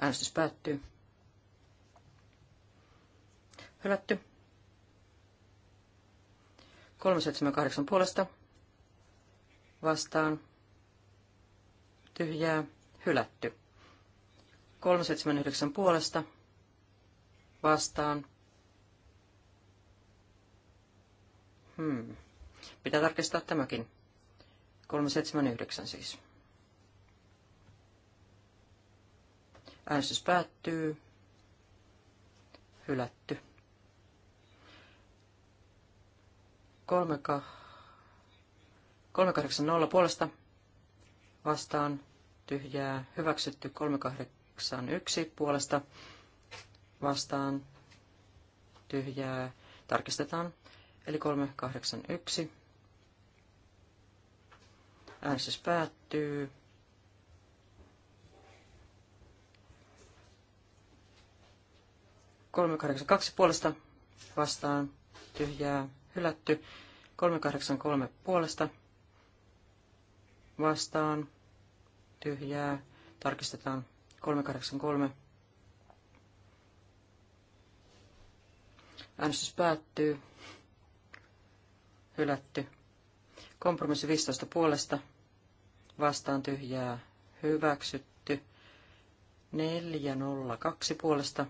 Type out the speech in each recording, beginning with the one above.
Äänestys päättyy. Hylätty. 378 puolesta. Vastaan. Tyhjää. Hylätty. 379 puolesta. Vastaan. Hmm. Pitää tarkistaa tämäkin. 379 siis. Äänestys päättyy. Hylätty. 380 puolesta vastaan tyhjää hyväksytty 381 puolesta vastaan tyhjää tarkistetaan eli 381 äänestys päättyy 382 puolesta vastaan tyhjää hylätty. 383 puolesta vastaan tyhjää. Tarkistetaan 383. Äänestys päättyy. Hylätty. Kompromissi 15 puolesta. Vastaan tyhjää. Hyväksytty. 402 puolesta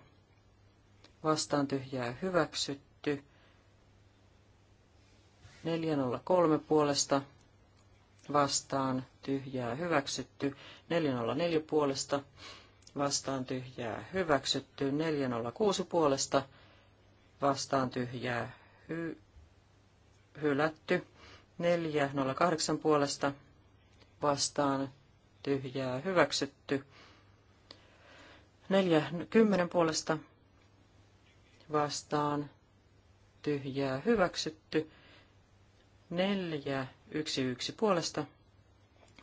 vastaan tyhjää hyväksytty. 403 puolesta vastaan tyhjää hyväksytty. 404 puolesta vastaan tyhjää hyväksytty. 406 puolesta vastaan tyhjää hy- hylätty. 408 puolesta vastaan tyhjää hyväksytty. 410 puolesta vastaan tyhjää hyväksytty. Neljä yksi yksi puolesta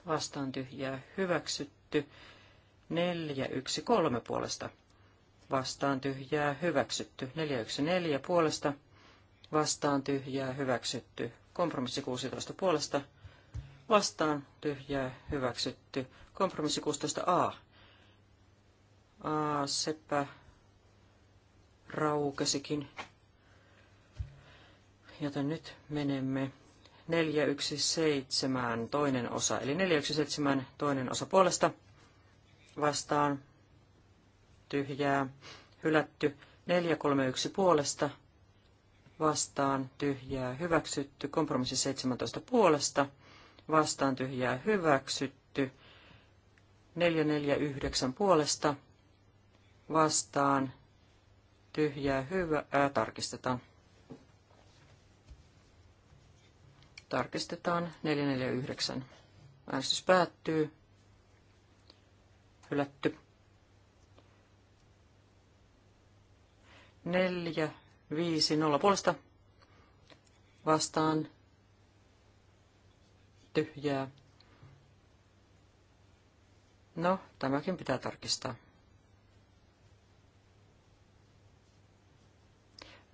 vastaan tyhjää hyväksytty. Neljä yksi kolme puolesta vastaan tyhjää hyväksytty. Neljä yksi neljä puolesta vastaan tyhjää hyväksytty. Kompromissi 16 puolesta vastaan tyhjää hyväksytty. Kompromissi 16a. A, seppä raukesikin. Joten nyt menemme 417 toinen osa, eli 417 toinen osa puolesta vastaan tyhjää, hylätty 431 puolesta vastaan tyhjää, hyväksytty kompromissi 17 puolesta vastaan tyhjää, hyväksytty 449 puolesta vastaan tyhjää, hyvä, ää, tarkistetaan. Tarkistetaan 449. Äänestys päättyy. Hylätty. 4, 5, 0 puolesta vastaan tyhjää. No, tämäkin pitää tarkistaa.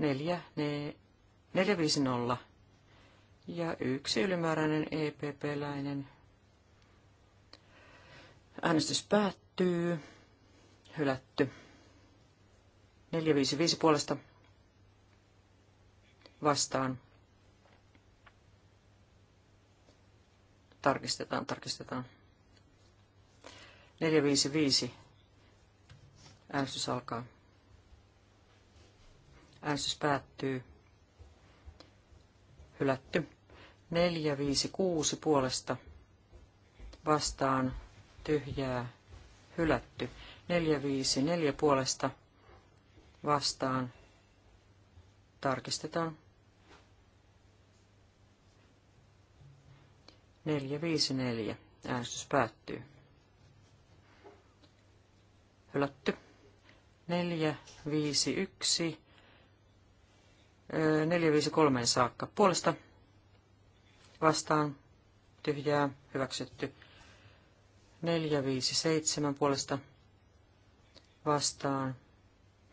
4, ne, 4 5, 0 ja yksi ylimääräinen EPP-läinen. Äänestys päättyy. Hylätty. 455 puolesta vastaan. Tarkistetaan, tarkistetaan. 455. Äänestys alkaa. Äänestys päättyy. Hylätty. 456 puolesta vastaan tyhjää hylätty. 454 puolesta vastaan tarkistetaan. 454. Äänestys päättyy. Hylätty. 451 453 saakka puolesta vastaan tyhjää hyväksytty. 457 puolesta vastaan.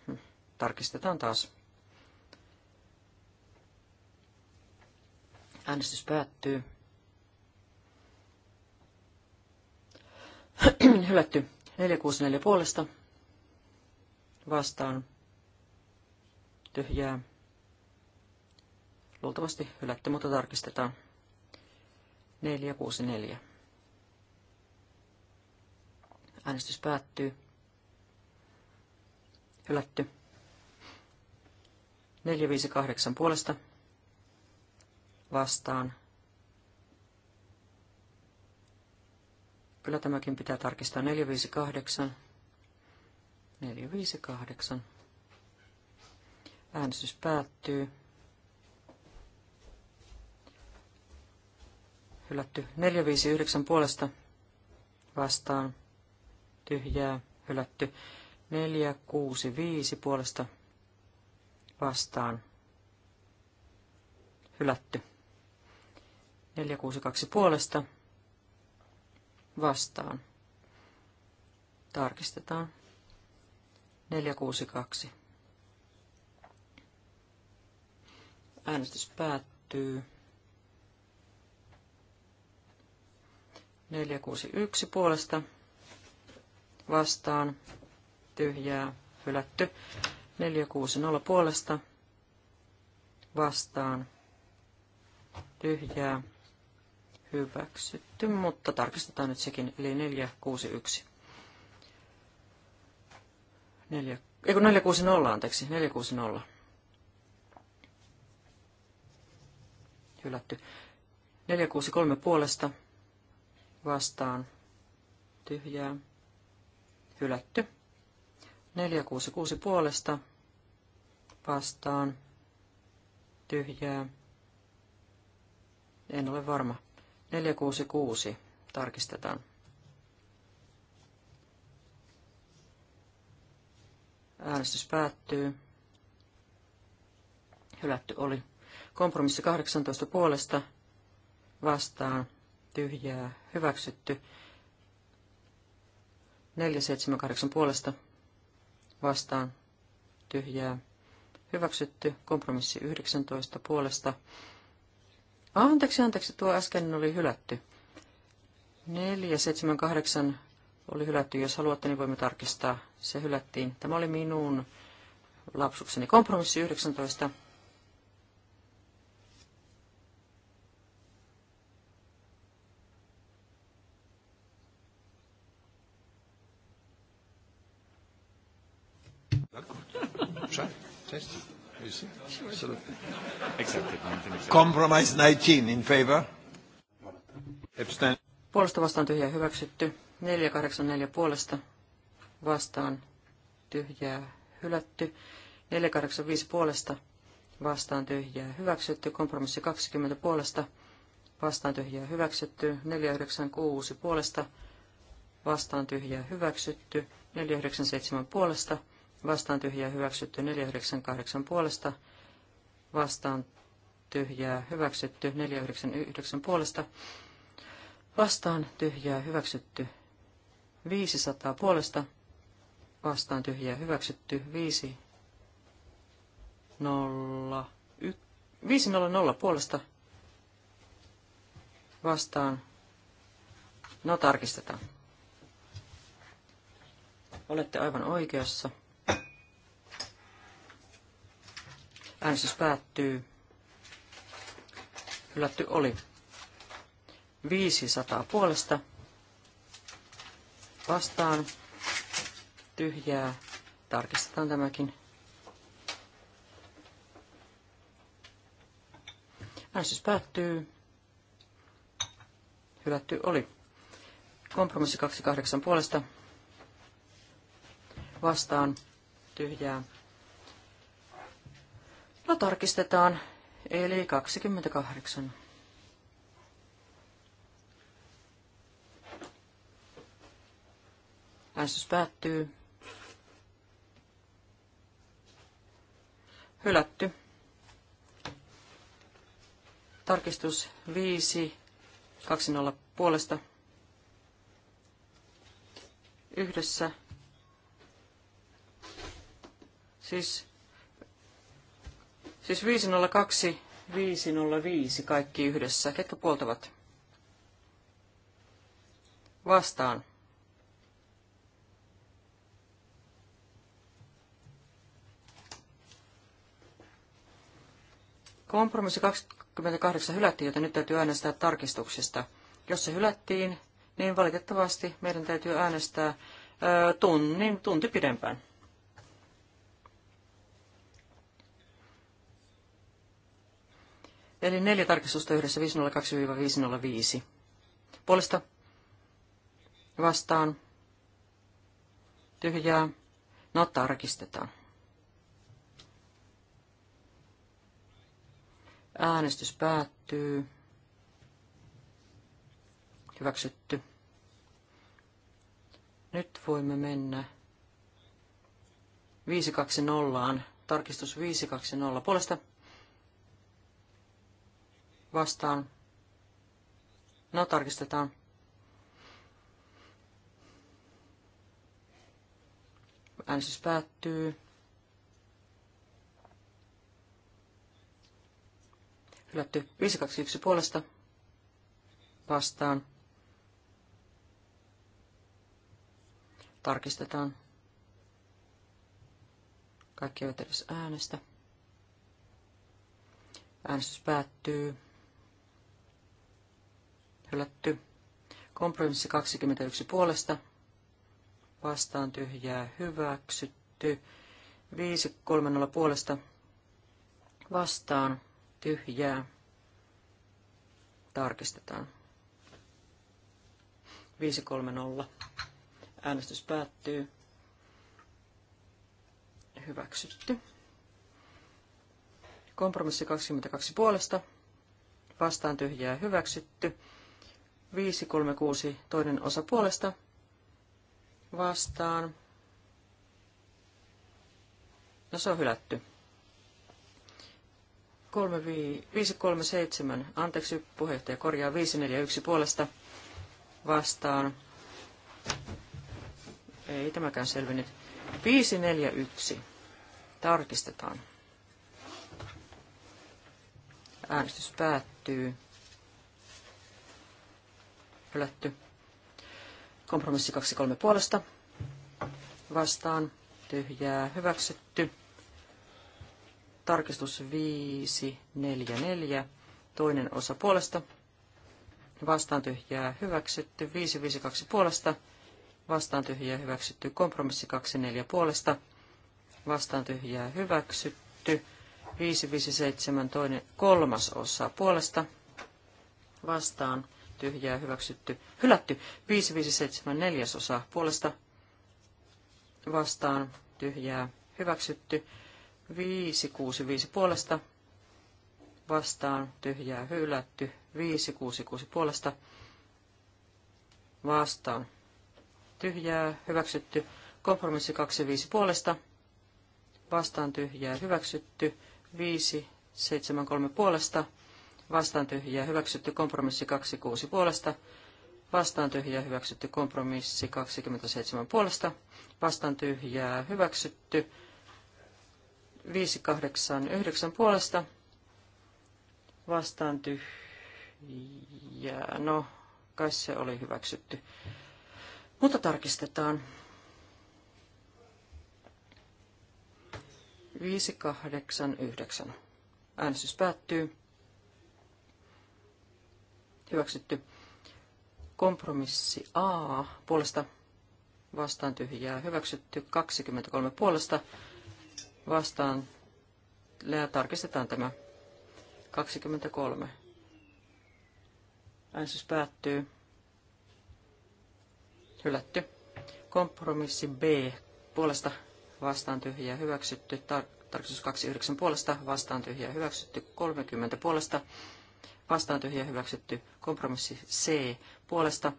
Hm, tarkistetaan taas. Äänestys päättyy. Hylätty 464 puolesta vastaan tyhjää Luultavasti hylätty, mutta tarkistetaan. 464. Äänestys päättyy. Hylätty. 458 puolesta. Vastaan. Kyllä tämäkin pitää tarkistaa. 458. 458. Äänestys päättyy. hylätty. 459 puolesta vastaan tyhjää hylätty. 465 puolesta vastaan hylätty. 462 puolesta vastaan. Tarkistetaan. 462. Äänestys päättyy. 461 puolesta vastaan tyhjää hylätty. 460 puolesta vastaan tyhjää hyväksytty, mutta tarkistetaan nyt sekin, eli 461. 4, ei kun 460, anteeksi, 460. Hylätty. 463 puolesta vastaan tyhjää, hylätty. 466 puolesta vastaan tyhjää, en ole varma. 466 tarkistetaan. Äänestys päättyy. Hylätty oli. Kompromissi 18 puolesta vastaan tyhjää hyväksytty. 478 puolesta vastaan tyhjää hyväksytty. Kompromissi 19 puolesta. Ah, anteeksi, anteeksi, tuo äsken oli hylätty. 478 oli hylätty. Jos haluatte, niin voimme tarkistaa. Se hylättiin. Tämä oli minun lapsukseni. Kompromissi 19 Compromise 19 in favor. Abstain. Puolesta vastaan tyhjää hyväksytty. 484 puolesta vastaan tyhjää hylätty. 485 puolesta vastaan tyhjää hyväksytty. Kompromissi 20 puolesta vastaan tyhjää hyväksytty. 496 puolesta vastaan tyhjää hyväksytty. 497 puolesta vastaan tyhjää hyväksytty. 498 puolesta vastaan tyhjää hyväksytty, 499 puolesta vastaan tyhjää hyväksytty, 500 puolesta vastaan tyhjää hyväksytty, 5 0 500 puolesta vastaan. No tarkistetaan. Olette aivan oikeassa. Äänestys päättyy hylätty oli. 500 puolesta vastaan tyhjää. Tarkistetaan tämäkin. Äänestys päättyy. Hylätty oli. Kompromissi 28 puolesta. Vastaan tyhjää. No tarkistetaan. Eli 28. Äänestys päättyy. Hylätty. Tarkistus 5, 2 0 puolesta. Yhdessä. Siis Siis 502, 505 kaikki yhdessä. Ketkä puoltavat? Vastaan. Kompromissi 28 hylättiin, joten nyt täytyy äänestää tarkistuksista, Jos se hylättiin, niin valitettavasti meidän täytyy äänestää ö, tunnin, tunti pidempään. Eli neljä tarkistusta yhdessä 502-505. Puolesta vastaan tyhjää. No tarkistetaan. Äänestys päättyy. Hyväksytty. Nyt voimme mennä 520. Tarkistus 520 puolesta vastaan. No, tarkistetaan. Äänestys päättyy. Hylätty 521 puolesta vastaan. Tarkistetaan. Kaikki eivät edes äänestä. Äänestys päättyy. Hylätty. Kompromissi 21 puolesta. Vastaan tyhjää. Hyväksytty. 530 puolesta. Vastaan tyhjää. Tarkistetaan. 530. Äänestys päättyy. Hyväksytty. Kompromissi 22 puolesta. Vastaan tyhjää hyväksytty. 536 toinen osa puolesta vastaan. No se on hylätty. 537, anteeksi puheenjohtaja korjaa 541 puolesta vastaan. Ei tämäkään selvinnyt. 541. Tarkistetaan. Äänestys päättyy hylätty. Kompromissi 23 puolesta vastaan tyhjää hyväksytty. Tarkistus 544 toinen osa puolesta vastaan tyhjää hyväksytty. 552 puolesta vastaan tyhjää hyväksytty. Kompromissi 24 puolesta vastaan tyhjää hyväksytty. 557 toinen kolmas osa puolesta vastaan tyhjää hyväksytty, hylätty 557 neljäsosa puolesta vastaan tyhjää hyväksytty 565 puolesta vastaan tyhjää hylätty 566 puolesta vastaan tyhjää hyväksytty kompromissi 25 puolesta vastaan tyhjää hyväksytty 573 puolesta vastaan tyhjiä hyväksytty kompromissi 26 puolesta, vastaan tyhjiä hyväksytty kompromissi 27 puolesta, vastaan tyhjiä hyväksytty 589 puolesta, vastaan tyhjiä. no kai se oli hyväksytty, mutta tarkistetaan. 589. Äänestys päättyy hyväksytty. Kompromissi A puolesta vastaan tyhjää hyväksytty. 23 puolesta vastaan ja tarkistetaan tämä 23. Äänestys päättyy. Hylätty. Kompromissi B puolesta vastaan tyhjää hyväksytty. Tar- tarkistus 29 puolesta vastaan tyhjää hyväksytty. 30 puolesta vastaan tyhjä hyväksytty. Kompromissi C puolesta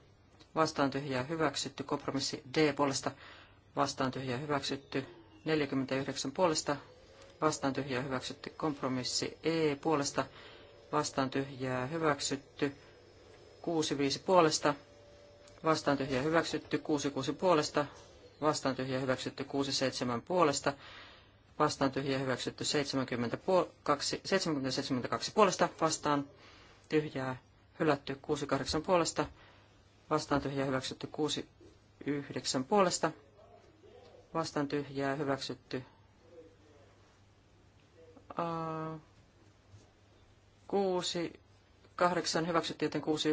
vastaan tyhjä hyväksytty. Kompromissi D puolesta vastaan tyhjä hyväksytty. 49 puolesta vastaan tyhjä hyväksytty. Kompromissi E puolesta vastaan tyhjää hyväksytty. 65 puolesta vastaan tyhjä hyväksytty. 66 puolesta vastaan tyhjä hyväksytty. 67 puolesta vastaan tyhjä hyväksytty 72 puolesta vastaan, tyhjää hylätty 68 puolesta, vastaan tyhjää hyväksytty 69 puolesta, vastaan tyhjää hyväksytty uh, 6, 8 hyväksytty, joten 6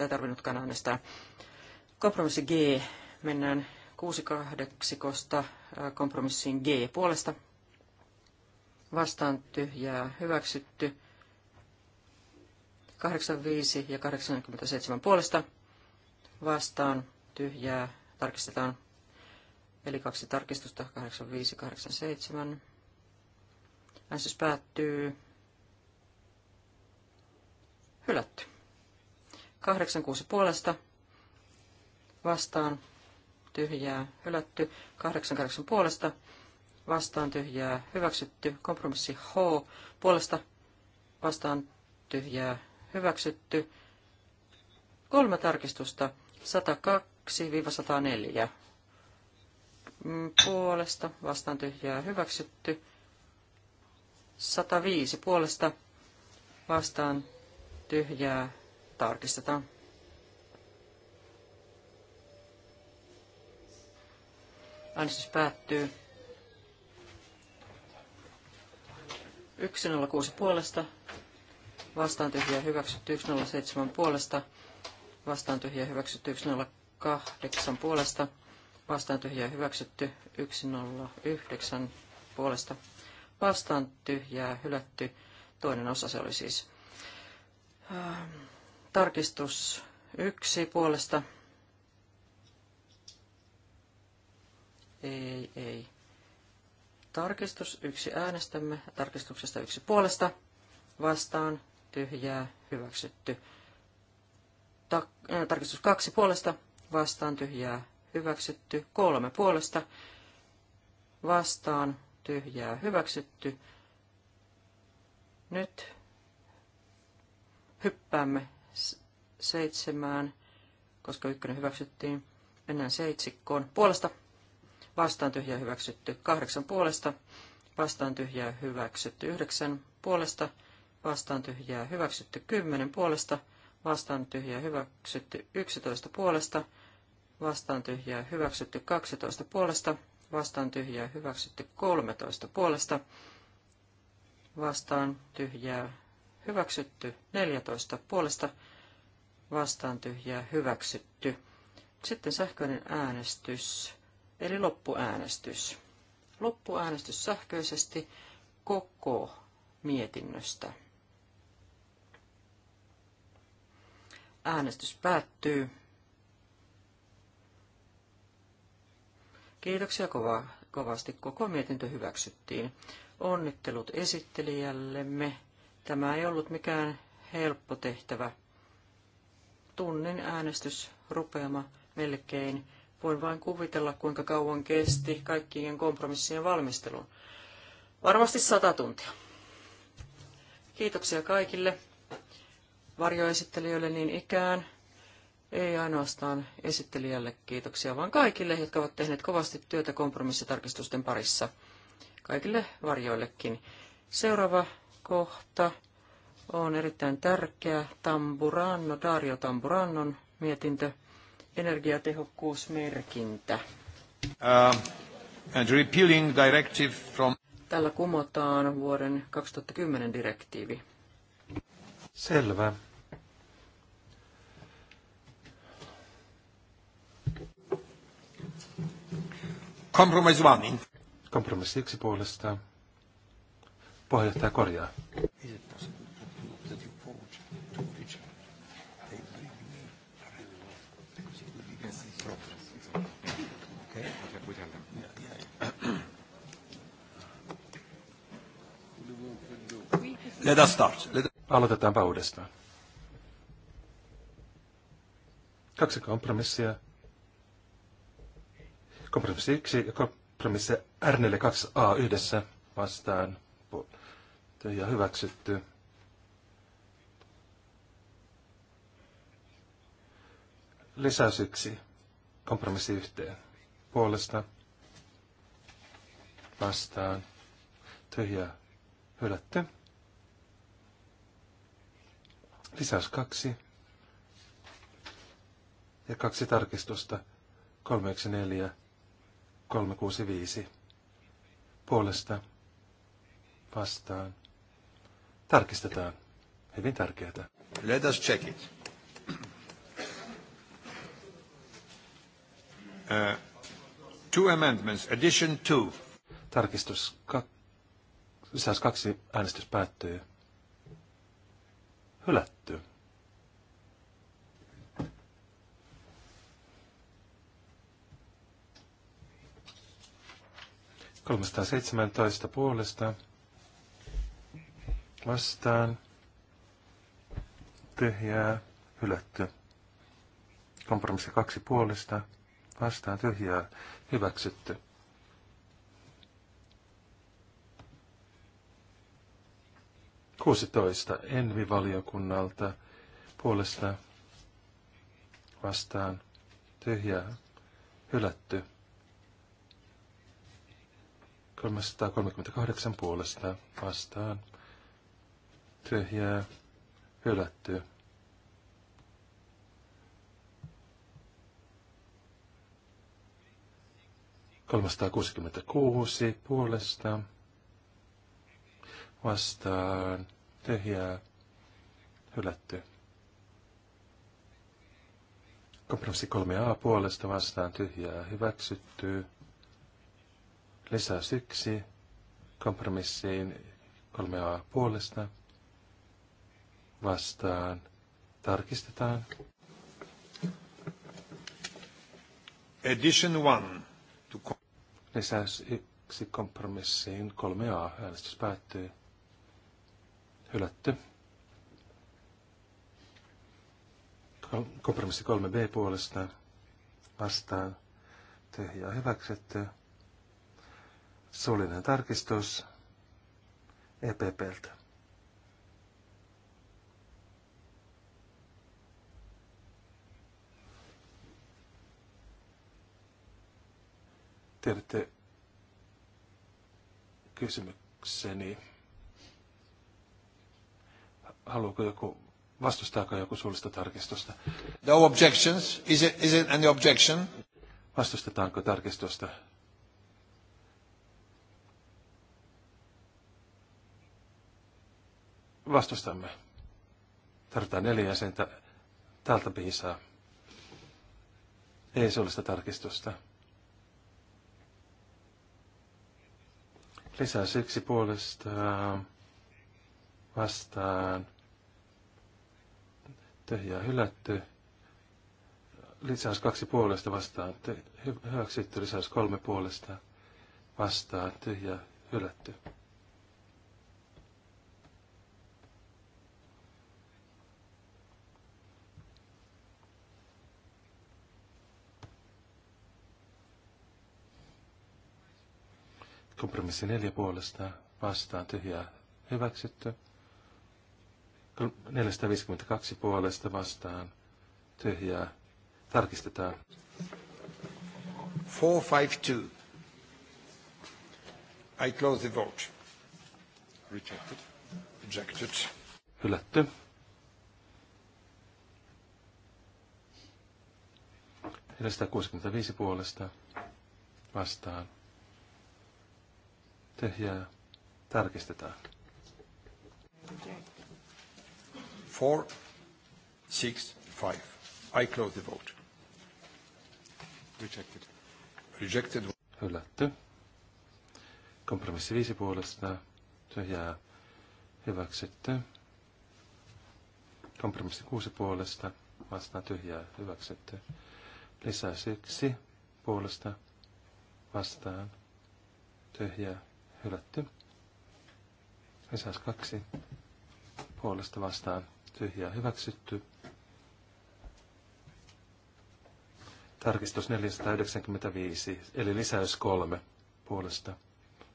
ei tarvinnutkaan äänestää. Kompromissi G. Mennään 6 kosta, kompromissiin G puolesta. Vastaan tyhjää hyväksytty. 85 ja 87 puolesta vastaan tyhjää tarkistetaan. Eli kaksi tarkistusta, 85 87. Äänestys päättyy. Hylätty. 86 puolesta vastaan tyhjää hylätty. 88 puolesta vastaan tyhjää hyväksytty. Kompromissi H puolesta vastaan tyhjää hyväksytty. Kolme tarkistusta, 102-104. Mm, puolesta, vastaan tyhjää, hyväksytty. 105 puolesta, vastaan tyhjää, tarkistetaan. Äänestys päättyy. 106 puolesta, vastaan tyhjää hyväksytty 107 puolesta, vastaan tyhjää hyväksytty 108 puolesta, vastaan tyhjää hyväksytty 109 puolesta, vastaan tyhjää hylätty, toinen osa se oli siis. Ähm, tarkistus yksi puolesta. Ei, ei. Tarkistus yksi äänestämme. Tarkistuksesta yksi puolesta. Vastaan tyhjää, hyväksytty. Ta- äh, tarkistus kaksi puolesta, vastaan tyhjää, hyväksytty. Kolme puolesta, vastaan tyhjää, hyväksytty. Nyt hyppäämme seitsemään, koska ykkönen hyväksyttiin. Mennään seitsikkoon. Puolesta vastaan tyhjää hyväksytty. Kahdeksan puolesta vastaan tyhjää hyväksytty. Yhdeksän puolesta vastaan tyhjää hyväksytty 10 puolesta, vastaan tyhjää hyväksytty 11 puolesta, vastaan tyhjää hyväksytty 12 puolesta, vastaan tyhjää hyväksytty 13 puolesta, vastaan tyhjää hyväksytty 14 puolesta, vastaan tyhjää hyväksytty. Sitten sähköinen äänestys, eli loppuäänestys. Loppuäänestys sähköisesti koko mietinnöstä. Äänestys päättyy. Kiitoksia kova, kovasti. Koko mietintö hyväksyttiin. Onnittelut esittelijällemme. Tämä ei ollut mikään helppo tehtävä. Tunnin äänestys rupeama melkein. Voin vain kuvitella, kuinka kauan kesti kaikkien kompromissien valmistelu. Varmasti sata tuntia. Kiitoksia kaikille varjoesittelijöille niin ikään, ei ainoastaan esittelijälle kiitoksia, vaan kaikille, jotka ovat tehneet kovasti työtä kompromissitarkistusten parissa. Kaikille varjoillekin. Seuraava kohta on erittäin tärkeä Tamburanno, Dario Tamburannon mietintö, energiatehokkuusmerkintä. Uh, and repealing directive from... Tällä kumotaan vuoden 2010 direktiivi. Selvä. Compromise one. Kompromissi yksi puolesta. Puheenjohtaja korjaa. Let us start. Let... Aloitetaanpa uudestaan. Kaksi kompromissia Kompromissi 1 ja kompromissi R42A yhdessä vastaan ja hyväksytty. Lisäys 1 kompromissi yhteen puolesta vastaan tyhjä hylätty. Lisäys kaksi. Ja kaksi tarkistusta. Kolmeksi neljä. 365 puolesta vastaan. Tarkistetaan. Hyvin tärkeää. Let us check it. Uh, two amendments, addition two. Tarkistus kak, lisäys siis kaksi äänestys päättyy. Hylätty. 317 puolesta vastaan tyhjää hylätty. Kompromissi kaksi puolesta vastaan tyhjää hyväksytty. Kuusitoista Envi-valiokunnalta puolesta vastaan tyhjää hylätty. 338 puolesta vastaan. Tyhjää. Hylätty. kuusi puolesta vastaan. Tyhjää. Hylätty. Kompromissi 3a puolesta vastaan tyhjää hyväksyttyy. Lisäys yksi kompromissiin kolmea puolesta vastaan. Tarkistetaan. Edition one. To Lisäys yksi kompromissiin kolme a Äänestys päättyy. Hylätty. Kompromissi 3b puolesta vastaan. Tyhjää hyväksytty. Suullinen tarkistus EPPltä. Tiedätte kysymykseni. Haluaako joku, vastustaako joku suullista tarkistusta? No objections. Is it, is it any objection? Vastustetaanko tarkistusta? vastustamme. Tarvitaan neljä jäsentä täältä piisaa. Ei suullista tarkistusta. Lisää siksi puolestaan vastaan. Tyhjää hylätty. Lisäys kaksi puolesta vastaan. Hyväksytty lisäys kolme puolesta vastaan. Tyhjä hylätty. Kompromissi neljä puolesta vastaan tyhjää hyväksytty. 452 puolesta vastaan tyhjää. Tarkistetaan. 452. I close the vote. Rejected. Rejected. Hylätty. Neljästä puolesta vastaan tyhjää tarkistetaan. Four, six, five. I close the vote. Rejected. Rejected. Hylätty. Kompromissi viisi puolesta. Tyhjää. Hyväksytty. Kompromissi kuusi puolesta. Vastaan tyhjää. Hyväksytty. Lisäys yksi puolesta. Vastaan. Tyhjää hylätty. Lisäys kaksi puolesta vastaan tyhjää hyväksytty. Tarkistus 495, eli lisäys kolme puolesta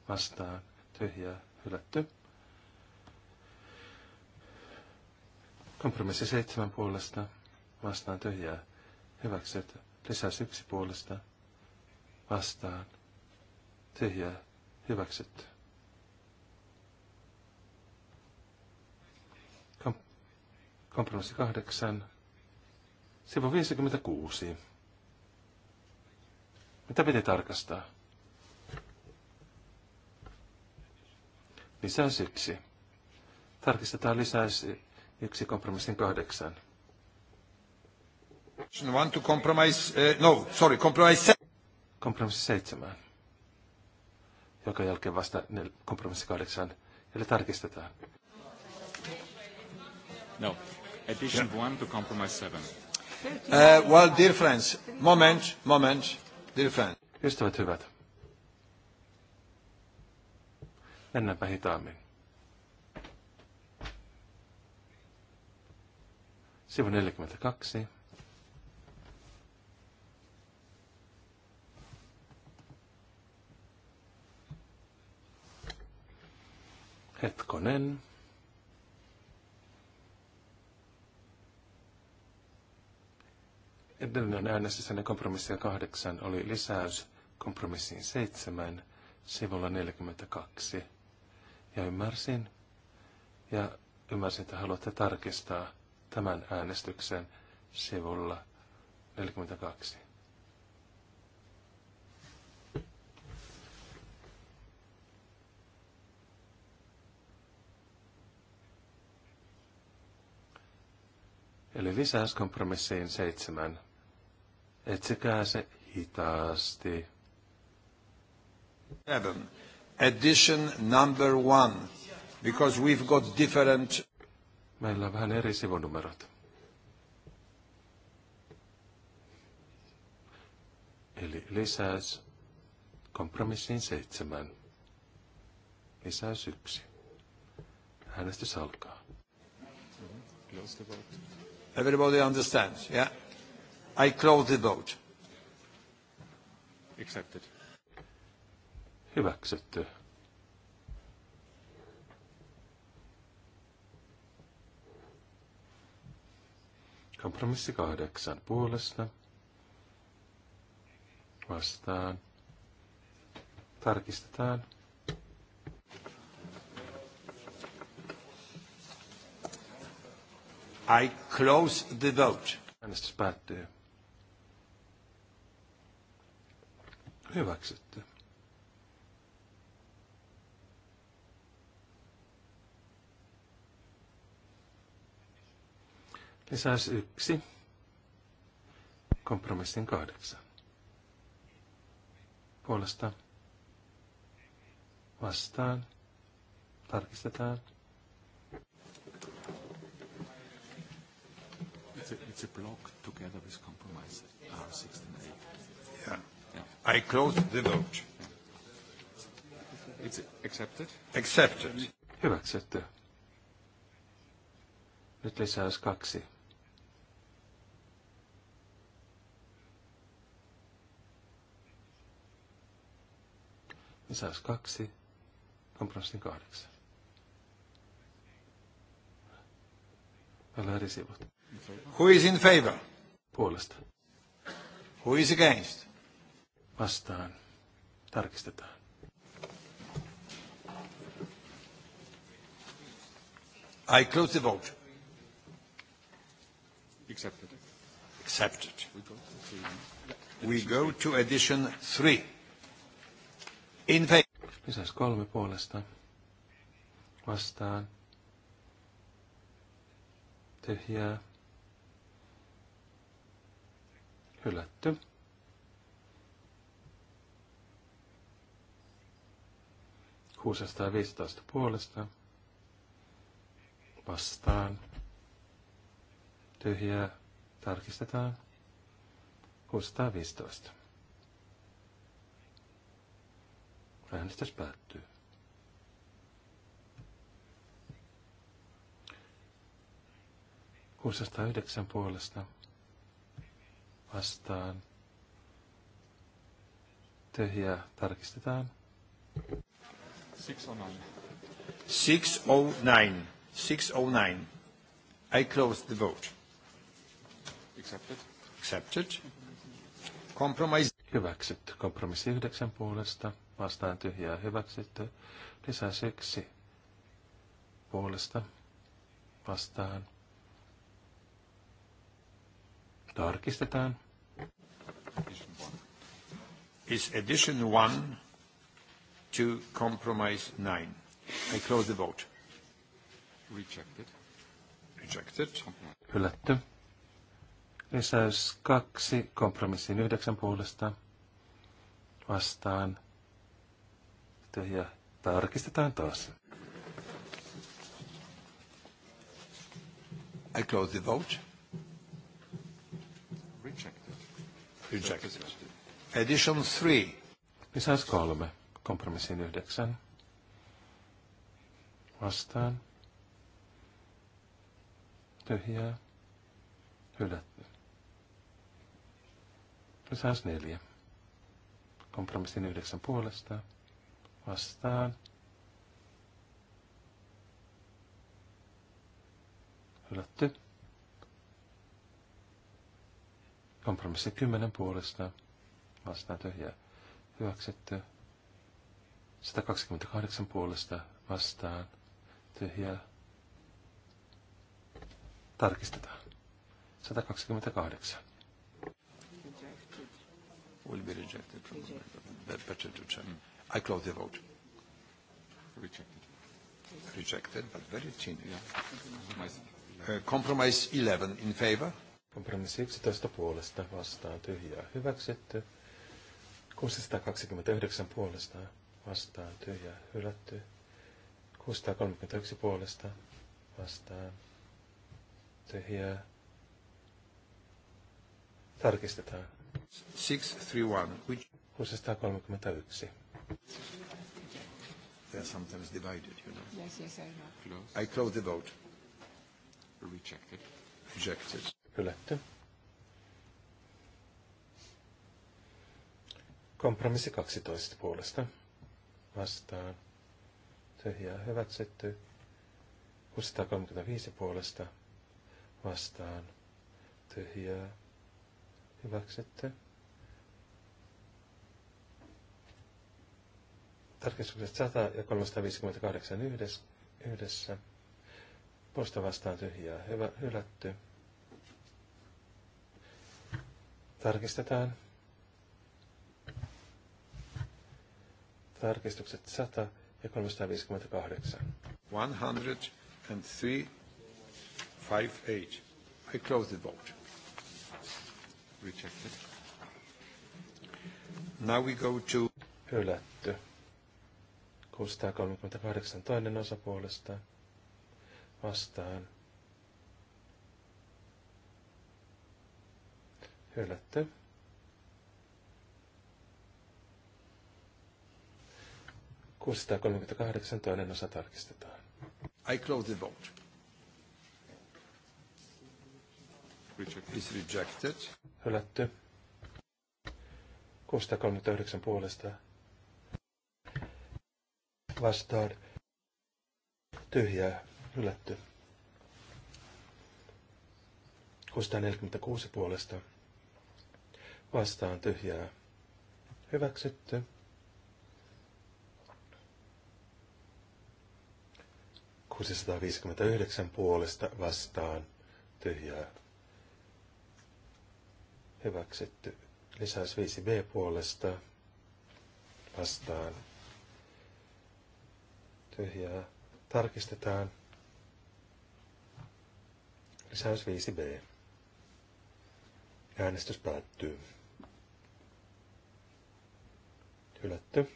vastaan tyhjää hylätty. Kompromissi seitsemän puolesta vastaan tyhjää hyväksytty. Lisäys yksi puolesta vastaan tyhjää Hyväksytty. Kompromissi kahdeksan. Sivu 56. Mitä piti tarkastaa? Lisäys yksi. Tarkistetaan lisäys yksi kompromissin kahdeksan. One to compromise, uh, no, sorry, compromise Kompromissi seitsemän jonka jälkeen vasta kompromissi kahdeksan, eli tarkistetaan. No. Addition yeah. one to compromise seven. Uh, well, dear friends, moment, moment, dear friends. Ystävät hyvät. Mennäänpä hitaammin. Sivu 42. Hetkonen. Edellinen äänestys ennen kompromissia kahdeksan oli lisäys kompromissiin seitsemän sivulla 42. Ja ymmärsin, ja ymmärsin, että haluatte tarkistaa tämän äänestyksen sivulla 42. Eli lisäys kompromissiin seitsemän. Etsikää se hitaasti. Seven. Edition number one. Because we've got different... Meillä on vähän eri sivunumerot. Eli lisäys kompromissiin seitsemän. Lisäys yksi. Äänestys alkaa. Mm-hmm. Everybody understands, yeah? I close the vote. Accepted. Hyväksytty. Kompromissi kahdeksan puolesta. Vastaan. Tarkistetaan. I close the vote. Äänestys päättyy. Hyväksytty. Lisäys yksi. Kompromissin kahdeksan. Puolesta vastaan. Tarkistetaan. a block together with compromise R16 and 8. Yeah. yeah. I close the vote. It's accepted? Accepted. Hyväksytty. Nyt lisäys kaksi. Lisäys kaksi, kompromissin kahdeksan. Meillä on eri Who is in favor? Puolesta. Who is against? Vastaan. Tarkistetaan. I close the vote. Accepted. Accepted. We go to addition three. In favor. Lisäys kolme puolesta. Vastaan tyhjää, hylätty. Kuusesta viisitoista puolesta vastaan. Tyhjää tarkistetaan. 615. Äänestys päättyy. 609 puolesta vastaan. Tyhjää tarkistetaan. 609. 609. 609. I close the vote. Accepted. Accepted. Compromise. Hyväksytty. Kompromissi yhdeksän puolesta. Vastaan tyhjää hyväksytty. Lisää seksi puolesta. Vastaan Tarkistetaan. Is addition one to compromise nine. I close the vote. Rejected. Rejected. Hylätty. Lisäys kaksi kompromissin yhdeksän puolesta vastaan. Ja tarkistetaan taas. I close the vote. Edition 3. Lisäys kolme. Kompromissin yhdeksän. Vastaan. Tyhjää. Hylätty. Lisäys neljä. Kompromissin yhdeksän puolesta. Vastaan. Hylätty. Kompromissi kymmenen puolesta vastaan tyhjää hyväksytty. 128 puolesta vastaan tyhjää. Tarkistetaan. 128. Will be rejected. Better to check. I close the vote. Rejected. Rejected, but very thin. Yeah. Compromise 11 in favor Kompromissi 11 puolesta vastaan tyhjää hyväksytty. 629 puolesta vastaan tyhjää hylätty. 631 puolesta vastaan tyhjää. Tarkistetaan. 631. 631. They are sometimes divided, you know. Yes, yes, I know. Close. I close the vote. Rejected. Rejected hylätty. Kompromissi 12 puolesta vastaan. Tyhjää hyväksytty. 635 puolesta vastaan. Tyhjää hyväksytty. Tarkistukset 100 ja 358 yhdessä. yhdessä. Puolesta vastaan tyhjää hyvä, hylätty. Tarkistetaan. Tarkistukset 100 ja 358. 103, I close the vote. Rejected. Now we go to... Hylätty. 638 toinen osa puolestaan. Vastaan hylätty. Kuusisataa toinen osa tarkistetaan. I close the vote. Richard Is rejected. Hylätty. 639 puolesta. Vastaan. Tyhjää. Hylätty. 646 puolesta vastaan tyhjää. Hyväksytty. yhdeksän puolesta vastaan tyhjää. Hyväksytty. Lisäys 5b puolesta vastaan tyhjää. Tarkistetaan. Lisäys 5b. Äänestys päättyy hylätty.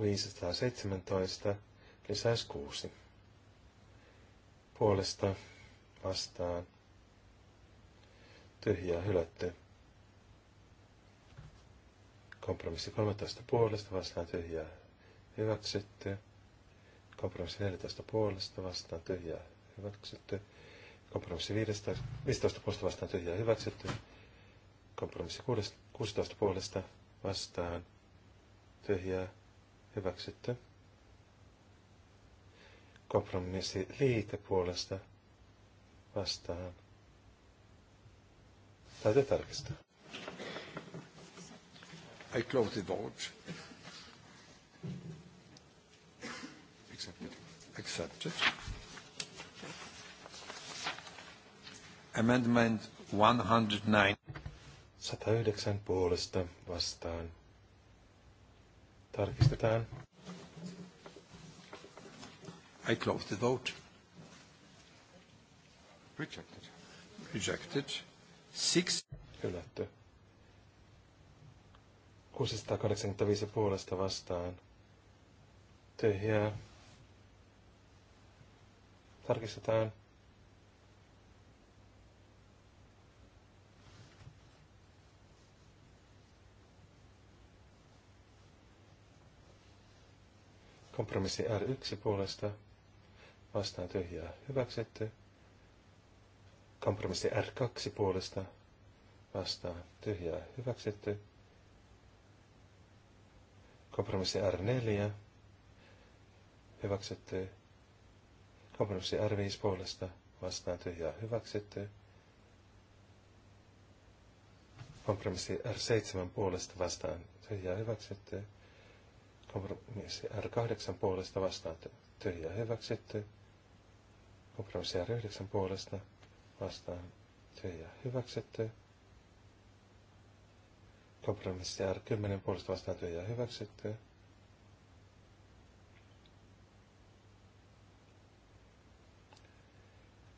517 lisäys 6. Puolesta vastaan tyhjää hylätty. Kompromissi 13 puolesta vastaan tyhjää hyväksytty. Kompromissi 14 puolesta vastaan tyhjää hyväksytty. Kompromissi 15, 15 puolesta vastaan tyhjää hyväksytty. Kompromissi 16 puolesta vastaan tyhjää hyväksytty. Kompromissi liite puolesta vastaan. Täytyy tarkistaa. I close the vote. Accepted. Accepted. Amendment 109. 109 puolesta vastaan. Tarkistetaan. I close the vote. Rejected. Rejected. Six. Hylätty. 685 puolesta vastaan. Tyhjää. Tarkistetaan. Kompromissi R1 puolesta vastaan tyhjää hyväksytty. Kompromissi R2 puolesta vastaan tyhjää hyväksytty. Kompromissi R4 hyväksytty. Kompromissi R5 puolesta vastaan tyhjää hyväksytty. Kompromissi R7 puolesta vastaan tyhjää hyväksytty. Kompromissi R8 puolesta vastaan tyhjä hyväksytty. Kompromissi R9 puolesta vastaan tyhjä hyväksytty. Kompromissi R10 puolesta vastaan tyhjä hyväksytty.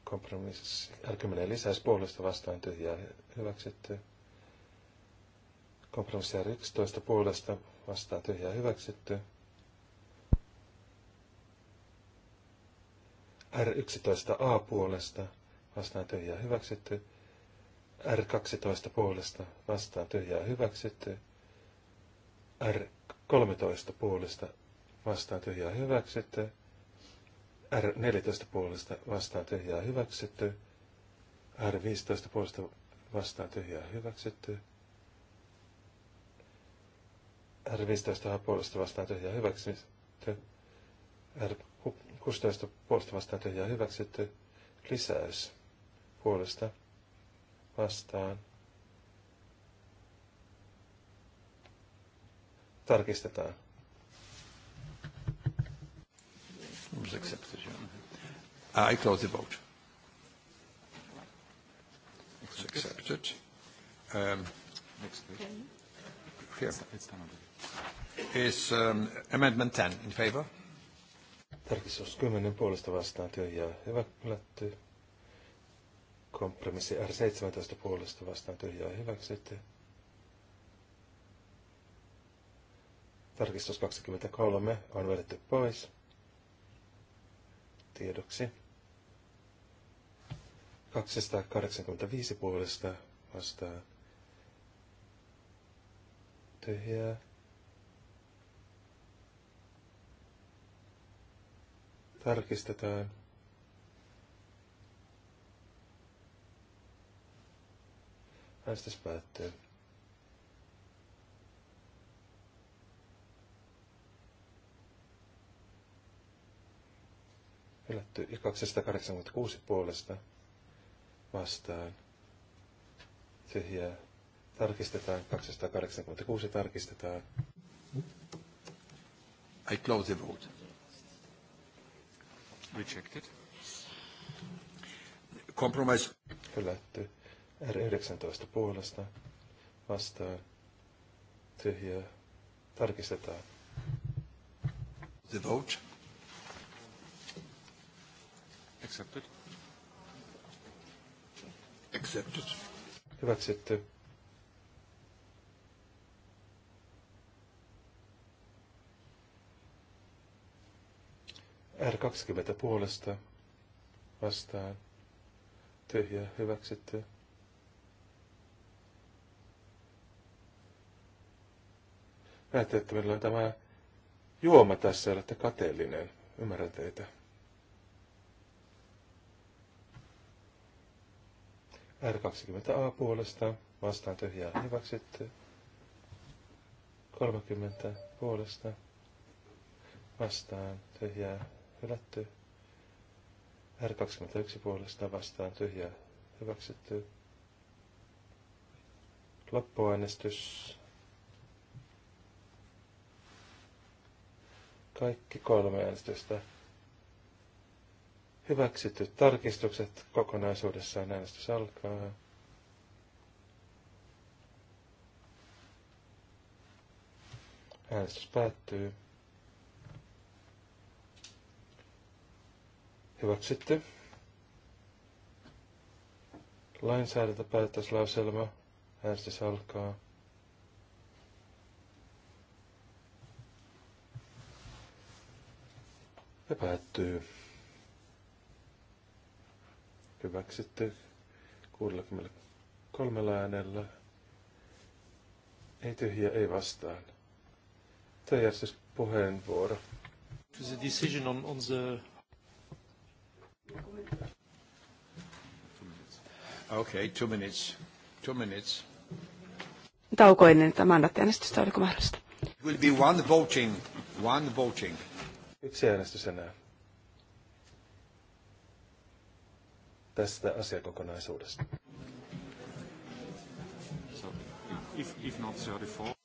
kompromissi. R10 lisäys puolesta vastaan tyhjää hyväksytty. Kompromissi R11 puolesta vastaa tyhjää hyväksytty. R11A puolesta vastaa tyhjää hyväksytty. R12 puolesta vastaa tyhjää hyväksytty. R13 puolesta vastaa tyhjää hyväksytty. R14 puolesta vastaa tyhjää hyväksytty. R15 puolesta vastaa tyhjää hyväksytty. R15 puolesta vastaan tyhjää hyväksytty. R16 puolesta vastaan tyhjää hyväksytty. Lisäys puolesta vastaan. Tarkistetaan. Was accepted, uh, I close the vote. It's accepted. Um, Next please. Here. It's, it's Is um, amendment 10 in favor? Tarkistus 10 puolesta vastaan tyhjää hyvä hylätty. Kompromissi R17 puolesta vastaan tyhjää hyväksytty. Tarkistus 23 on vedetty pois. Tiedoksi. 285 puolesta vastaan tyhjää tarkistetaan. Äänestys päättyy. Hylätty 286 puolesta vastaan. Tyhjää. Tarkistetaan. 286 tarkistetaan. I close the vote. Rejected. Compromise. Hylätty. R19 puolesta. Vastaan. Tyhjää. Tarkistetaan. The vote. Accepted. Accepted. Hyväksytty. R20 puolesta vastaan tyhjä hyväksytty. Näette, että meillä on tämä juoma tässä, olette kateellinen. Ymmärrän teitä. R20A puolesta vastaan tyhjää hyväksytty. 30 puolesta vastaan tyhjää hylätty. R21 puolesta vastaan tyhjää hyväksytty. Loppuäänestys. Kaikki kolme äänestystä. Hyväksytty tarkistukset kokonaisuudessaan äänestys alkaa. Äänestys päättyy. hyvät sitten. Lainsäädäntö Hyväksytty. lauselma. Äänestys alkaa. Ja päättyy. Hyväksytty 63 äänellä. Ei tyhjä, ei vastaan. Tämä järjestys puheenvuoro. The decision on, on the Okei, Okay, two minutes. Two minutes. Tauko ennen tätä mandaattiäänestystä, oliko mahdollista? It will be one voting. One voting. Yksi äänestys enää. Tästä asiakokonaisuudesta. So, if, if not 34.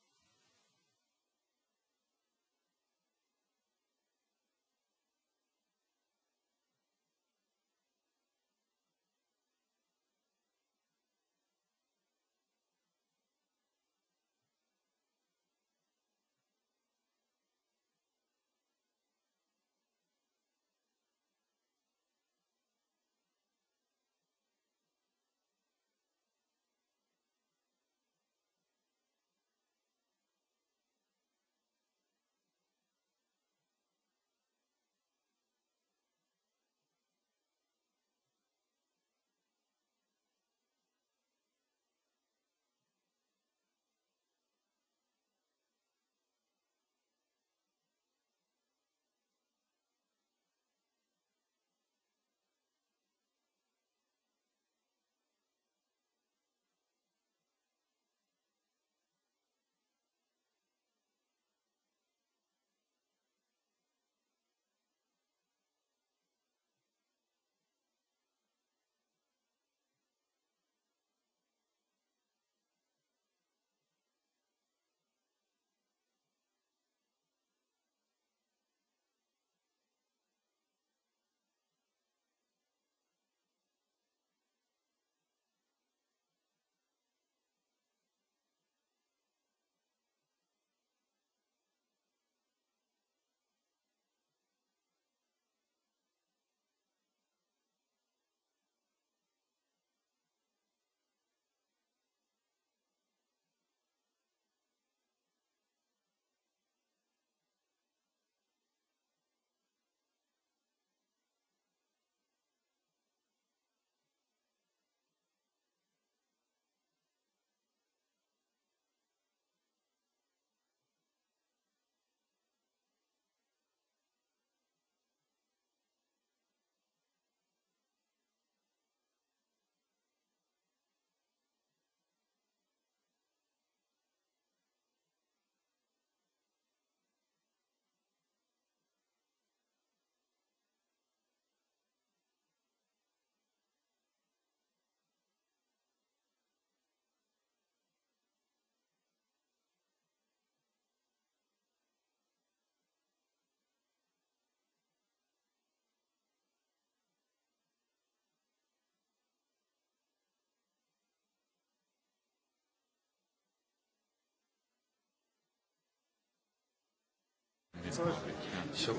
So, uh,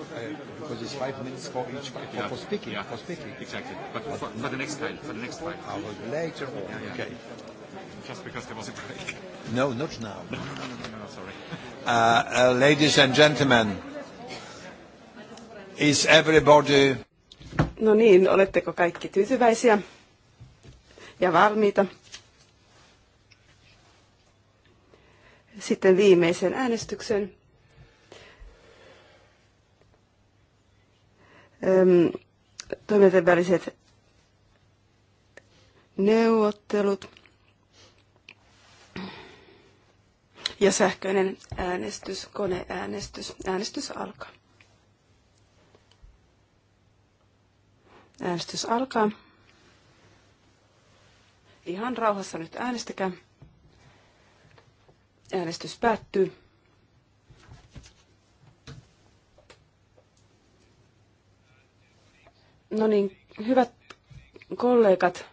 because it's five minutes for each for, yeah. for speaking. Yeah. For speaking. Exactly. But, for, for the next time, For the next time. I will later on. Yeah, yeah. Okay. Just because there was a break. No, not now. No, no, no, no, no, no, sorry. Uh, uh, ladies and gentlemen, is everybody... No niin, oletteko kaikki tyytyväisiä ja valmiita? Sitten viimeisen äänestyksen. toimijoiden väliset neuvottelut ja sähköinen äänestys, koneäänestys. Äänestys alkaa. Äänestys alkaa. Ihan rauhassa nyt äänestäkää. Äänestys päättyy. No niin, hyvät kollegat.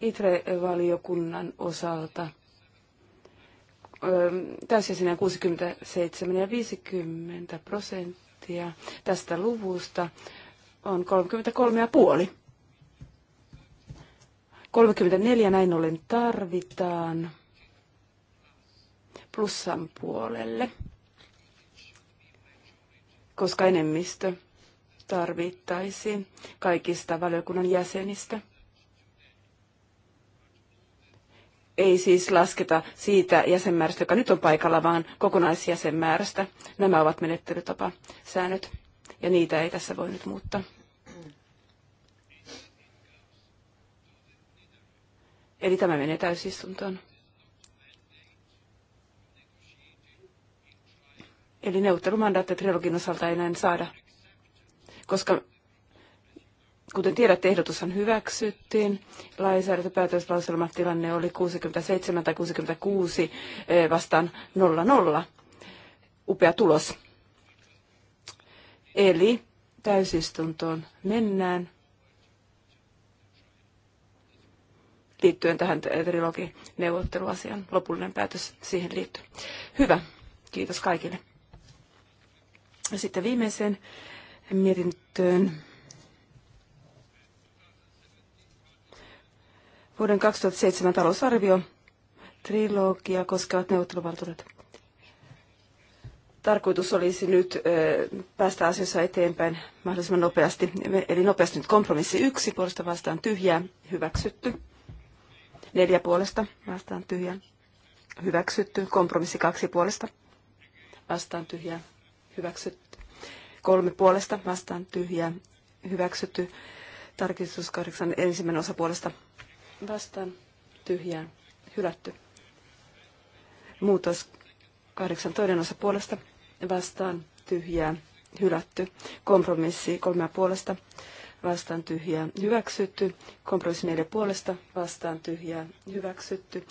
ITRE-valiokunnan osalta täysjäseniä 67 ja 50 prosenttia tästä luvusta on 33,5. 34 näin ollen tarvitaan plussan puolelle, koska enemmistö tarvittaisiin kaikista valiokunnan jäsenistä. Ei siis lasketa siitä jäsenmäärästä, joka nyt on paikalla, vaan kokonaisjäsenmäärästä. Nämä ovat säännöt ja niitä ei tässä voi nyt muuttaa. Eli tämä menee täysistuntoon. Eli neuvottelumandaattia trilogin osalta ei näin saada, koska kuten tiedätte, ehdotushan hyväksyttiin. tilanne oli 67 tai 66 eh, vastaan 00. Upea tulos. Eli täysistuntoon mennään liittyen tähän neuvotteluasian lopullinen päätös siihen liittyy. Hyvä. Kiitos kaikille. Sitten viimeiseen mietintöön. Vuoden 2007 talousarvio, trilogia koskevat neuvotteluvaltuudet. Tarkoitus olisi nyt päästä asioissa eteenpäin mahdollisimman nopeasti, eli nopeasti nyt kompromissi yksi puolesta vastaan tyhjää, hyväksytty. Neljä puolesta vastaan tyhjää, hyväksytty. Kompromissi kaksi puolesta vastaan tyhjää, hyväksytty. Kolme puolesta vastaan tyhjää hyväksytty. Tarkistus kahdeksan ensimmäinen osa puolesta vastaan tyhjää hylätty. Muutos kahdeksan toinen osa puolesta vastaan tyhjää hylätty. Kompromissi kolmea puolesta vastaan tyhjää hyväksytty. Kompromissi neljä puolesta vastaan tyhjää hyväksytty.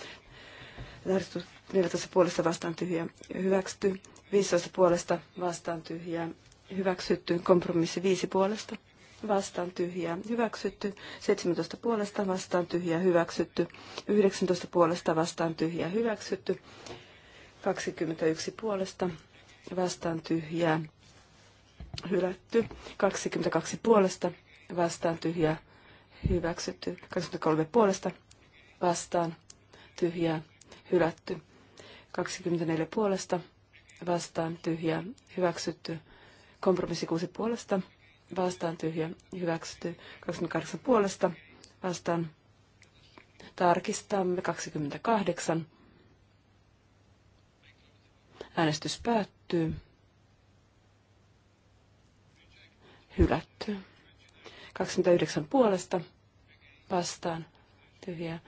Tarkistus 14 puolesta vastaan tyhjää hyväksytty. 15 puolesta vastaan tyhjää hyväksytty. Kompromissi 5 puolesta vastaan tyhjää hyväksytty. 17 puolesta vastaan tyhjää hyväksytty. 19 puolesta vastaan tyhjää hyväksytty. 21 puolesta vastaan tyhjää hylätty. 22 puolesta vastaan tyhjää hyväksytty. 23 puolesta vastaan tyhjää hylätty. 24 puolesta vastaan tyhjä hyväksytty. Kompromissi 6 puolesta vastaan tyhjä hyväksytty. 28 puolesta vastaan tarkistamme 28. Äänestys päättyy. Hylätty. 29 puolesta vastaan tyhjä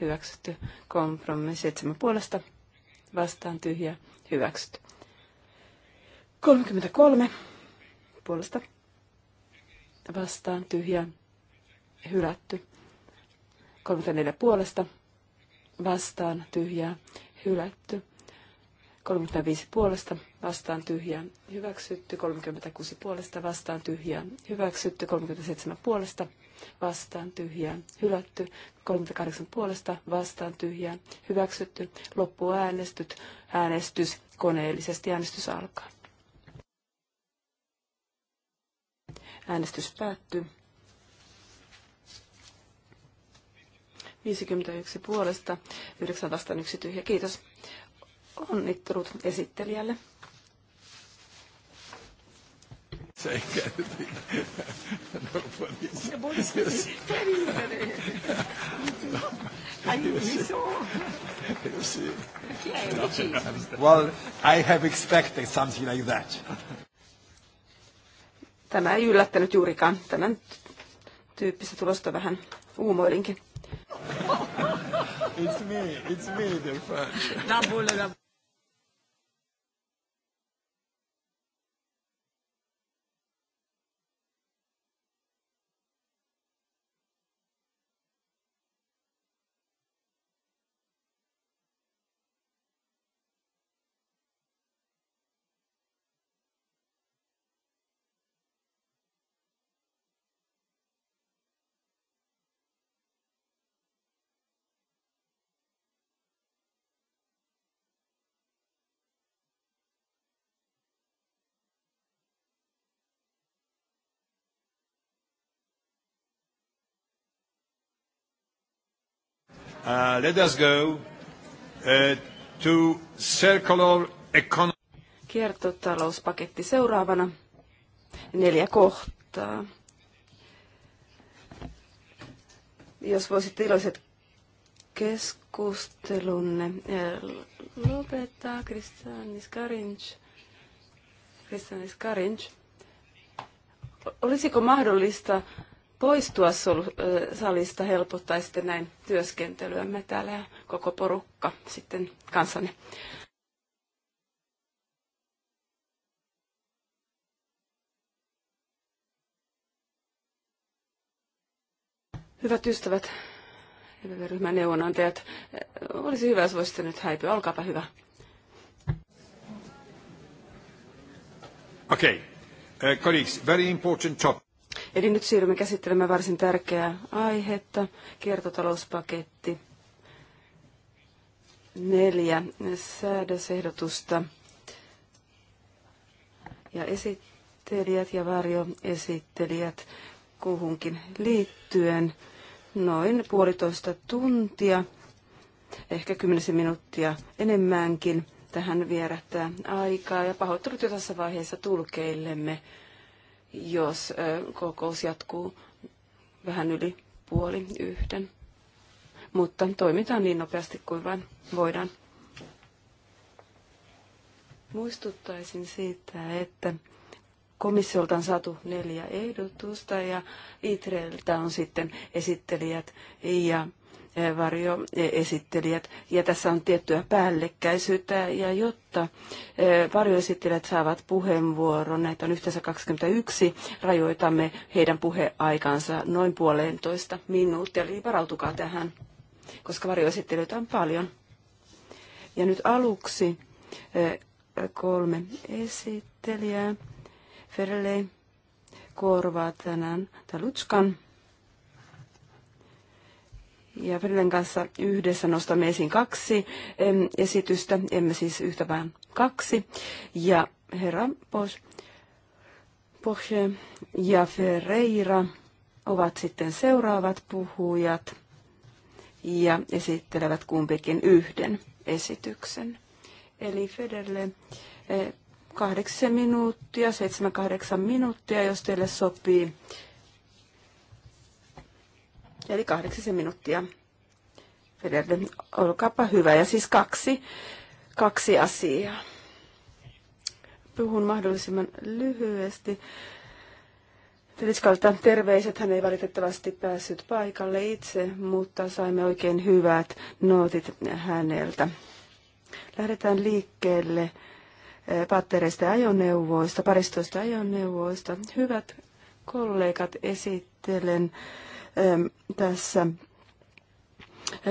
hyväksytty. Kompromissi 7 puolesta vastaan tyhjä hyväksytty. 33 puolesta vastaan tyhjä hylätty. 34 puolesta vastaan tyhjää hylätty. 35 puolesta vastaan tyhjää hyväksytty. 36 puolesta vastaan tyhjää hyväksytty. 37 puolesta vastaan tyhjää hylätty. 38 puolesta vastaan tyhjää hyväksytty. Loppuäänestyt. Äänestys koneellisesti. Äänestys alkaa. Äänestys päättyy. 51 puolesta, 9 vastaan yksi tyhjä. Kiitos. Onnittelut esittelijälle. well, I have expected something like that. Tämä ei yllättänyt juurikaan. Tämän tyyppistä tulosta vähän uumoilinkin. It's me, it's me, the French. Uh, let us go uh, to circular economy. Kiertotalouspaketti seuraavana. Neljä kohtaa. Jos voisit iloiset keskustelunne eh, lopettaa Kristianis Karinch. Kristianis Karinch. Olisiko mahdollista poistua salista, sitten näin työskentelyämme täällä ja koko porukka sitten kanssanne. Hyvät ystävät, ryhmän neuvonantajat, olisi hyvä, jos voisitte nyt häipyä. Olkaapa hyvä. Okei. Okay. Uh, colleagues, very important topic. Eli nyt siirrymme käsittelemään varsin tärkeää aihetta, kiertotalouspaketti. Neljä säädösehdotusta. Ja esittelijät ja varjoesittelijät kuhunkin liittyen noin puolitoista tuntia, ehkä kymmenisen minuuttia enemmänkin. Tähän vierähtää aikaa ja pahoittelut jo tässä vaiheessa tulkeillemme jos kokous jatkuu vähän yli puoli yhden. Mutta toimitaan niin nopeasti kuin vain voidaan. Muistuttaisin siitä, että komissiolta on saatu neljä ehdotusta ja ITREltä on sitten esittelijät ja varjoesittelijät. Ja tässä on tiettyä päällekkäisyyttä, ja jotta eh, varjoesittelijät saavat puheenvuoron, näitä on yhteensä 21, rajoitamme heidän puheaikansa noin puolentoista minuuttia, eli varautukaa tähän, koska varjoesittelijöitä on paljon. Ja nyt aluksi eh, kolme esittelijää. Ferle, korvaa tänään Talutskan. Ja Ferdinandin kanssa yhdessä nostamme esiin kaksi esitystä, emme siis yhtä vaan kaksi. Ja herra Bosch, ja Ferreira ovat sitten seuraavat puhujat ja esittelevät kumpikin yhden esityksen. Eli Federle eh, kahdeksan minuuttia, seitsemän kahdeksan minuuttia, jos teille sopii. Eli kahdeksisen minuuttia. Federden, olkaapa hyvä. Ja siis kaksi, kaksi asiaa. Puhun mahdollisimman lyhyesti. Teliskalta terveiset. Hän ei valitettavasti päässyt paikalle itse, mutta saimme oikein hyvät nootit häneltä. Lähdetään liikkeelle eh, pattereista ajoneuvoista, paristoista ajoneuvoista. Hyvät kollegat, esittelen tässä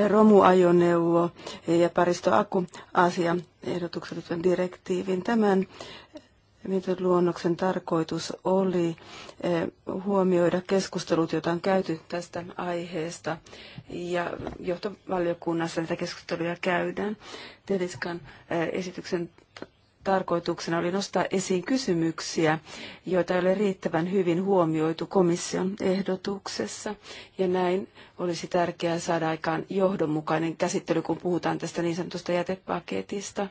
romuajoneuvo ja paristoakku asia ehdotukset direktiivin. Tämän luonnoksen tarkoitus oli eh, huomioida keskustelut, joita on käyty tästä aiheesta, ja johtovaliokunnassa näitä keskusteluja käydään. Teliskan eh, esityksen tarkoituksena oli nostaa esiin kysymyksiä, joita ei ole riittävän hyvin huomioitu komission ehdotuksessa. Ja näin olisi tärkeää saada aikaan johdonmukainen käsittely, kun puhutaan tästä niin sanotusta jätepaketista.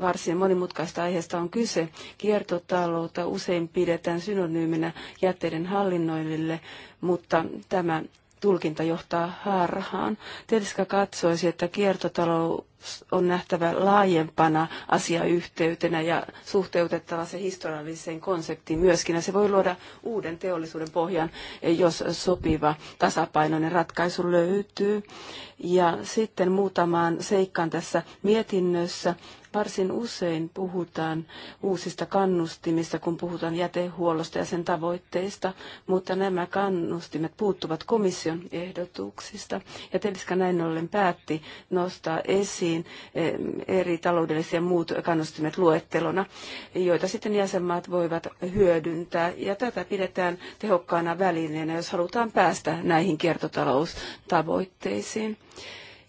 Varsin monimutkaista aiheesta on kyse. Kiertotaloutta usein pidetään synonyyminä jätteiden hallinnoinnille, mutta tämä tulkinta johtaa harhaan. Tietysti katsoisi, että kiertotalous on nähtävä laajempana asiayhteytenä ja suhteutettava se historialliseen konseptiin myöskin. Ja se voi luoda uuden teollisuuden pohjan, jos sopiva tasapainoinen ratkaisu löytyy. Ja sitten muutamaan seikkaan tässä mietinnössä Varsin usein puhutaan uusista kannustimista, kun puhutaan jätehuollosta ja sen tavoitteista, mutta nämä kannustimet puuttuvat komission ehdotuksista. Ja Teliska näin ollen päätti nostaa esiin eh, eri taloudellisia muut kannustimet luettelona, joita sitten jäsenmaat voivat hyödyntää. Ja tätä pidetään tehokkaana välineenä, jos halutaan päästä näihin kiertotaloustavoitteisiin.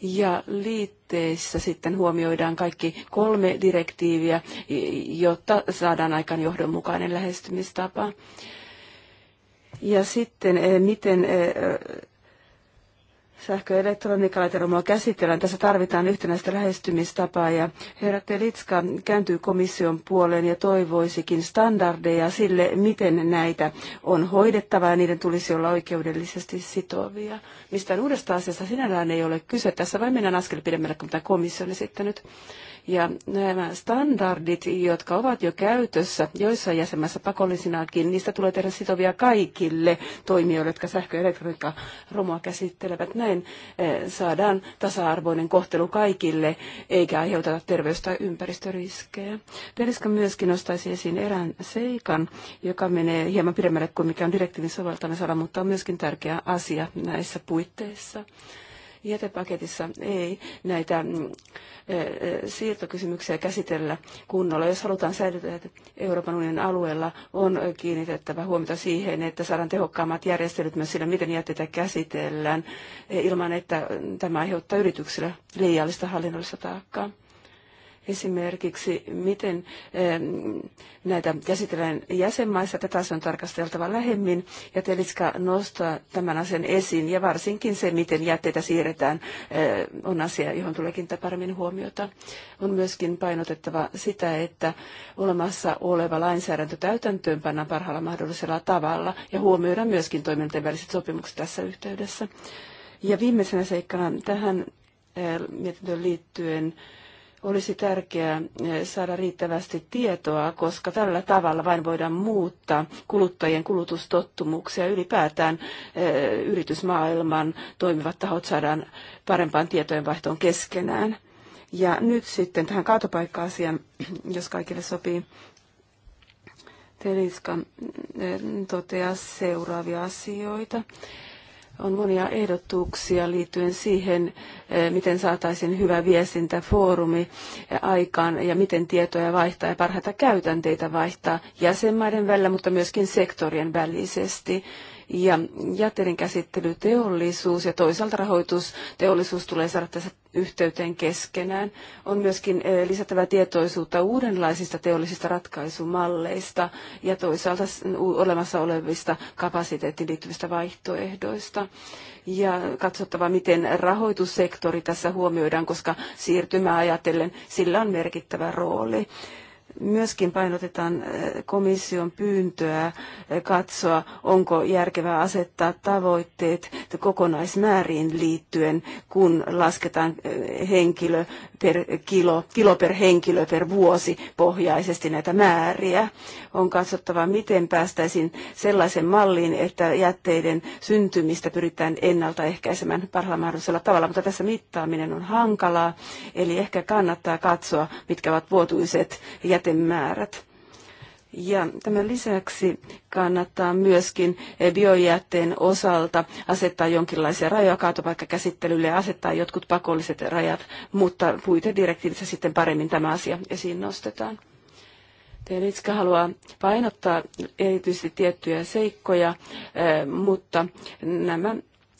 Ja liitteissä sitten huomioidaan kaikki kolme direktiiviä, jotta saadaan aikaan johdonmukainen lähestymistapa. Ja sitten eh, miten eh, sähköelektroniikalla teromalla käsitellään. Tässä tarvitaan yhtenäistä lähestymistapaa ja herra Telitska kääntyy komission puoleen ja toivoisikin standardeja sille, miten näitä on hoidettava ja niiden tulisi olla oikeudellisesti sitovia. Mistään uudesta asiasta sinällään ei ole kyse. Tässä vain mennään askel pidemmälle kuin tämä komissio on esittänyt. Ja nämä standardit, jotka ovat jo käytössä joissa jäsenmässä pakollisinaakin, niistä tulee tehdä sitovia kaikille toimijoille, jotka sähkö- ja romua käsittelevät. Näin eh, saadaan tasa-arvoinen kohtelu kaikille, eikä aiheuteta terveys- tai ympäristöriskejä. Periska myöskin nostaisi esiin erään seikan, joka menee hieman pidemmälle kuin mikä on direktiivin soveltamisala, mutta on myöskin tärkeä asia näissä puitteissa. Jätepaketissa ei näitä mm, siirtokysymyksiä käsitellä kunnolla. Jos halutaan säilyttää Euroopan unionin alueella, on kiinnitettävä huomiota siihen, että saadaan tehokkaammat järjestelyt myös sillä, miten jätteitä käsitellään, e, ilman että tämä aiheuttaa yrityksille liiallista hallinnollista taakkaa. Esimerkiksi, miten näitä käsitellään jäsenmaissa, tätä on tarkasteltava lähemmin, ja Teliska nostaa tämän asian esiin, ja varsinkin se, miten jätteitä siirretään, on asia, johon tuleekin paremmin huomiota. On myöskin painotettava sitä, että olemassa oleva lainsäädäntö täytäntöön pannaan parhaalla mahdollisella tavalla, ja huomioidaan myöskin toimintojen väliset sopimukset tässä yhteydessä. Ja viimeisenä seikkana tähän mietintöön liittyen olisi tärkeää eh, saada riittävästi tietoa, koska tällä tavalla vain voidaan muuttaa kuluttajien kulutustottumuksia. Ylipäätään eh, yritysmaailman toimivat tahot saadaan parempaan tietojenvaihtoon keskenään. Ja nyt sitten tähän kaatopaikka-asiaan, jos kaikille sopii. Teliska eh, toteaa seuraavia asioita on monia ehdotuksia liittyen siihen, eh, miten saataisiin hyvä viestintäfoorumi eh, aikaan ja miten tietoja vaihtaa ja parhaita käytänteitä vaihtaa jäsenmaiden välillä, mutta myöskin sektorien välisesti ja jätteiden käsittelyteollisuus ja toisaalta rahoitusteollisuus tulee saada tässä yhteyteen keskenään. On myöskin eh, lisättävä tietoisuutta uudenlaisista teollisista ratkaisumalleista ja toisaalta olemassa olevista kapasiteettiin liittyvistä vaihtoehdoista. Ja katsottava, miten rahoitussektori tässä huomioidaan, koska siirtymää ajatellen sillä on merkittävä rooli. Myöskin painotetaan eh, komission pyyntöä eh, katsoa, onko järkevää asettaa tavoitteet kokonaismääriin liittyen, kun lasketaan eh, henkilö per kilo, kilo per henkilö per vuosi pohjaisesti näitä määriä. On katsottava, miten päästäisiin sellaisen malliin, että jätteiden syntymistä pyritään ennaltaehkäisemään parhaalla mahdollisella tavalla, mutta tässä mittaaminen on hankalaa, eli ehkä kannattaa katsoa, mitkä ovat vuotuiset jätteiden jätemäärät. Ja tämän lisäksi kannattaa myöskin biojätteen osalta asettaa jonkinlaisia rajoja kaatopaikkakäsittelylle ja asettaa jotkut pakolliset rajat, mutta puitedirektiivissä sitten paremmin tämä asia esiin nostetaan. Telitska haluaa painottaa erityisesti tiettyjä seikkoja, eh, mutta nämä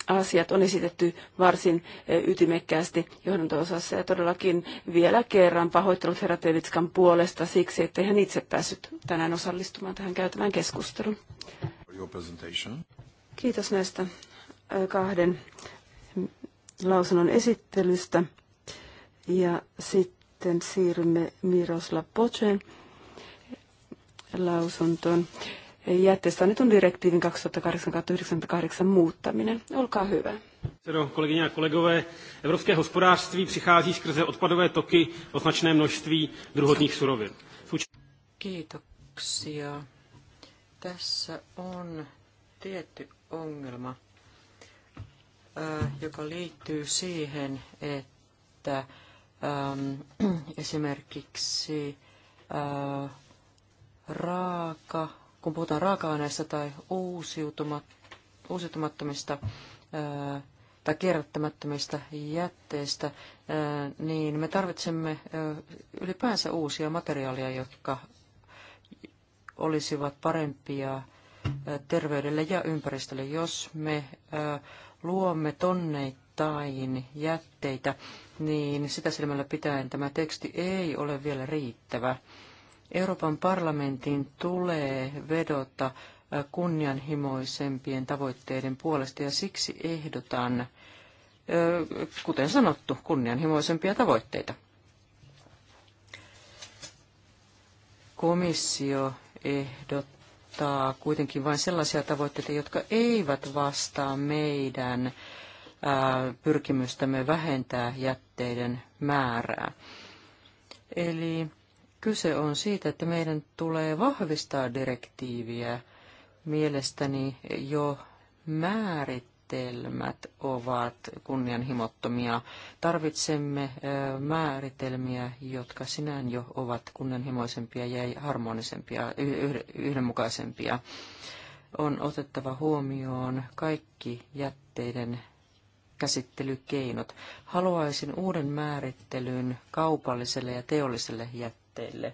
asiat on esitetty varsin ytimekkäästi johdanto-osassa ja todellakin vielä kerran pahoittelut herra Tevitskan puolesta siksi, että hän itse päässyt tänään osallistumaan tähän käytävään keskusteluun. Kiitos näistä kahden lausunnon esittelystä ja sitten siirrymme Miroslav Pocen lausuntoon jätteestä annetun direktiivin 2008-98 muuttaminen. Olkaa hyvä. Kolegyně a kolegové, evropské hospodářství přichází skrze odpadové toky o značné množství druhotných surovin. Kiitoksia. Tässä on tietty ongelma, äh, joka liittyy siihen, että ähm, esimerkiksi äh, raaka kun puhutaan raaka-aineista tai uusiutumattomista tai kierrättämättömistä jätteistä, niin me tarvitsemme ylipäänsä uusia materiaaleja, jotka olisivat parempia terveydelle ja ympäristölle. Jos me luomme tonneittain jätteitä, niin sitä silmällä pitäen tämä teksti ei ole vielä riittävä. Euroopan parlamentin tulee vedota äh, kunnianhimoisempien tavoitteiden puolesta ja siksi ehdotan, äh, kuten sanottu, kunnianhimoisempia tavoitteita. Komissio ehdottaa kuitenkin vain sellaisia tavoitteita, jotka eivät vastaa meidän äh, pyrkimystämme vähentää jätteiden määrää. Eli Kyse on siitä, että meidän tulee vahvistaa direktiiviä. Mielestäni jo määritelmät ovat kunnianhimottomia. Tarvitsemme määritelmiä, jotka sinään jo ovat kunnianhimoisempia ja harmonisempia, yhdenmukaisempia. On otettava huomioon kaikki jätteiden käsittelykeinot. Haluaisin uuden määrittelyn kaupalliselle ja teolliselle jätteelle tuotteille.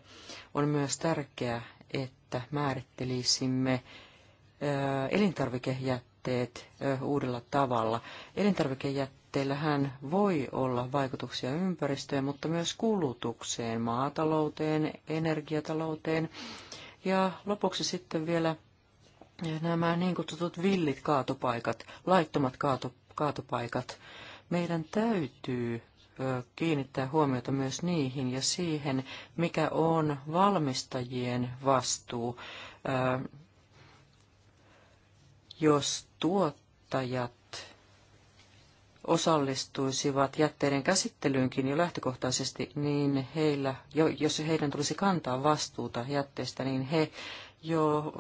On myös tärkeää, että määrittelisimme elintarvikejätteet uudella tavalla. Elintarvikejätteillähän voi olla vaikutuksia ympäristöön, mutta myös kulutukseen, maatalouteen, energiatalouteen. Ja lopuksi sitten vielä nämä niin kutsutut villit kaatopaikat, laittomat kaatopaikat. Meidän täytyy kiinnittää huomiota myös niihin ja siihen, mikä on valmistajien vastuu, jos tuottajat osallistuisivat jätteiden käsittelyynkin jo lähtökohtaisesti, niin heillä, jos heidän tulisi kantaa vastuuta jätteestä, niin he jo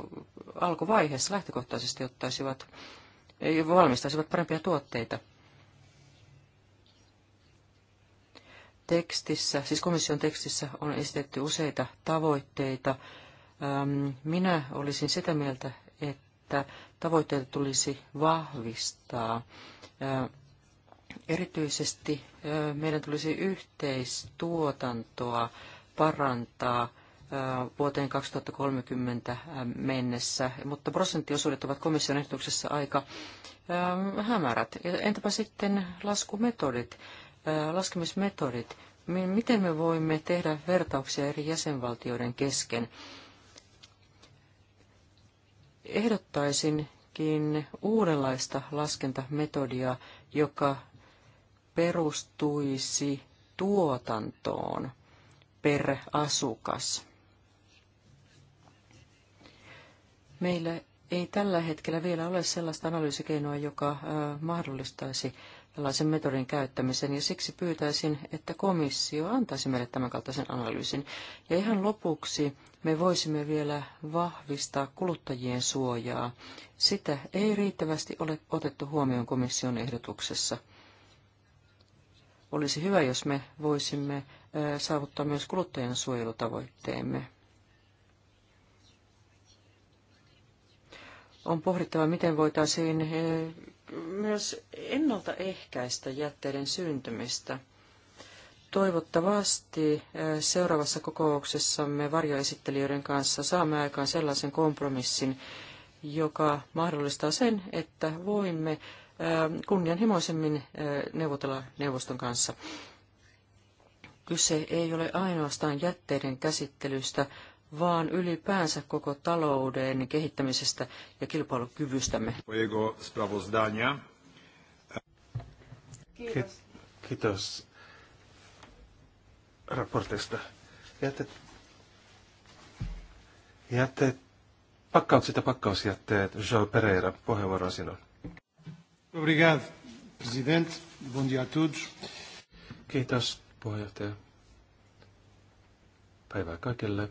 alkuvaiheessa lähtökohtaisesti ottaisivat valmistaisivat parempia tuotteita. tekstissä, siis komission tekstissä on esitetty useita tavoitteita. Minä olisin sitä mieltä, että tavoitteita tulisi vahvistaa. Erityisesti meidän tulisi yhteistuotantoa parantaa vuoteen 2030 mennessä, mutta prosenttiosuudet ovat komission ehdotuksessa aika hämärät. Entäpä sitten laskumetodit? laskemismetodit. Miten me voimme tehdä vertauksia eri jäsenvaltioiden kesken? Ehdottaisinkin uudenlaista laskentametodia, joka perustuisi tuotantoon per asukas. Meillä ei tällä hetkellä vielä ole sellaista analyysikeinoa, joka mahdollistaisi tällaisen metodin käyttämisen, ja siksi pyytäisin, että komissio antaisi meille tämän kaltaisen analyysin. Ja ihan lopuksi me voisimme vielä vahvistaa kuluttajien suojaa. Sitä ei riittävästi ole otettu huomioon komission ehdotuksessa. Olisi hyvä, jos me voisimme saavuttaa myös kuluttajan suojelutavoitteemme. On pohdittava, miten voitaisiin myös ennaltaehkäistä jätteiden syntymistä. Toivottavasti eh, seuraavassa kokouksessamme varjoesittelijöiden kanssa saamme aikaan sellaisen kompromissin, joka mahdollistaa sen, että voimme eh, kunnianhimoisemmin eh, neuvotella neuvoston kanssa. Kyse ei ole ainoastaan jätteiden käsittelystä, vaan ylipäänsä koko talouden kehittämisestä ja kilpailukyvystämme. Kiitos. Kiitos raportista. Jätet, jätet, pakkaukset ja pakkausjätteet, João Pereira, puheenvuoro sinun. Obrigado, presidente. Bom dia a todos. Kiitos, puheenjohtaja. Päivää kaikille.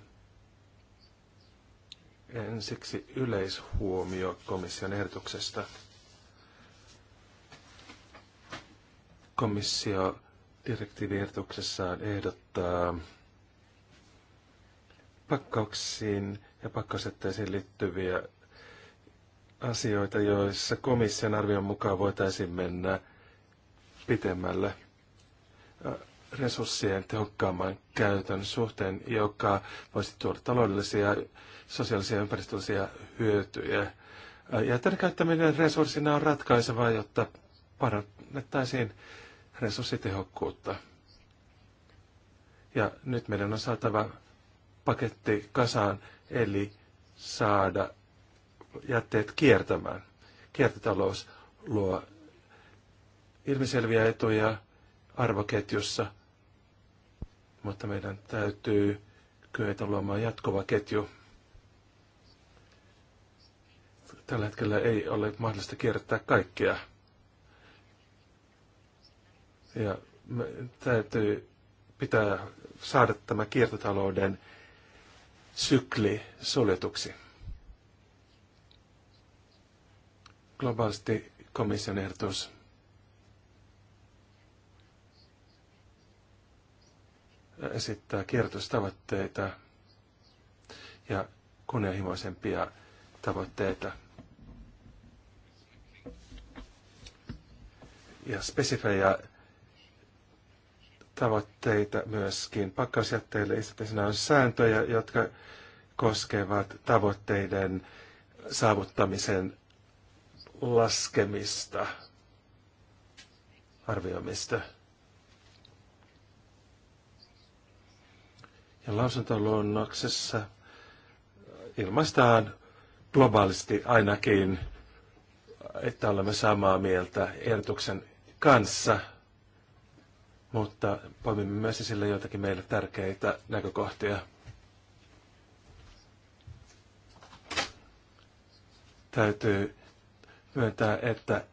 Ensiksi yleishuomio komission ehdotuksesta. Komissio direktiiviehdotuksessaan ehdottaa pakkauksiin ja pakkausetteisiin liittyviä asioita, joissa komission arvion mukaan voitaisiin mennä pitemmälle – resurssien tehokkaamman käytön suhteen, joka voisi tuoda taloudellisia, sosiaalisia ja ympäristöllisiä hyötyjä. Jätteiden käyttäminen resurssina on ratkaisevaa, jotta parannettaisiin resurssitehokkuutta. Ja nyt meidän on saatava paketti kasaan, eli saada jätteet kiertämään. Kiertotalous luo ilmiselviä etuja arvoketjussa, mutta meidän täytyy kyetä luomaan jatkuva ketju. Tällä hetkellä ei ole mahdollista kierrättää kaikkea. Ja me täytyy pitää saada tämä kiertotalouden sykli suljetuksi. Globaalisti komission ehdotus esittää kierrätystavoitteita ja kunnianhimoisempia tavoitteita. Ja spesifejä tavoitteita myöskin pakkausjätteille. Esitteisena on sääntöjä, jotka koskevat tavoitteiden saavuttamisen laskemista, arvioimista. Ja lausuntoluonnoksessa ilmaistaan globaalisti ainakin, että olemme samaa mieltä ehdotuksen kanssa, mutta poimimme myös esille joitakin meille tärkeitä näkökohtia. Täytyy myöntää, että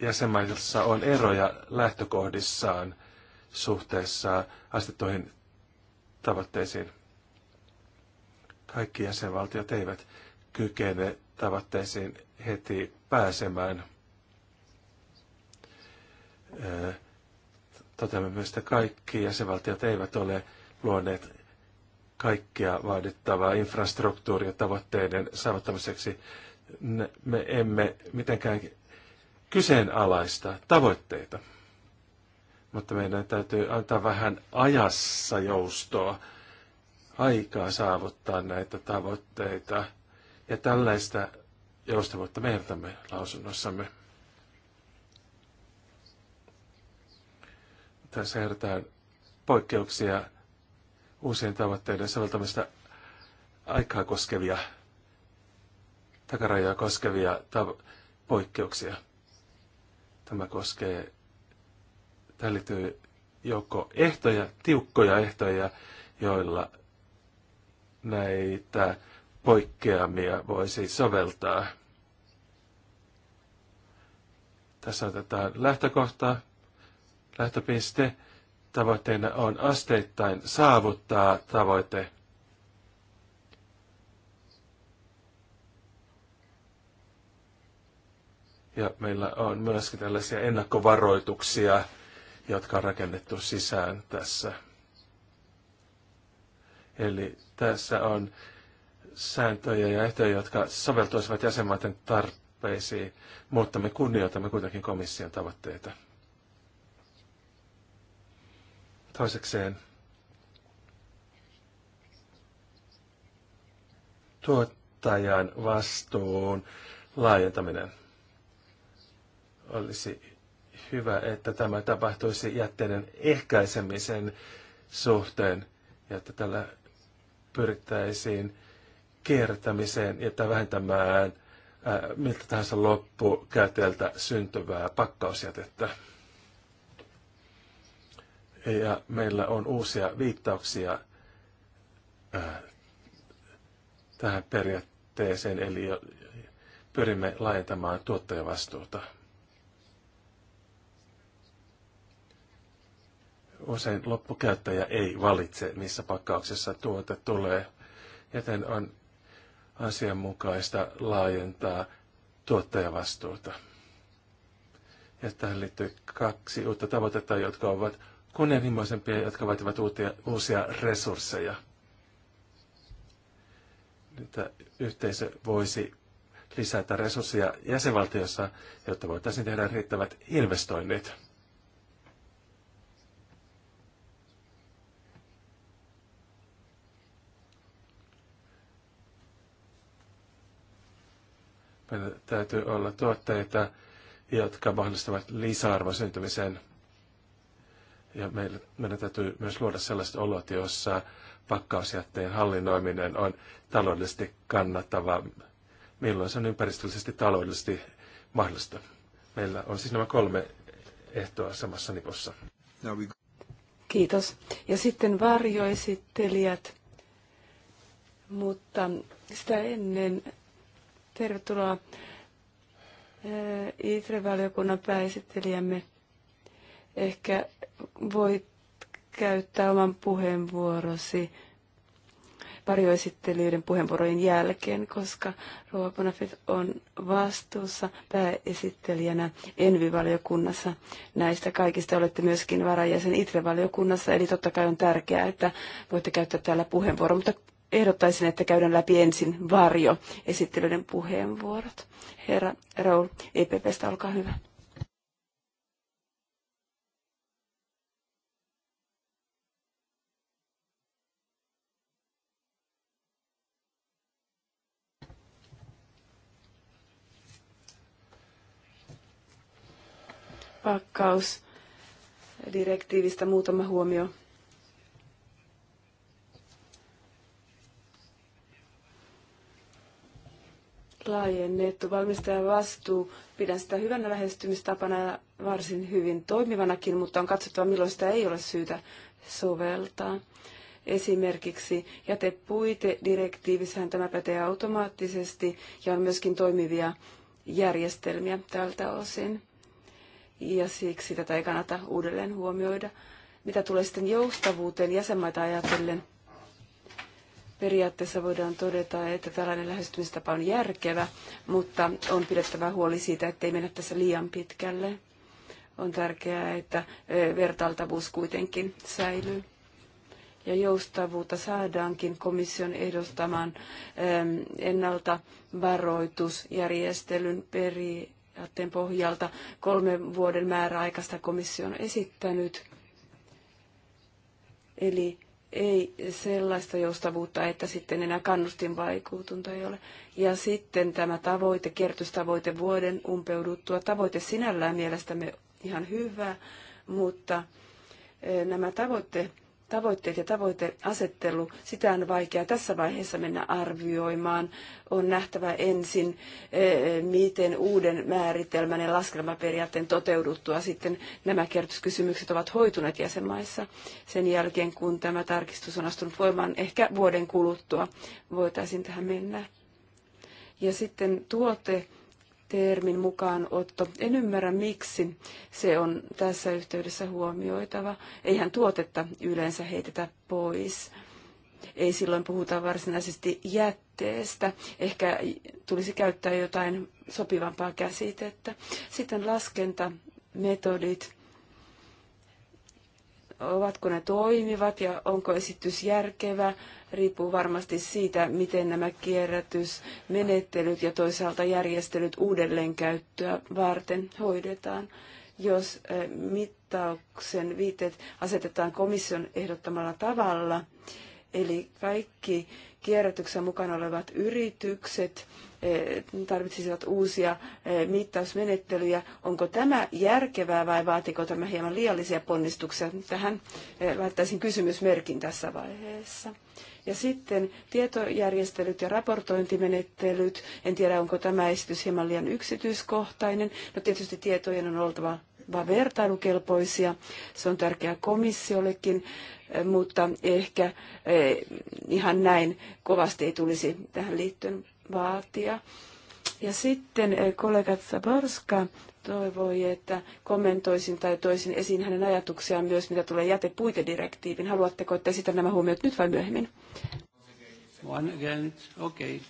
jäsenmaissa on eroja lähtökohdissaan suhteessa astettuihin tavoitteisiin. Kaikki jäsenvaltiot eivät kykene tavoitteisiin heti pääsemään. Toteamme myös, että kaikki jäsenvaltiot eivät ole luoneet kaikkia vaadittavaa infrastruktuuria tavoitteiden saavuttamiseksi. Me emme mitenkään kyseenalaista tavoitteita mutta meidän täytyy antaa vähän ajassa joustoa, aikaa saavuttaa näitä tavoitteita. Ja tällaista joustavuutta meiltä me lausunnossamme. Tässä ehdotetaan poikkeuksia uusien tavoitteiden soveltamista aikaa koskevia, takarajoja koskevia poikkeuksia. Tämä koskee Tähän liittyy joko ehtoja, tiukkoja ehtoja, joilla näitä poikkeamia voisi soveltaa. Tässä otetaan lähtökohta, lähtöpiste. Tavoitteena on asteittain saavuttaa tavoite. Ja meillä on myöskin tällaisia ennakkovaroituksia jotka on rakennettu sisään tässä. Eli tässä on sääntöjä ja ehtoja, jotka soveltuisivat jäsenmaiden tarpeisiin, mutta me kunnioitamme kuitenkin komission tavoitteita. Toisekseen tuottajan vastuun laajentaminen olisi hyvä, että tämä tapahtuisi jätteiden ehkäisemisen suhteen ja että tällä pyrittäisiin kiertämiseen ja vähentämään äh, miltä tahansa loppukäyttäjältä syntyvää pakkausjätettä. Ja meillä on uusia viittauksia äh, tähän periaatteeseen, eli pyrimme laajentamaan tuottajavastuuta. usein loppukäyttäjä ei valitse, missä pakkauksessa tuote tulee, joten on asianmukaista laajentaa tuottajavastuuta. Ja tähän liittyy kaksi uutta tavoitetta, jotka ovat kunnianhimoisempia, jotka vaativat uutia, uusia resursseja. Että yhteisö voisi lisätä resursseja jäsenvaltiossa, jotta voitaisiin tehdä riittävät investoinnit Meillä täytyy olla tuotteita, jotka mahdollistavat lisäarvon syntymisen. Ja meillä, meidän täytyy myös luoda sellaiset olot, joissa pakkausjätteen hallinnoiminen on taloudellisesti kannattava, milloin se on ympäristöllisesti taloudellisesti mahdollista. Meillä on siis nämä kolme ehtoa samassa nipossa. Kiitos. Ja sitten varjoesittelijät. Mutta sitä ennen Tervetuloa eh, IFRE-valiokunnan pääesittelijämme. Ehkä voit käyttää oman puheenvuorosi varjoesittelyiden puheenvuorojen jälkeen, koska Rova Bonafit on vastuussa pääesittelijänä Envy-valiokunnassa. Näistä kaikista olette myöskin varajäsen ITRE-valiokunnassa, eli totta kai on tärkeää, että voitte käyttää täällä puheenvuoron, mutta ehdottaisin, että käydään läpi ensin varjo esittelyiden puheenvuorot. Herra Raul EPPstä, olkaa hyvä. Pakkausdirektiivistä muutama huomio. laajennettu valmistajan vastuu. Pidän sitä hyvänä lähestymistapana ja varsin hyvin toimivanakin, mutta on katsottava, milloin sitä ei ole syytä soveltaa. Esimerkiksi jätepuitedirektiivissähän tämä pätee automaattisesti ja on myöskin toimivia järjestelmiä tältä osin. Ja siksi tätä ei kannata uudelleen huomioida. Mitä tulee sitten joustavuuteen jäsenmaita ajatellen, periaatteessa voidaan todeta, että tällainen lähestymistapa on järkevä, mutta on pidettävä huoli siitä, ettei mennä tässä liian pitkälle. On tärkeää, että vertailtavuus kuitenkin säilyy. Ja joustavuutta saadaankin komission ehdostaman ennalta varoitusjärjestelyn periaatteen pohjalta. Kolmen vuoden määräaikaista komissio on esittänyt. Eli ei sellaista joustavuutta, että sitten enää kannustinvaikutunta ei ole. Ja sitten tämä tavoite, kierrätystavoite vuoden umpeuduttua, tavoite sinällään mielestämme ihan hyvä, mutta eh, nämä tavoitteet tavoitteet ja tavoiteasettelu, sitä on vaikea tässä vaiheessa mennä arvioimaan. On nähtävä ensin, eh, miten uuden määritelmän ja laskelmaperiaatteen toteuduttua sitten nämä kertoskysymykset ovat hoituneet jäsenmaissa. Sen jälkeen, kun tämä tarkistus on astunut voimaan, ehkä vuoden kuluttua voitaisiin tähän mennä. Ja sitten tuote termin otto En ymmärrä, miksi se on tässä yhteydessä huomioitava. Eihän tuotetta yleensä heitetä pois. Ei silloin puhuta varsinaisesti jätteestä. Ehkä tulisi käyttää jotain sopivampaa käsitettä. Sitten laskentametodit ovatko ne toimivat ja onko esitys järkevä, riippuu varmasti siitä, miten nämä kierrätysmenettelyt ja toisaalta järjestelyt uudelleenkäyttöä varten hoidetaan. Jos mittauksen viitteet asetetaan komission ehdottamalla tavalla, eli kaikki kierrätyksen mukana olevat yritykset, Eh, tarvitsisivat uusia eh, mittausmenettelyjä. Onko tämä järkevää vai vaatiko tämä hieman liiallisia ponnistuksia? Tähän eh, laittaisin kysymysmerkin tässä vaiheessa. Ja sitten tietojärjestelyt ja raportointimenettelyt. En tiedä, onko tämä esitys hieman liian yksityiskohtainen. No tietysti tietojen on oltava vaan vertailukelpoisia. Se on tärkeää komissiollekin, mutta ehkä ihan näin kovasti ei tulisi tähän liittyen vaatia. Ja sitten eh, kollega Zabarska toivoi, että kommentoisin tai toisin esiin hänen ajatuksiaan myös, mitä tulee jätepuitedirektiivin. Haluatteko, että esitän nämä huomiot nyt vai myöhemmin? One against. Okay.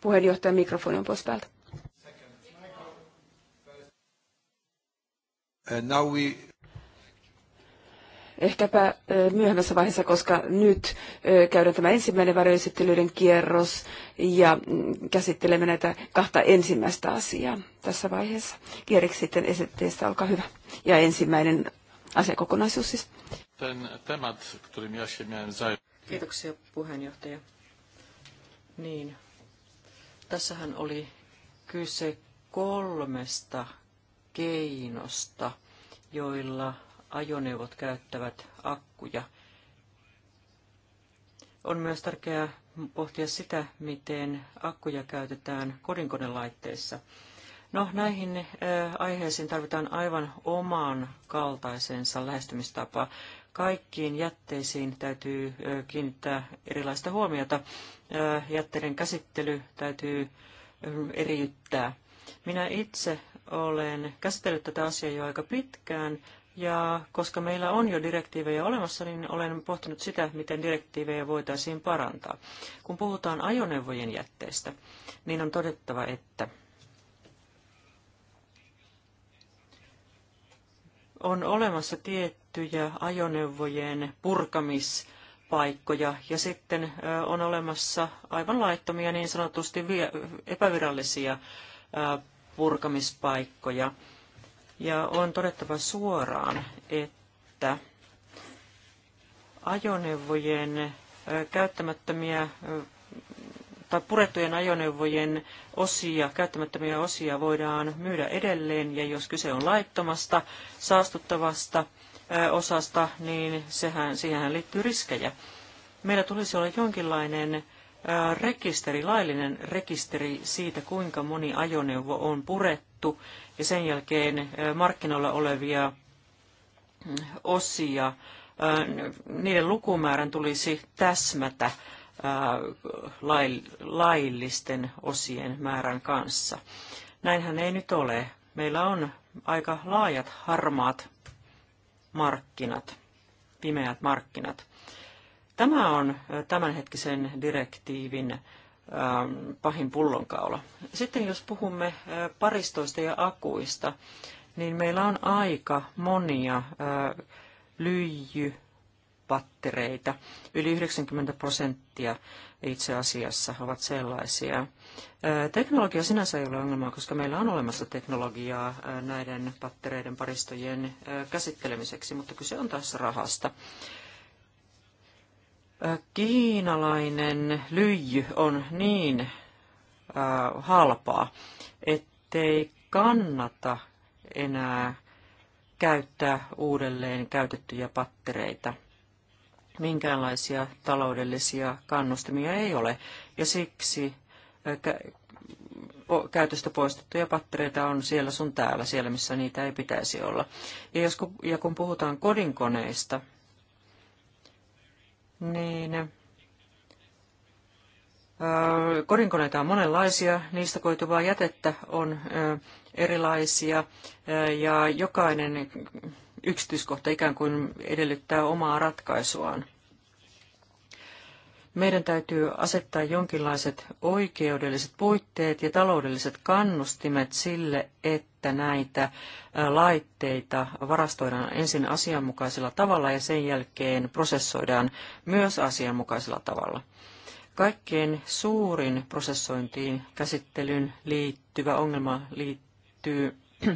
Puheenjohtajan mikrofoni on pois päältä. And now we ehkäpä myöhemmässä vaiheessa, koska nyt käydään tämä ensimmäinen varjoesittelyiden kierros ja mm, käsittelemme näitä kahta ensimmäistä asiaa tässä vaiheessa. Kierik sitten esitteestä, olkaa hyvä. Ja ensimmäinen asiakokonaisuus siis. Ten temat, ja Kiitoksia puheenjohtaja. Niin, tässähän oli kyse kolmesta keinosta, joilla ajoneuvot käyttävät akkuja. On myös tärkeää pohtia sitä, miten akkuja käytetään kodinkonelaitteissa. No, näihin aiheisiin tarvitaan aivan oman kaltaisensa lähestymistapa. Kaikkiin jätteisiin täytyy kiinnittää erilaista huomiota. Jätteiden käsittely täytyy eriyttää. Minä itse olen käsitellyt tätä asiaa jo aika pitkään, ja koska meillä on jo direktiivejä olemassa, niin olen pohtinut sitä, miten direktiivejä voitaisiin parantaa. Kun puhutaan ajoneuvojen jätteistä, niin on todettava, että on olemassa tiettyjä ajoneuvojen purkamispaikkoja ja sitten on olemassa aivan laittomia niin sanotusti epävirallisia purkamispaikkoja ja on todettava suoraan, että ajoneuvojen käyttämättömiä tai purettujen ajoneuvojen osia, käyttämättömiä osia voidaan myydä edelleen, ja jos kyse on laittomasta, saastuttavasta osasta, niin sehän, siihen liittyy riskejä. Meillä tulisi olla jonkinlainen rekisteri, laillinen rekisteri siitä, kuinka moni ajoneuvo on purettu ja sen jälkeen markkinoilla olevia mm, osia, niiden lukumäärän tulisi täsmätä laillisten osien määrän kanssa. Näinhän ei nyt ole. Meillä on aika laajat harmaat markkinat, pimeät markkinat. Tämä on tämänhetkisen direktiivin pahin pullonkaula. Sitten jos puhumme paristoista ja akuista, niin meillä on aika monia lyijypattereita. Yli 90 prosenttia itse asiassa ovat sellaisia. Teknologia sinänsä ei ole ongelmaa, koska meillä on olemassa teknologiaa näiden pattereiden paristojen käsittelemiseksi, mutta kyse on taas rahasta kiinalainen lyijy on niin halpaa, ettei kannata enää käyttää uudelleen käytettyjä pattereita. Minkäänlaisia taloudellisia kannustimia ei ole, ja siksi käytöstä poistettuja pattereita on siellä sun täällä, siellä missä niitä ei pitäisi olla. Ja, jos, ja kun puhutaan kodinkoneista, niin korinkoneita on monenlaisia, niistä koituvaa jätettä on erilaisia ja jokainen yksityiskohta ikään kuin edellyttää omaa ratkaisuaan. Meidän täytyy asettaa jonkinlaiset oikeudelliset puitteet ja taloudelliset kannustimet sille, että näitä laitteita varastoidaan ensin asianmukaisella tavalla ja sen jälkeen prosessoidaan myös asianmukaisella tavalla. Kaikkein suurin prosessointiin käsittelyyn liittyvä ongelma liittyy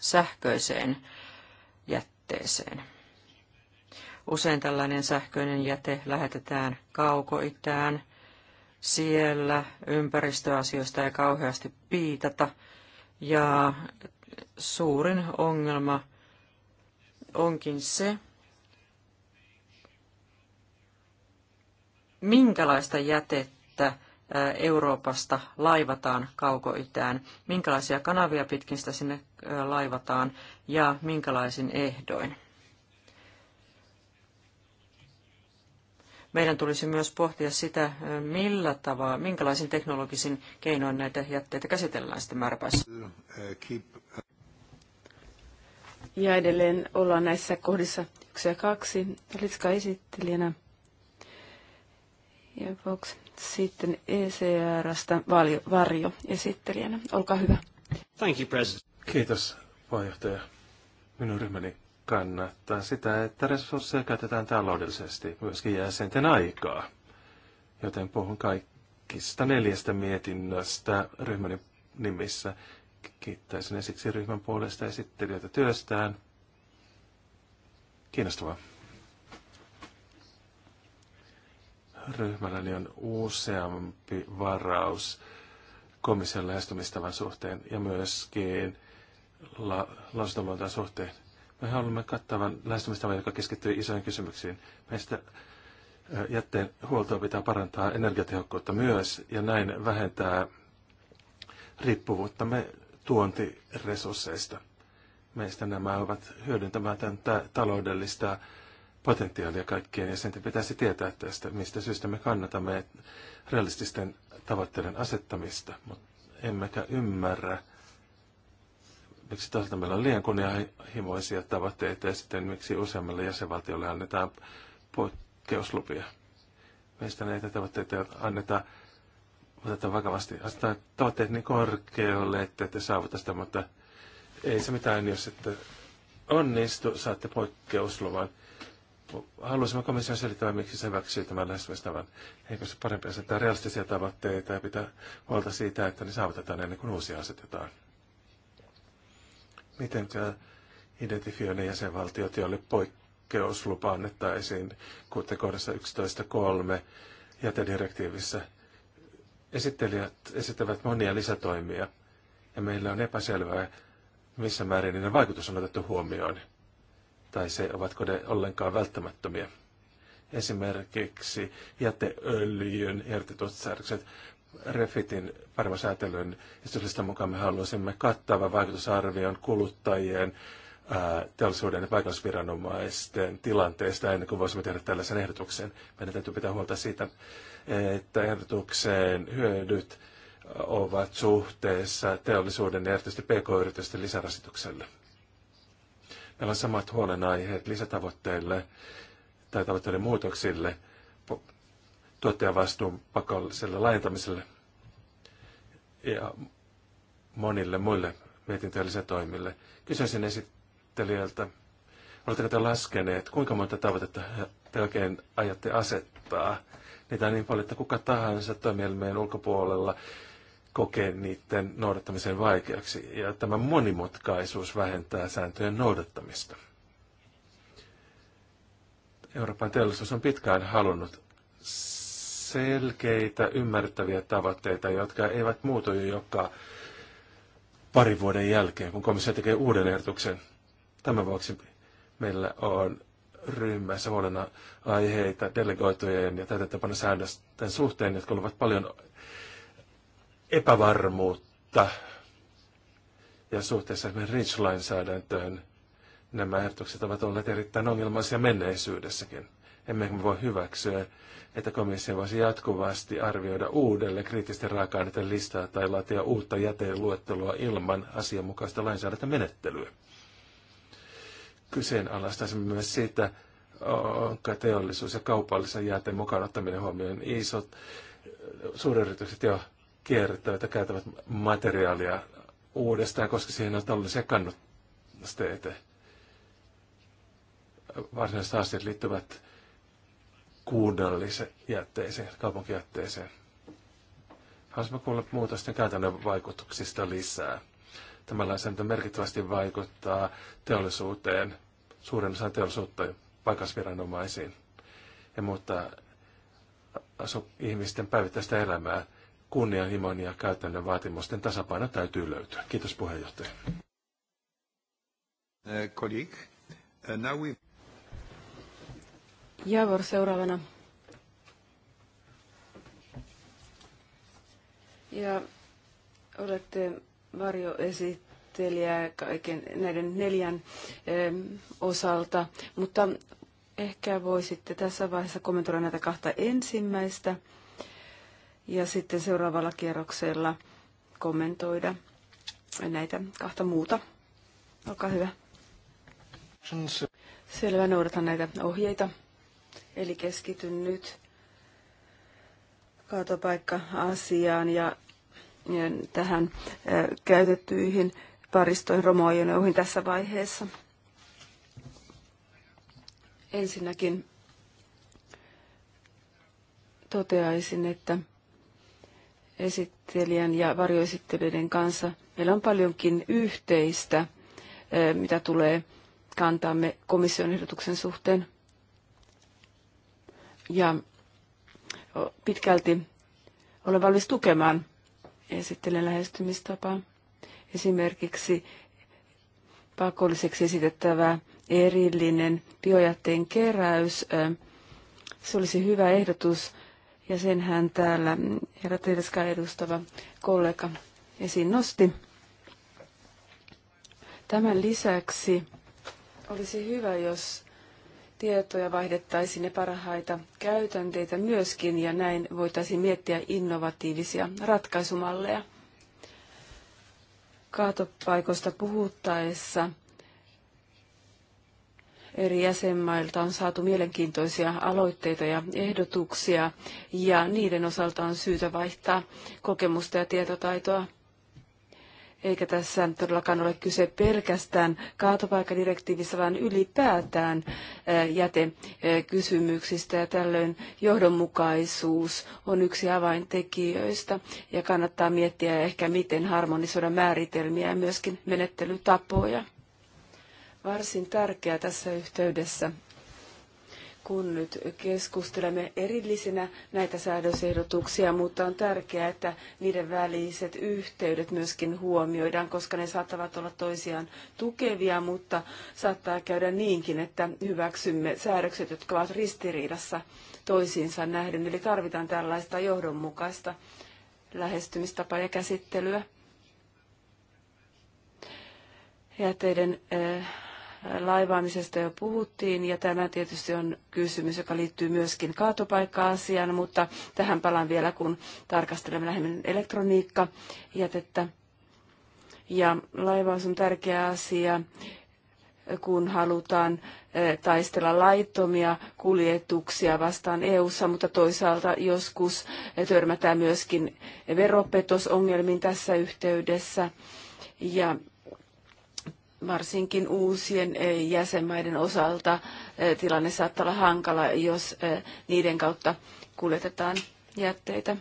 sähköiseen jätteeseen. Usein tällainen sähköinen jäte lähetetään kaukoitään. Siellä ympäristöasioista ei kauheasti piitata. Ja suurin ongelma onkin se, minkälaista jätettä Euroopasta laivataan kaukoitään, minkälaisia kanavia pitkin sitä sinne laivataan ja minkälaisin ehdoin. meidän tulisi myös pohtia sitä, millä tavalla, minkälaisin teknologisin keinoin näitä jätteitä käsitellään sitten määräpäissä. Ja edelleen ollaan näissä kohdissa yksi ja kaksi, Litska esittelijänä. Ja Vox sitten ECRstä valio, varjo esittelijänä. Olkaa hyvä. Thank you, President. Kiitos, puheenjohtaja. Minun ryhmäni kannattaa sitä, että resursseja käytetään taloudellisesti, myöskin jäsenten aikaa. Joten puhun kaikista neljästä mietinnöstä ryhmän nimissä. Kiittäisin esiksi ryhmän puolesta esittelijöitä työstään. Kiinnostavaa. Ryhmälläni on useampi varaus komission lähestymistavan suhteen ja myöskin la- suhteen me haluamme kattavan lähestymistavan, joka keskittyy isoihin kysymyksiin. Meistä jätteen huoltoa pitää parantaa energiatehokkuutta myös ja näin vähentää riippuvuuttamme tuontiresursseista. Meistä nämä ovat hyödyntämätön taloudellista potentiaalia kaikkien sen pitäisi tietää tästä, mistä syystä me kannatamme realististen tavoitteiden asettamista, mutta emmekä ymmärrä miksi tasolta meillä on liian kunnianhimoisia tavoitteita ja sitten miksi useammalle jäsenvaltiolle annetaan poikkeuslupia. Meistä näitä tavoitteita annetaan otetaan vakavasti. asetetaan tavoitteet niin korkealle, että te saavuta sitä, mutta ei se mitään, jos ette onnistu, saatte poikkeusluvan. Haluaisimme komission selittää, miksi se hyväksyy tämän lähestymistavan. Eikö se parempi asettaa realistisia tavoitteita ja pitää huolta siitä, että ne saavutetaan ennen kuin uusia asetetaan mitenkä identifioinnin jäsenvaltiot, joille poikkeuslupa annettaisiin kuten kohdassa 11.3 jätedirektiivissä. Esittelijät esittävät monia lisätoimia ja meillä on epäselvää, missä määrin niiden vaikutus on otettu huomioon tai se, ovatko ne ollenkaan välttämättömiä. Esimerkiksi jäteöljyn ehdotetut säädökset Refitin arvosäätelyn säätelyn esityksestä mukaan me haluaisimme kattavan vaikutusarvion kuluttajien, teollisuuden ja paikallisviranomaisten tilanteesta ennen kuin voisimme tehdä tällaisen ehdotuksen. Meidän täytyy pitää huolta siitä, että ehdotuksen hyödyt ovat suhteessa teollisuuden ja erityisesti pk-yritysten lisärasitukselle. Meillä on samat huolenaiheet lisätavoitteille tai tavoitteiden muutoksille – tuottajavastuun pakolliselle laajentamiselle ja monille muille mietintöjä lisätoimille. Kysyisin esittelijältä, oletteko te laskeneet, kuinka monta tavoitetta te oikein ajatte asettaa? Niitä on niin paljon, että kuka tahansa toimielimien ulkopuolella kokee niiden noudattamisen vaikeaksi. Ja tämä monimutkaisuus vähentää sääntöjen noudattamista. Euroopan teollisuus on pitkään halunnut selkeitä, ymmärrettäviä tavoitteita, jotka eivät muutu joka pari vuoden jälkeen, kun komissio tekee uuden ehdotuksen. Tämän vuoksi meillä on ryhmässä huolena aiheita delegoitujen ja täytettäpänä säännösten suhteen, jotka olivat paljon epävarmuutta ja suhteessa esimerkiksi Rich-lainsäädäntöön nämä ehdotukset ovat olleet erittäin ongelmaisia menneisyydessäkin. Emme voi hyväksyä että komissio voisi jatkuvasti arvioida uudelleen kriittisten raaka-aineiden listaa tai laatia uutta jäteluettelua ilman asianmukaista lainsäädäntömenettelyä. Kyseenalaistaisimme myös siitä, onko teollisuus ja kaupallisen jäteen mukaan ottaminen huomioon isot suuryritykset jo kierrättävät ja käytävät materiaalia uudestaan, koska siihen on taloudellisia kannusteita. Varsinaiset asiat liittyvät kunnalliseen jätteeseen, kaupunkijätteeseen. Haluaisimme kuulla muutosten käytännön vaikutuksista lisää. Tämä lainsäädäntö merkittävästi vaikuttaa teollisuuteen, suurin osa teollisuutta paikallisviranomaisiin ja muuttaa asu ihmisten päivittäistä elämää. Kunnianhimon ja käytännön vaatimusten tasapaino täytyy löytyä. Kiitos puheenjohtaja. Uh, colleague, uh, now we... Javor seuraavana. Ja olette varjoesittelijä kaiken näiden neljän osalta, mutta ehkä voisitte tässä vaiheessa kommentoida näitä kahta ensimmäistä ja sitten seuraavalla kierroksella kommentoida näitä kahta muuta. Olkaa hyvä. Selvä, noudatan näitä ohjeita. Eli keskityn nyt kaatopaikka-asiaan ja, tähän käytettyihin paristoihin romoajoneuvoihin tässä vaiheessa. Ensinnäkin toteaisin, että esittelijän ja varjoesittelijöiden kanssa meillä on paljonkin yhteistä, mitä tulee kantaamme komission ehdotuksen suhteen. Ja pitkälti olen valmis tukemaan esittelen lähestymistapaa. Esimerkiksi pakolliseksi esitettävä erillinen biojätteen keräys. Se olisi hyvä ehdotus ja senhän täällä herra Tereska edustava kollega esiin nosti. Tämän lisäksi olisi hyvä, jos tietoja vaihdettaisiin ja parhaita käytänteitä myöskin, ja näin voitaisiin miettiä innovatiivisia ratkaisumalleja. Kaatopaikoista puhuttaessa eri jäsenmailta on saatu mielenkiintoisia aloitteita ja ehdotuksia, ja niiden osalta on syytä vaihtaa kokemusta ja tietotaitoa eikä tässä todellakaan ole kyse pelkästään kaatopaikkadirektiivissä, vaan ylipäätään jätekysymyksistä ja tällöin johdonmukaisuus on yksi avaintekijöistä ja kannattaa miettiä ehkä miten harmonisoida määritelmiä ja myöskin menettelytapoja. Varsin tärkeää tässä yhteydessä kun nyt keskustelemme erillisinä näitä säädösehdotuksia, mutta on tärkeää, että niiden väliset yhteydet myöskin huomioidaan, koska ne saattavat olla toisiaan tukevia, mutta saattaa käydä niinkin, että hyväksymme säädökset, jotka ovat ristiriidassa toisiinsa nähden. Eli tarvitaan tällaista johdonmukaista lähestymistapaa ja käsittelyä. Jäteiden laivaamisesta jo puhuttiin, ja tämä tietysti on kysymys, joka liittyy myöskin kaatopaikka-asiaan, mutta tähän palaan vielä, kun tarkastelemme lähemmin elektroniikkajätettä. Ja laivaus on tärkeä asia, kun halutaan eh, taistella laittomia kuljetuksia vastaan EU:ssa, mutta toisaalta joskus eh, törmätään myöskin veropetosongelmiin tässä yhteydessä. Ja varsinkin uusien eh, jäsenmaiden osalta eh, tilanne saattaa olla hankala, jos eh, niiden kautta kuljetetaan jätteitä.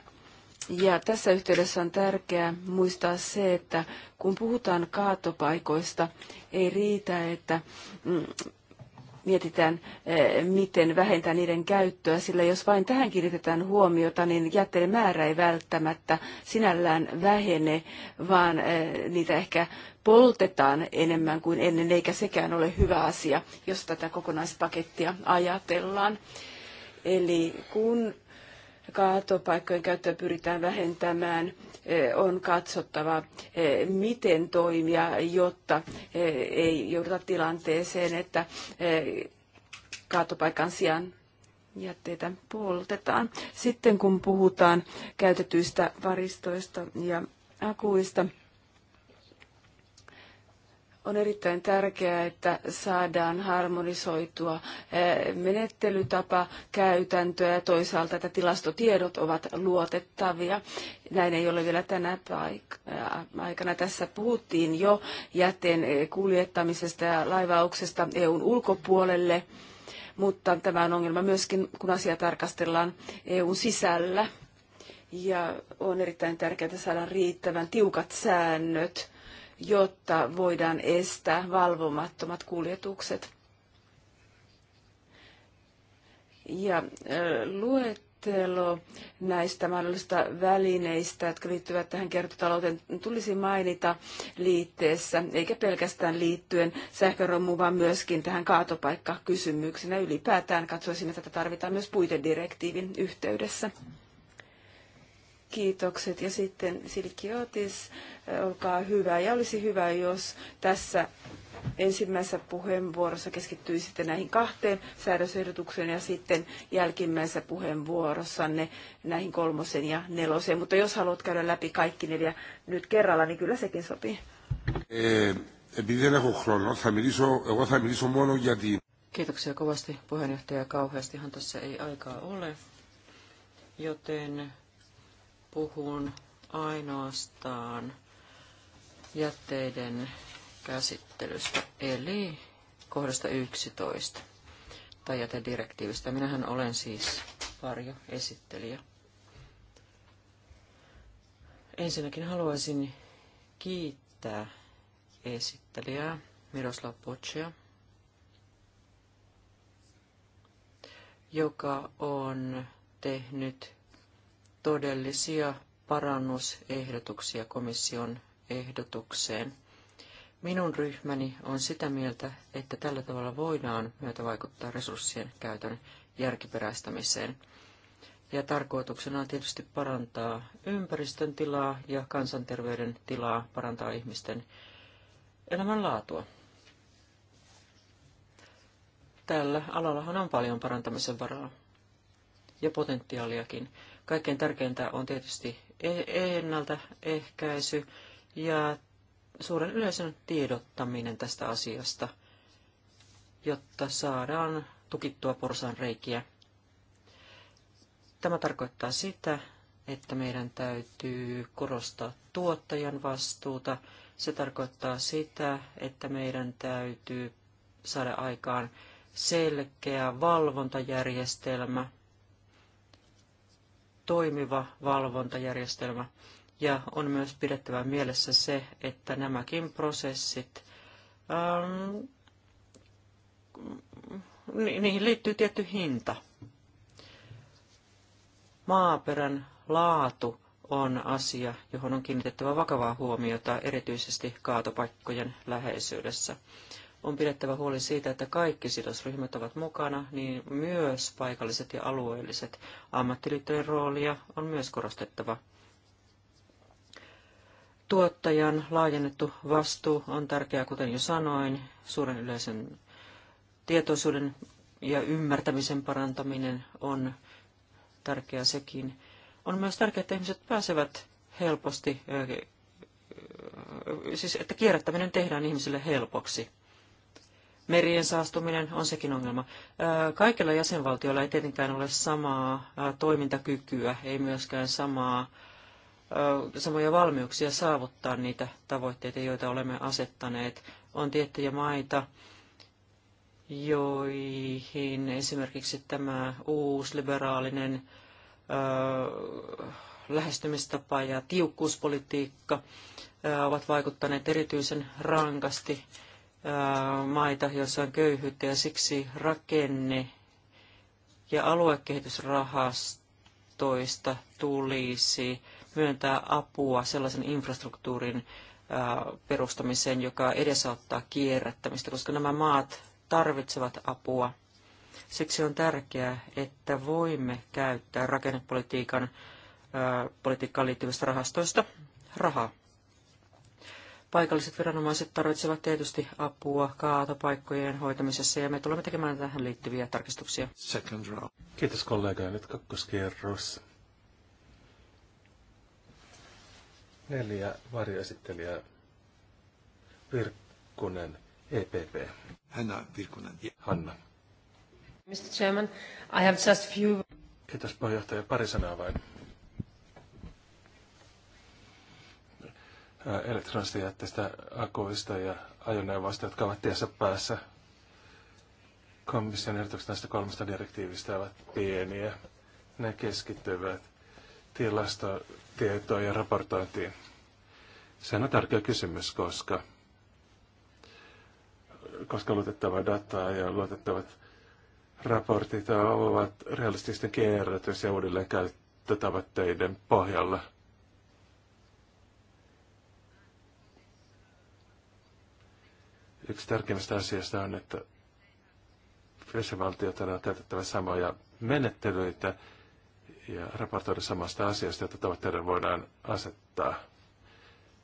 Ja tässä yhteydessä on tärkeää muistaa se, että kun puhutaan kaatopaikoista, ei riitä, että mm, mietitään, miten vähentää niiden käyttöä, sillä jos vain tähän kiinnitetään huomiota, niin jätteiden määrä ei välttämättä sinällään vähene, vaan niitä ehkä poltetaan enemmän kuin ennen, eikä sekään ole hyvä asia, jos tätä kokonaispakettia ajatellaan. Eli kun kaatopaikkojen käyttöä pyritään vähentämään, eh, on katsottava, eh, miten toimia, jotta eh, ei jouduta tilanteeseen, että kaatopaikan sijaan jätteitä poltetaan. Sitten kun puhutaan käytetyistä varistoista ja akuista, on erittäin tärkeää, että saadaan harmonisoitua eh, menettelytapa, käytäntöä ja toisaalta, että tilastotiedot ovat luotettavia. Näin ei ole vielä tänä eh, aikana. Tässä puhuttiin jo jätteen eh, kuljettamisesta ja laivauksesta EUn ulkopuolelle, mutta tämä on ongelma myöskin, kun asia tarkastellaan EUn sisällä. Ja on erittäin tärkeää saada riittävän tiukat säännöt jotta voidaan estää valvomattomat kuljetukset. Ja luettelo näistä mahdollisista välineistä, jotka liittyvät tähän kertotalouteen, tulisi mainita liitteessä, eikä pelkästään liittyen sähköromuun, vaan myöskin tähän kaatopaikkakysymykseen. Ja ylipäätään katsoisin, että tätä tarvitaan myös puitedirektiivin yhteydessä. Kiitokset. Ja sitten Silkiotis, olkaa hyvä. Ja olisi hyvä, jos tässä ensimmäisessä puheenvuorossa keskittyy sitten näihin kahteen säädösehdotukseen ja sitten jälkimmäisessä puheenvuorossanne näihin kolmosen ja neloseen. Mutta jos haluat käydä läpi kaikki neljä nyt kerralla, niin kyllä sekin sopii. Eh, Kiitoksia kovasti puheenjohtaja. Kauheastihan tässä ei aikaa ole, joten puhun ainoastaan jätteiden käsittelystä, eli kohdasta 11 tai jätedirektiivistä. Minähän olen siis varjo esittelijä. Ensinnäkin haluaisin kiittää esittelijää Miroslav Pocia, joka on tehnyt todellisia parannusehdotuksia komission ehdotukseen. Minun ryhmäni on sitä mieltä, että tällä tavalla voidaan myötä vaikuttaa resurssien käytön järkiperäistämiseen. Ja tarkoituksena on tietysti parantaa ympäristön tilaa ja kansanterveyden tilaa, parantaa ihmisten elämänlaatua. Tällä alallahan on paljon parantamisen varaa ja potentiaaliakin. Kaikkein tärkeintä on tietysti e- ennaltaehkäisy ja suuren yleisön tiedottaminen tästä asiasta, jotta saadaan tukittua porsaan reikiä. Tämä tarkoittaa sitä, että meidän täytyy korostaa tuottajan vastuuta. Se tarkoittaa sitä, että meidän täytyy saada aikaan selkeä valvontajärjestelmä, toimiva valvontajärjestelmä. Ja on myös pidettävä mielessä se, että nämäkin prosessit, ähm, niihin liittyy tietty hinta. Maaperän laatu on asia, johon on kiinnitettävä vakavaa huomiota erityisesti kaatopaikkojen läheisyydessä on pidettävä huoli siitä, että kaikki sidosryhmät ovat mukana, niin myös paikalliset ja alueelliset ammattiliittojen roolia on myös korostettava. Tuottajan laajennettu vastuu on tärkeää, kuten jo sanoin, suuren yleisen tietoisuuden ja ymmärtämisen parantaminen on tärkeää sekin. On myös tärkeää, että ihmiset pääsevät helposti, siis että kierrättäminen tehdään ihmisille helpoksi merien saastuminen on sekin ongelma. Kaikilla jäsenvaltioilla ei tietenkään ole samaa toimintakykyä, ei myöskään samaa, samoja valmiuksia saavuttaa niitä tavoitteita, joita olemme asettaneet. On tiettyjä maita, joihin esimerkiksi tämä uusliberaalinen lähestymistapa ja tiukkuuspolitiikka ovat vaikuttaneet erityisen rankasti maita, joissa on köyhyyttä, ja siksi rakenne- ja aluekehitysrahastoista tulisi myöntää apua sellaisen infrastruktuurin perustamiseen, joka edesauttaa kierrättämistä, koska nämä maat tarvitsevat apua. Siksi on tärkeää, että voimme käyttää rakennepolitiikan politiikkaan liittyvistä rahastoista rahaa. Paikalliset viranomaiset tarvitsevat tietysti apua kaatopaikkojen hoitamisessa ja me tulemme tekemään tähän liittyviä tarkistuksia. Second row. Kiitos kollega ja nyt kakkoskierros. Neljä varjoesittelijää. Virkkunen, EPP. Hanna Virkkunen. Hanna. Mr. Chairman, I have just few... Kiitos puheenjohtaja. Pari sanaa vain elektronisista jätteistä, akuista ja ajoneuvoista, jotka ovat tiessä päässä. Komission ehdotukset näistä kolmesta direktiivistä ovat pieniä. Ne keskittyvät tilastotietoon ja raportointiin. Sehän on tärkeä kysymys, koska, koska luotettava dataa ja luotettavat raportit ovat realististen kierrätys- ja uudelleenkäyttötavoitteiden pohjalla – Yksi tärkeimmistä asioista on, että jäsenvaltiot on täytettävä samoja menettelyitä ja raportoida samasta asiasta, jota tavoitteiden voidaan asettaa.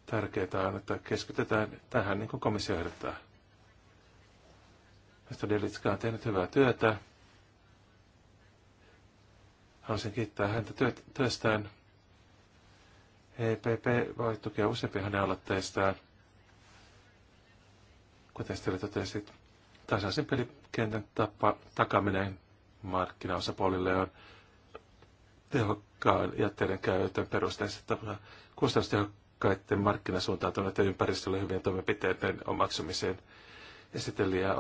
Tärkeää on, että keskitytään tähän, niin kuin komissio ehdottaa. Mr. Delitska on tehnyt hyvää työtä. Haluaisin kiittää häntä työstään. EPP voi tukea useampia hänen aloitteistaan kuten Stella totesi, tasaisen pelikentän tapa, takaminen markkinaosapuolille on tehokkaan jätteiden käytön perusteisesti tapana kustannustehokkaiden markkinasuuntautuneiden ympäristölle hyvien toimenpiteiden omaksumiseen. Esittelijä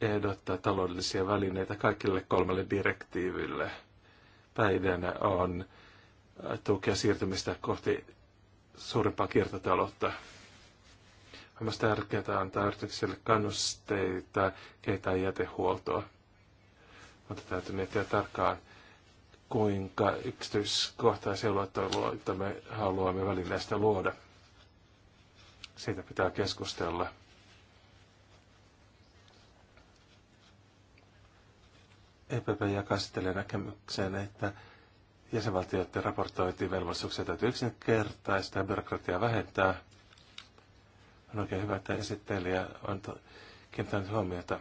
ehdottaa taloudellisia välineitä kaikille kolmelle direktiiville. Päivänä on tukea siirtymistä kohti suurempaa kiertotaloutta. On myös tärkeää antaa yritykselle kannusteita kehittää jätehuoltoa. Mutta täytyy miettiä tarkkaan, kuinka yksityiskohtaisia luottavuutta me haluamme välineistä luoda. Siitä pitää keskustella. EPP jakaistelee näkemykseen, että jäsenvaltioiden raportointivelvollisuuksia täytyy yksinkertaista ja byrokratiaa vähentää. On oikein hyvä, että esittelijä on kiinnittänyt huomiota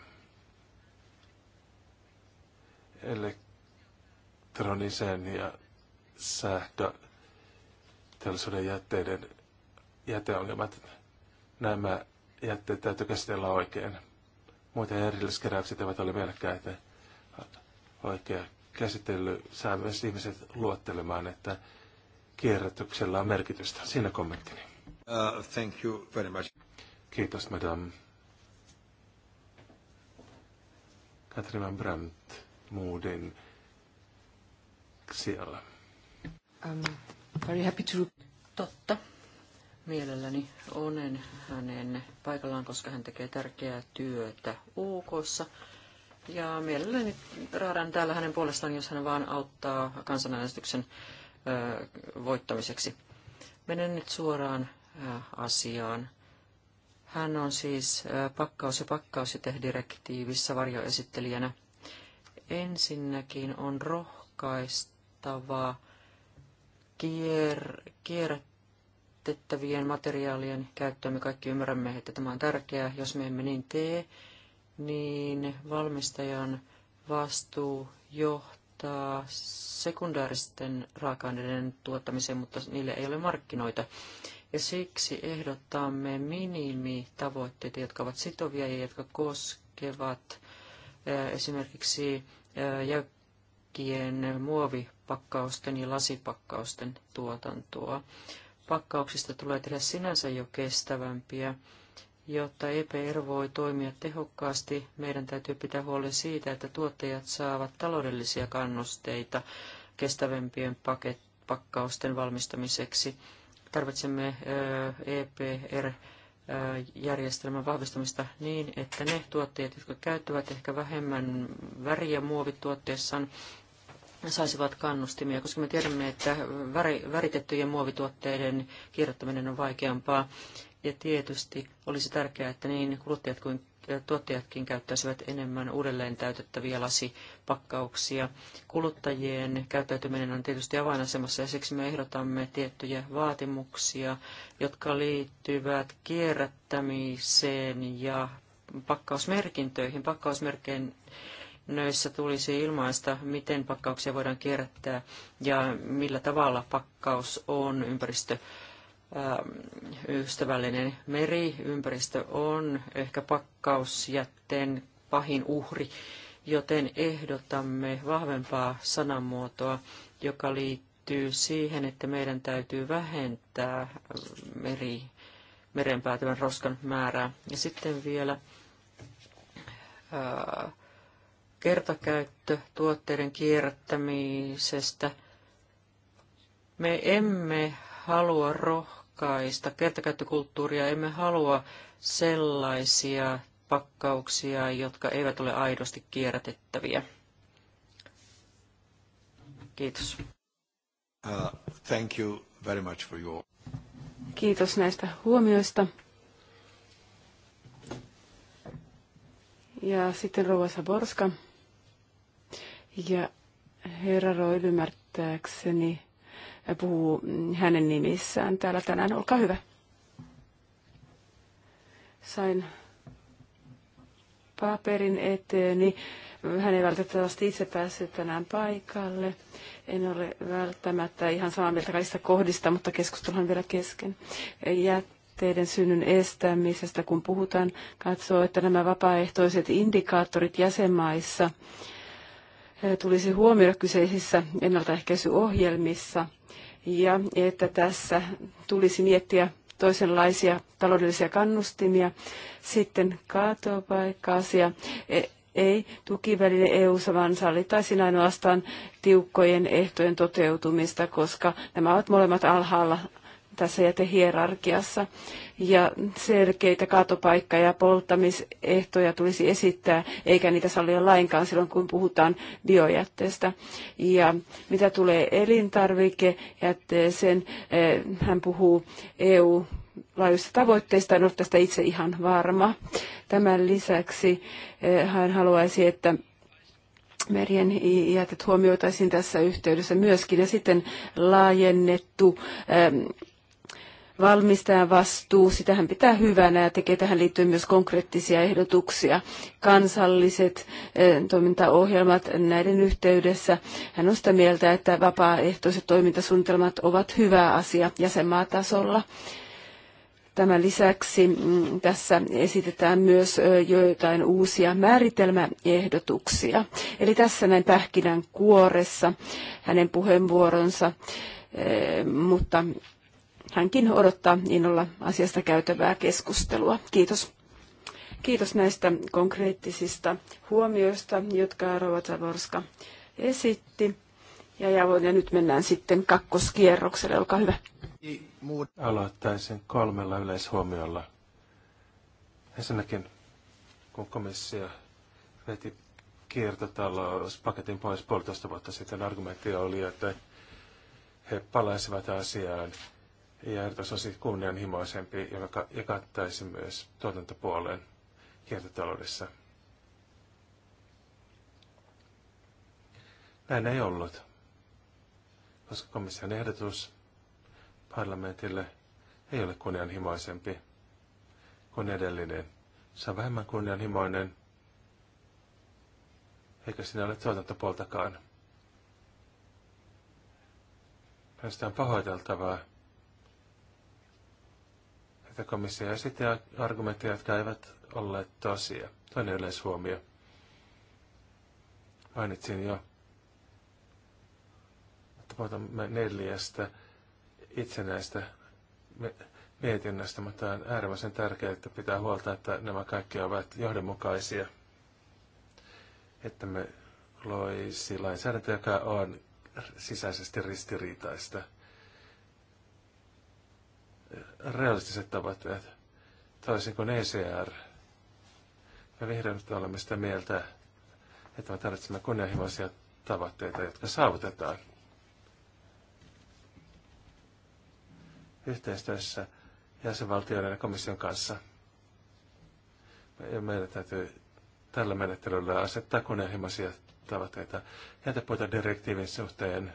elektronisen ja sähköteollisuuden jätteiden jäteongelmat. Nämä jätteet täytyy käsitellä oikein. Muuten erilliskeräykset eivät ole mielekkäitä. Oikea käsittely saa myös ihmiset luottelemaan, että kierrätyksellä on merkitystä. Siinä kommenttini. Uh, thank you very much. Kiitos, madam. Katrina Brandt Moodin siellä. Um, very happy to... Totta. Mielelläni olen hänen paikallaan, koska hän tekee tärkeää työtä UKssa. Ja mielelläni raadan täällä hänen puolestaan, jos hän vaan auttaa kansanäänestyksen voittamiseksi. Menen nyt suoraan asiaan. Hän on siis pakkaus- ja pakkausjätedirektiivissä varjoesittelijänä. Ensinnäkin on rohkaistava kier- kierrätettävien materiaalien käyttöä. Me kaikki ymmärrämme, että tämä on tärkeää. Jos me emme niin tee, niin valmistajan vastuu johtaa sekundaaristen raaka-aineiden tuottamiseen, mutta niille ei ole markkinoita ja siksi ehdottamme minimitavoitteita, jotka ovat sitovia ja jotka koskevat esimerkiksi jäykkien muovipakkausten ja lasipakkausten tuotantoa. Pakkauksista tulee tehdä sinänsä jo kestävämpiä. Jotta EPR voi toimia tehokkaasti, meidän täytyy pitää huoli siitä, että tuottajat saavat taloudellisia kannusteita kestävämpien paket- pakkausten valmistamiseksi. Tarvitsemme EPR-järjestelmän vahvistamista niin, että ne tuotteet, jotka käyttävät ehkä vähemmän väriä muovituotteessaan, saisivat kannustimia, koska me tiedämme, että väritettyjen muovituotteiden kierrättäminen on vaikeampaa. Ja tietysti olisi tärkeää, että niin kuluttajat kuin tuottajatkin käyttäisivät enemmän uudelleen täytettäviä lasipakkauksia. Kuluttajien käyttäytyminen on tietysti avainasemassa ja siksi me ehdotamme tiettyjä vaatimuksia, jotka liittyvät kierrättämiseen ja pakkausmerkintöihin. Pakkausmerkkeen näissä tulisi ilmaista, miten pakkauksia voidaan kierrättää ja millä tavalla pakkaus on ympäristö- Ähm, ystävällinen meriympäristö on ehkä pakkausjätteen pahin uhri, joten ehdotamme vahvempaa sanamuotoa, joka liittyy siihen, että meidän täytyy vähentää meri, meren päätyvän roskan määrää. Ja sitten vielä ää, äh, kertakäyttö tuotteiden kierrättämisestä. Me emme halua roh- pakkaista kertakäyttökulttuuria. Emme halua sellaisia pakkauksia, jotka eivät ole aidosti kierrätettäviä. Kiitos. Uh, thank you very much for your... Kiitos näistä huomioista. Ja sitten Rouva Saborska. Ja herra Roil ymmärtääkseni puhuu hänen nimissään täällä tänään. Olkaa hyvä. Sain paperin eteeni. Hän ei välttämättä itse päässyt tänään paikalle. En ole välttämättä ihan samaa mieltä kaikista kohdista, mutta on vielä kesken. Jätteiden synnyn estämisestä, kun puhutaan, katsoo, että nämä vapaaehtoiset indikaattorit jäsenmaissa – tulisi huomioida kyseisissä ennaltaehkäisyohjelmissa ja että tässä tulisi miettiä toisenlaisia taloudellisia kannustimia. Sitten kaatopaikka-asia e, ei tukiväline EU-ssa, vaan sallittaisiin ainoastaan tiukkojen ehtojen toteutumista, koska nämä ovat molemmat alhaalla tässä jätehierarkiassa. Ja selkeitä katopaikka- ja polttamisehtoja tulisi esittää, eikä niitä sallia lainkaan silloin, kun puhutaan biojätteestä. Ja mitä tulee elintarvikejätteeseen, eh, hän puhuu EU laajuisista tavoitteista, en ole tästä itse ihan varma. Tämän lisäksi eh, hän haluaisi, että merien jätet huomioitaisiin tässä yhteydessä myöskin ja sitten laajennettu eh, valmistajan vastuu, sitähän pitää hyvänä ja tekee tähän liittyen myös konkreettisia ehdotuksia. Kansalliset eh, toimintaohjelmat näiden yhteydessä. Hän on sitä mieltä, että vapaaehtoiset toimintasuunnitelmat ovat hyvä asia jäsenmaatasolla. Tämän lisäksi mm, tässä esitetään myös eh, joitain uusia määritelmäehdotuksia. Eli tässä näin pähkinän kuoressa hänen puheenvuoronsa, eh, mutta hänkin odottaa innolla asiasta käytävää keskustelua. Kiitos. Kiitos näistä konkreettisista huomioista, jotka Rova Zavorska esitti. Ja, ja, ja nyt mennään sitten kakkoskierrokselle. Olkaa hyvä. Aloittaisin kolmella yleishuomiolla. Ensinnäkin, kun komissio veti kiertotalouspaketin pois puolitoista vuotta sitten, argumentti oli, että he palaisivat asiaan ja että se olisi kunnianhimoisempi, joka ja kattaisi myös tuotantopuolen kiertotaloudessa. Näin ei ollut, koska komission ehdotus parlamentille ei ole kunnianhimoisempi kuin edellinen. Se on vähemmän kunnianhimoinen, eikä siinä ole tuotantopuoltakaan. on pahoiteltavaa ja komissio esitti argumentteja, jotka eivät olleet tosia. Toinen yleishuomio. Mainitsin jo, että puhutamme neljästä itsenäistä mietinnästä, mutta on äärimmäisen tärkeää, että pitää huolta, että nämä kaikki ovat johdonmukaisia. Että me loisi lainsäädäntö, joka on sisäisesti ristiriitaista – realistiset tavoitteet, toisin kuin ECR. Me vihreät olemme sitä mieltä, että me tarvitsemme kunnianhimoisia tavoitteita, jotka saavutetaan. yhteistyössä jäsenvaltioiden ja komission kanssa. Ja meidän täytyy tällä menettelyllä asettaa kunnianhimoisia tavoitteita. Jätepuita direktiivin suhteen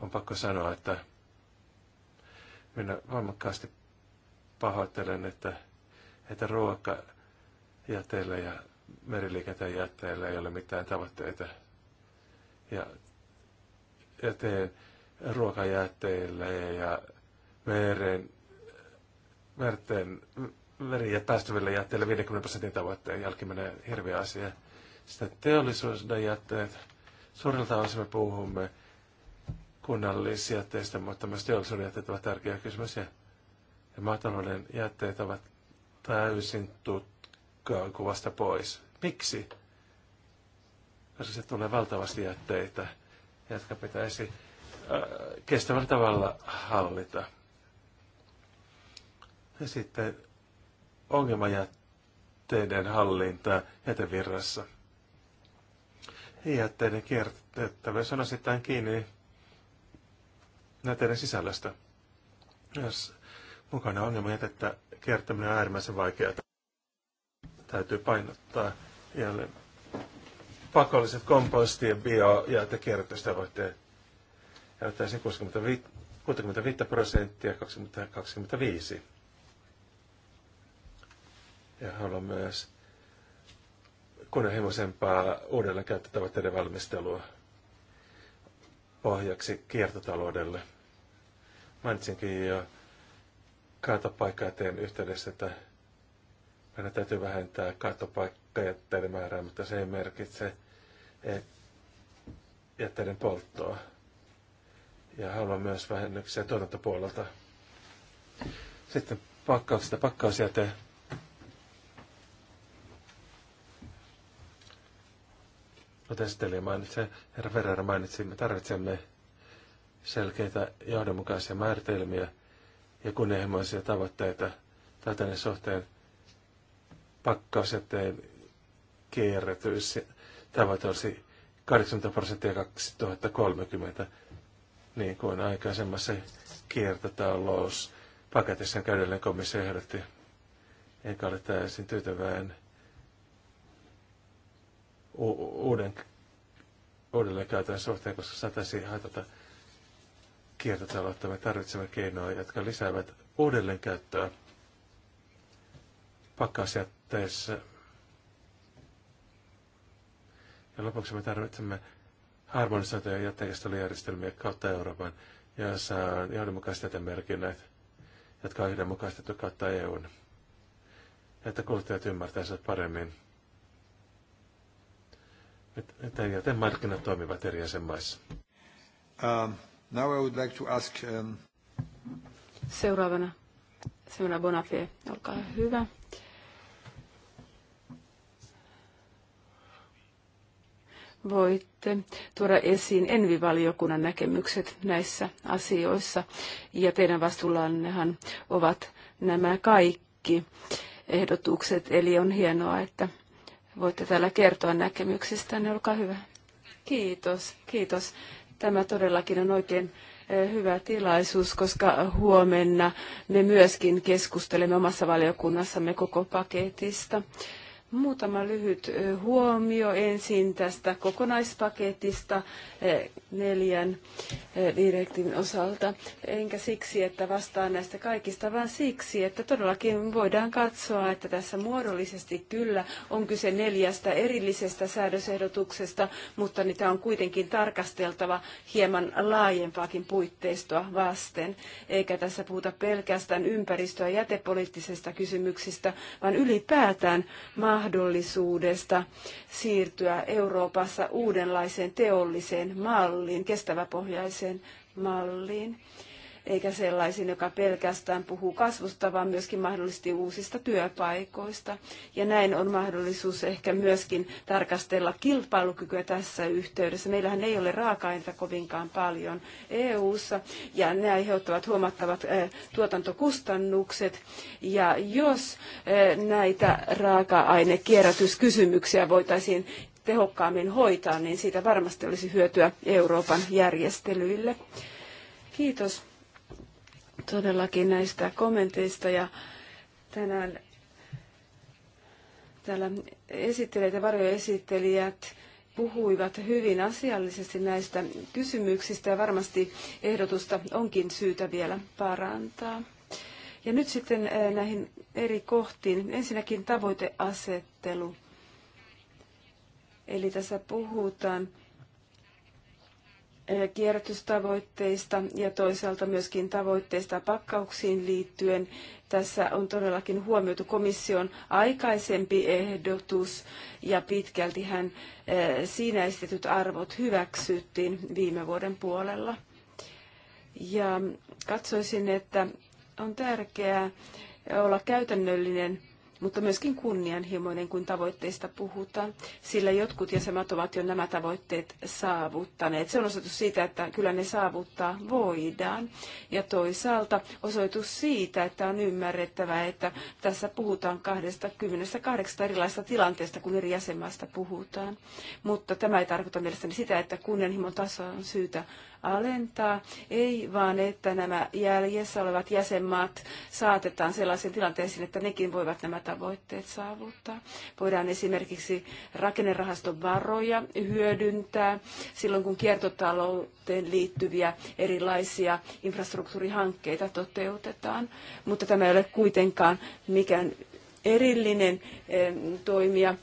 on pakko sanoa, että minä voimakkaasti pahoittelen, että, että ruokajäteillä ja meriliikenteen jätteillä ei ole mitään tavoitteita. Ja, ja teen ruokajätteille ja meren, merten, veri- ja päästöville jätteille 50 prosentin tavoitteen jälkimmäinen hirveä asia. Sitten teollisuuden jätteet, suurilta osin me puhumme kunnallisjätteistä, mutta myös teollisuuden jätteet ovat tärkeä kysymys. Ja, ja maatalouden jätteet ovat täysin kuvasta pois. Miksi? Koska se tulee valtavasti jätteitä, jotka pitäisi ää, äh, kestävällä tavalla hallita. Ja sitten ongelmajätteiden hallinta jätevirrassa. Jätteiden kiertettävyys on osittain kiinni näiden sisällöstä. Jos mukana ongelma niin jätettä kiertäminen on äärimmäisen vaikeaa. Täytyy painottaa jälleen pakolliset kompostien bio- ja kierrätystavoitteet. Ja ottaisin 65 prosenttia 2025. Ja haluan myös kunnianhimoisempaa uudelleenkäyttötavoitteiden valmistelua pohjaksi kiertotaloudelle. Mainitsinkin jo kaatopaikkajätteen yhteydessä, että meidän täytyy vähentää kaatopaikkajätteiden määrää, mutta se ei merkitse jätteiden polttoa. Ja haluan myös vähennyksiä tuotantopuolelta. Sitten pakkauksista pakkausjäte. kuten Steli mainitsi, herra Ferrara mainitsi, me tarvitsemme selkeitä johdonmukaisia määritelmiä ja kunnianhimoisia tavoitteita täytännön suhteen pakkausjätteen kierrätys. Tavoite olisi 80 prosenttia 2030, niin kuin aikaisemmassa kiertotalouspaketissa käydellinen komissio ehdotti, eikä ole täysin tyytyväinen uuden, uudelleen käytön suhteen, koska sataisi haitata kiertotaloutta. Me tarvitsemme keinoja, jotka lisäävät uudelleenkäyttöä pakkausjätteessä. Ja lopuksi me tarvitsemme harmonisoituja jäteenkäsittelyjärjestelmiä kautta Euroopan, joissa on johdonmukaiset jätemerkinnät, jotka on yhdenmukaistettu kautta EUn. Että kuluttajat ymmärtäisivät paremmin että jätemarkkinat toimivat eri jäsenmaissa. Um, now I would like to ask, um... Seuraavana Simona Bonafé, olkaa hyvä. Voitte tuoda esiin Envivaliokunnan näkemykset näissä asioissa. Ja teidän vastuullannehan ovat nämä kaikki ehdotukset. Eli on hienoa, että voitte täällä kertoa näkemyksistänne. Olkaa hyvä. Kiitos, kiitos. Tämä todellakin on oikein eh, hyvä tilaisuus, koska huomenna me myöskin keskustelemme omassa valiokunnassamme koko paketista. Muutama lyhyt huomio ensin tästä kokonaispaketista neljän direktiivin osalta. Enkä siksi, että vastaan näistä kaikista, vaan siksi, että todellakin voidaan katsoa, että tässä muodollisesti kyllä on kyse neljästä erillisestä säädösehdotuksesta, mutta niitä on kuitenkin tarkasteltava hieman laajempaakin puitteistoa vasten. Eikä tässä puhuta pelkästään ympäristö- ja jätepoliittisista kysymyksistä, vaan ylipäätään maa mahdollisuudesta siirtyä Euroopassa uudenlaiseen teolliseen malliin, kestäväpohjaiseen malliin eikä sellaisiin, joka pelkästään puhuu kasvusta, vaan myöskin mahdollisesti uusista työpaikoista. Ja näin on mahdollisuus ehkä myöskin tarkastella kilpailukykyä tässä yhteydessä. Meillähän ei ole raaka-aineita kovinkaan paljon EU-ssa, ja ne aiheuttavat huomattavat eh, tuotantokustannukset. Ja jos eh, näitä raaka-ainekierrätyskysymyksiä voitaisiin tehokkaammin hoitaa, niin siitä varmasti olisi hyötyä Euroopan järjestelyille. Kiitos todellakin näistä kommenteista ja tänään täällä esittelijät ja varjoesittelijät puhuivat hyvin asiallisesti näistä kysymyksistä ja varmasti ehdotusta onkin syytä vielä parantaa. Ja nyt sitten eh, näihin eri kohtiin. Ensinnäkin tavoiteasettelu. Eli tässä puhutaan kierrätystavoitteista ja toisaalta myöskin tavoitteista pakkauksiin liittyen. Tässä on todellakin huomioitu komission aikaisempi ehdotus ja pitkälti hän siinä esitetyt arvot hyväksyttiin viime vuoden puolella. Ja katsoisin, että on tärkeää olla käytännöllinen mutta myöskin kunnianhimoinen, kun tavoitteista puhutaan, sillä jotkut jäsenmaat ovat jo nämä tavoitteet saavuttaneet. Se on osoitus siitä, että kyllä ne saavuttaa voidaan. Ja toisaalta osoitus siitä, että on ymmärrettävä, että tässä puhutaan 28 erilaista tilanteesta, kun eri jäsenmaista puhutaan. Mutta tämä ei tarkoita mielestäni sitä, että kunnianhimon taso on syytä alentaa, ei vaan että nämä jäljessä olevat jäsenmaat saatetaan sellaisen tilanteeseen, että nekin voivat nämä tavoitteet saavuttaa. Voidaan esimerkiksi rakennerahaston varoja hyödyntää silloin, kun kiertotalouteen liittyviä erilaisia infrastruktuurihankkeita toteutetaan, mutta tämä ei ole kuitenkaan mikään erillinen toimija.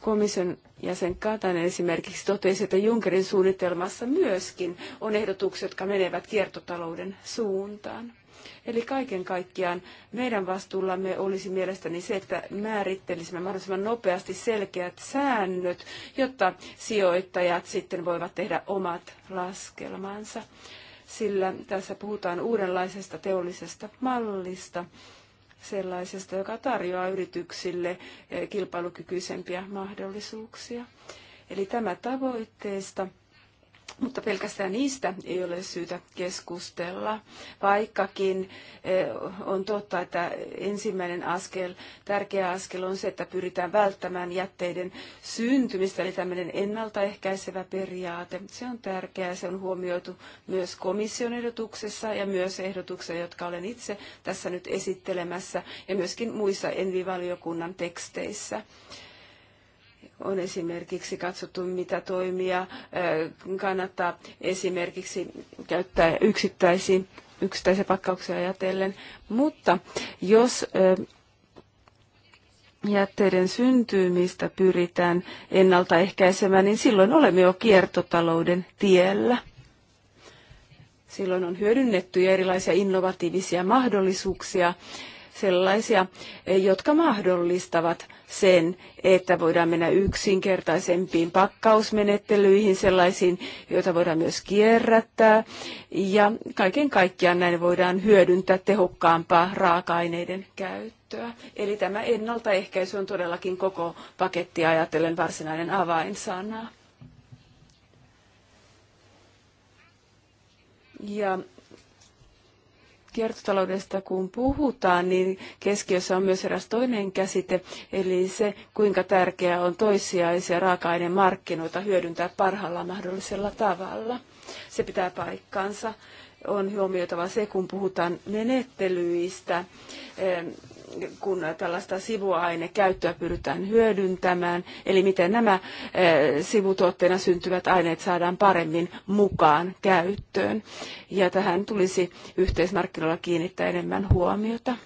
Komission jäsen Katainen esimerkiksi totesi, että Junckerin suunnitelmassa myöskin on ehdotukset, jotka menevät kiertotalouden suuntaan. Eli kaiken kaikkiaan meidän vastuullamme olisi mielestäni se, että määrittelisimme mahdollisimman nopeasti selkeät säännöt, jotta sijoittajat sitten voivat tehdä omat laskelmansa. Sillä tässä puhutaan uudenlaisesta teollisesta mallista, sellaisesta, joka tarjoaa yrityksille eh, kilpailukykyisempiä mahdollisuuksia. Eli tämä tavoitteesta mutta pelkästään niistä ei ole syytä keskustella, vaikkakin eh, on totta, että ensimmäinen askel, tärkeä askel on se, että pyritään välttämään jätteiden syntymistä, eli tämmöinen ennaltaehkäisevä periaate. Se on tärkeää, se on huomioitu myös komission ehdotuksessa ja myös ehdotuksessa, jotka olen itse tässä nyt esittelemässä ja myöskin muissa envivaliokunnan teksteissä on esimerkiksi katsottu, mitä toimia kannattaa esimerkiksi käyttää yksittäisiin, yksittäisiä pakkauksia ajatellen. Mutta jos jätteiden syntymistä pyritään ennaltaehkäisemään, niin silloin olemme jo kiertotalouden tiellä. Silloin on hyödynnetty erilaisia innovatiivisia mahdollisuuksia sellaisia, eh, jotka mahdollistavat sen, että voidaan mennä yksinkertaisempiin pakkausmenettelyihin, sellaisiin, joita voidaan myös kierrättää. Ja kaiken kaikkiaan näin voidaan hyödyntää tehokkaampaa raaka-aineiden käyttöä. Eli tämä ennaltaehkäisy on todellakin koko paketti, ajatellen varsinainen avainsana. Ja kiertotaloudesta kun puhutaan, niin keskiössä on myös eräs toinen käsite, eli se, kuinka tärkeää on toissijaisia raaka-ainemarkkinoita hyödyntää parhaalla mahdollisella tavalla. Se pitää paikkansa. On huomioitava se, kun puhutaan menettelyistä kun tällaista sivuainekäyttöä pyritään hyödyntämään, eli miten nämä eh, sivutuotteena syntyvät aineet saadaan paremmin mukaan käyttöön. Ja tähän tulisi yhteismarkkinoilla kiinnittää enemmän huomiota.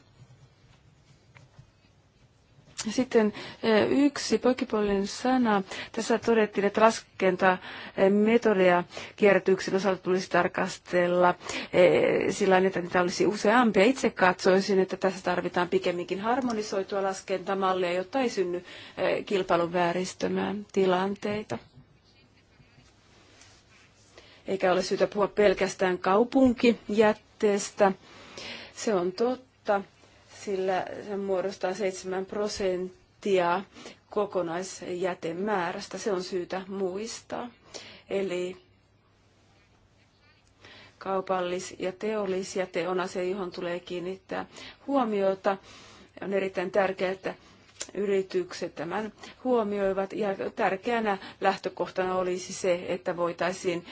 Sitten e, yksi poikipuolinen sana. Tässä todettiin, että laskentametodia e, kierrätyksen osalta tulisi tarkastella e, sillä että niitä olisi useampia. Itse katsoisin, että tässä tarvitaan pikemminkin harmonisoitua laskentamallia, jotta ei synny kilpailun vääristämään tilanteita. Eikä ole syytä puhua pelkästään kaupunkijätteestä. Se on totta sillä se muodostaa 7 prosenttia kokonaisjätemäärästä. Se on syytä muistaa. Eli kaupallis- ja teollisjäte on asia, johon tulee kiinnittää huomiota. On erittäin tärkeää, että yritykset tämän huomioivat. Ja tärkeänä lähtökohtana olisi se, että voitaisiin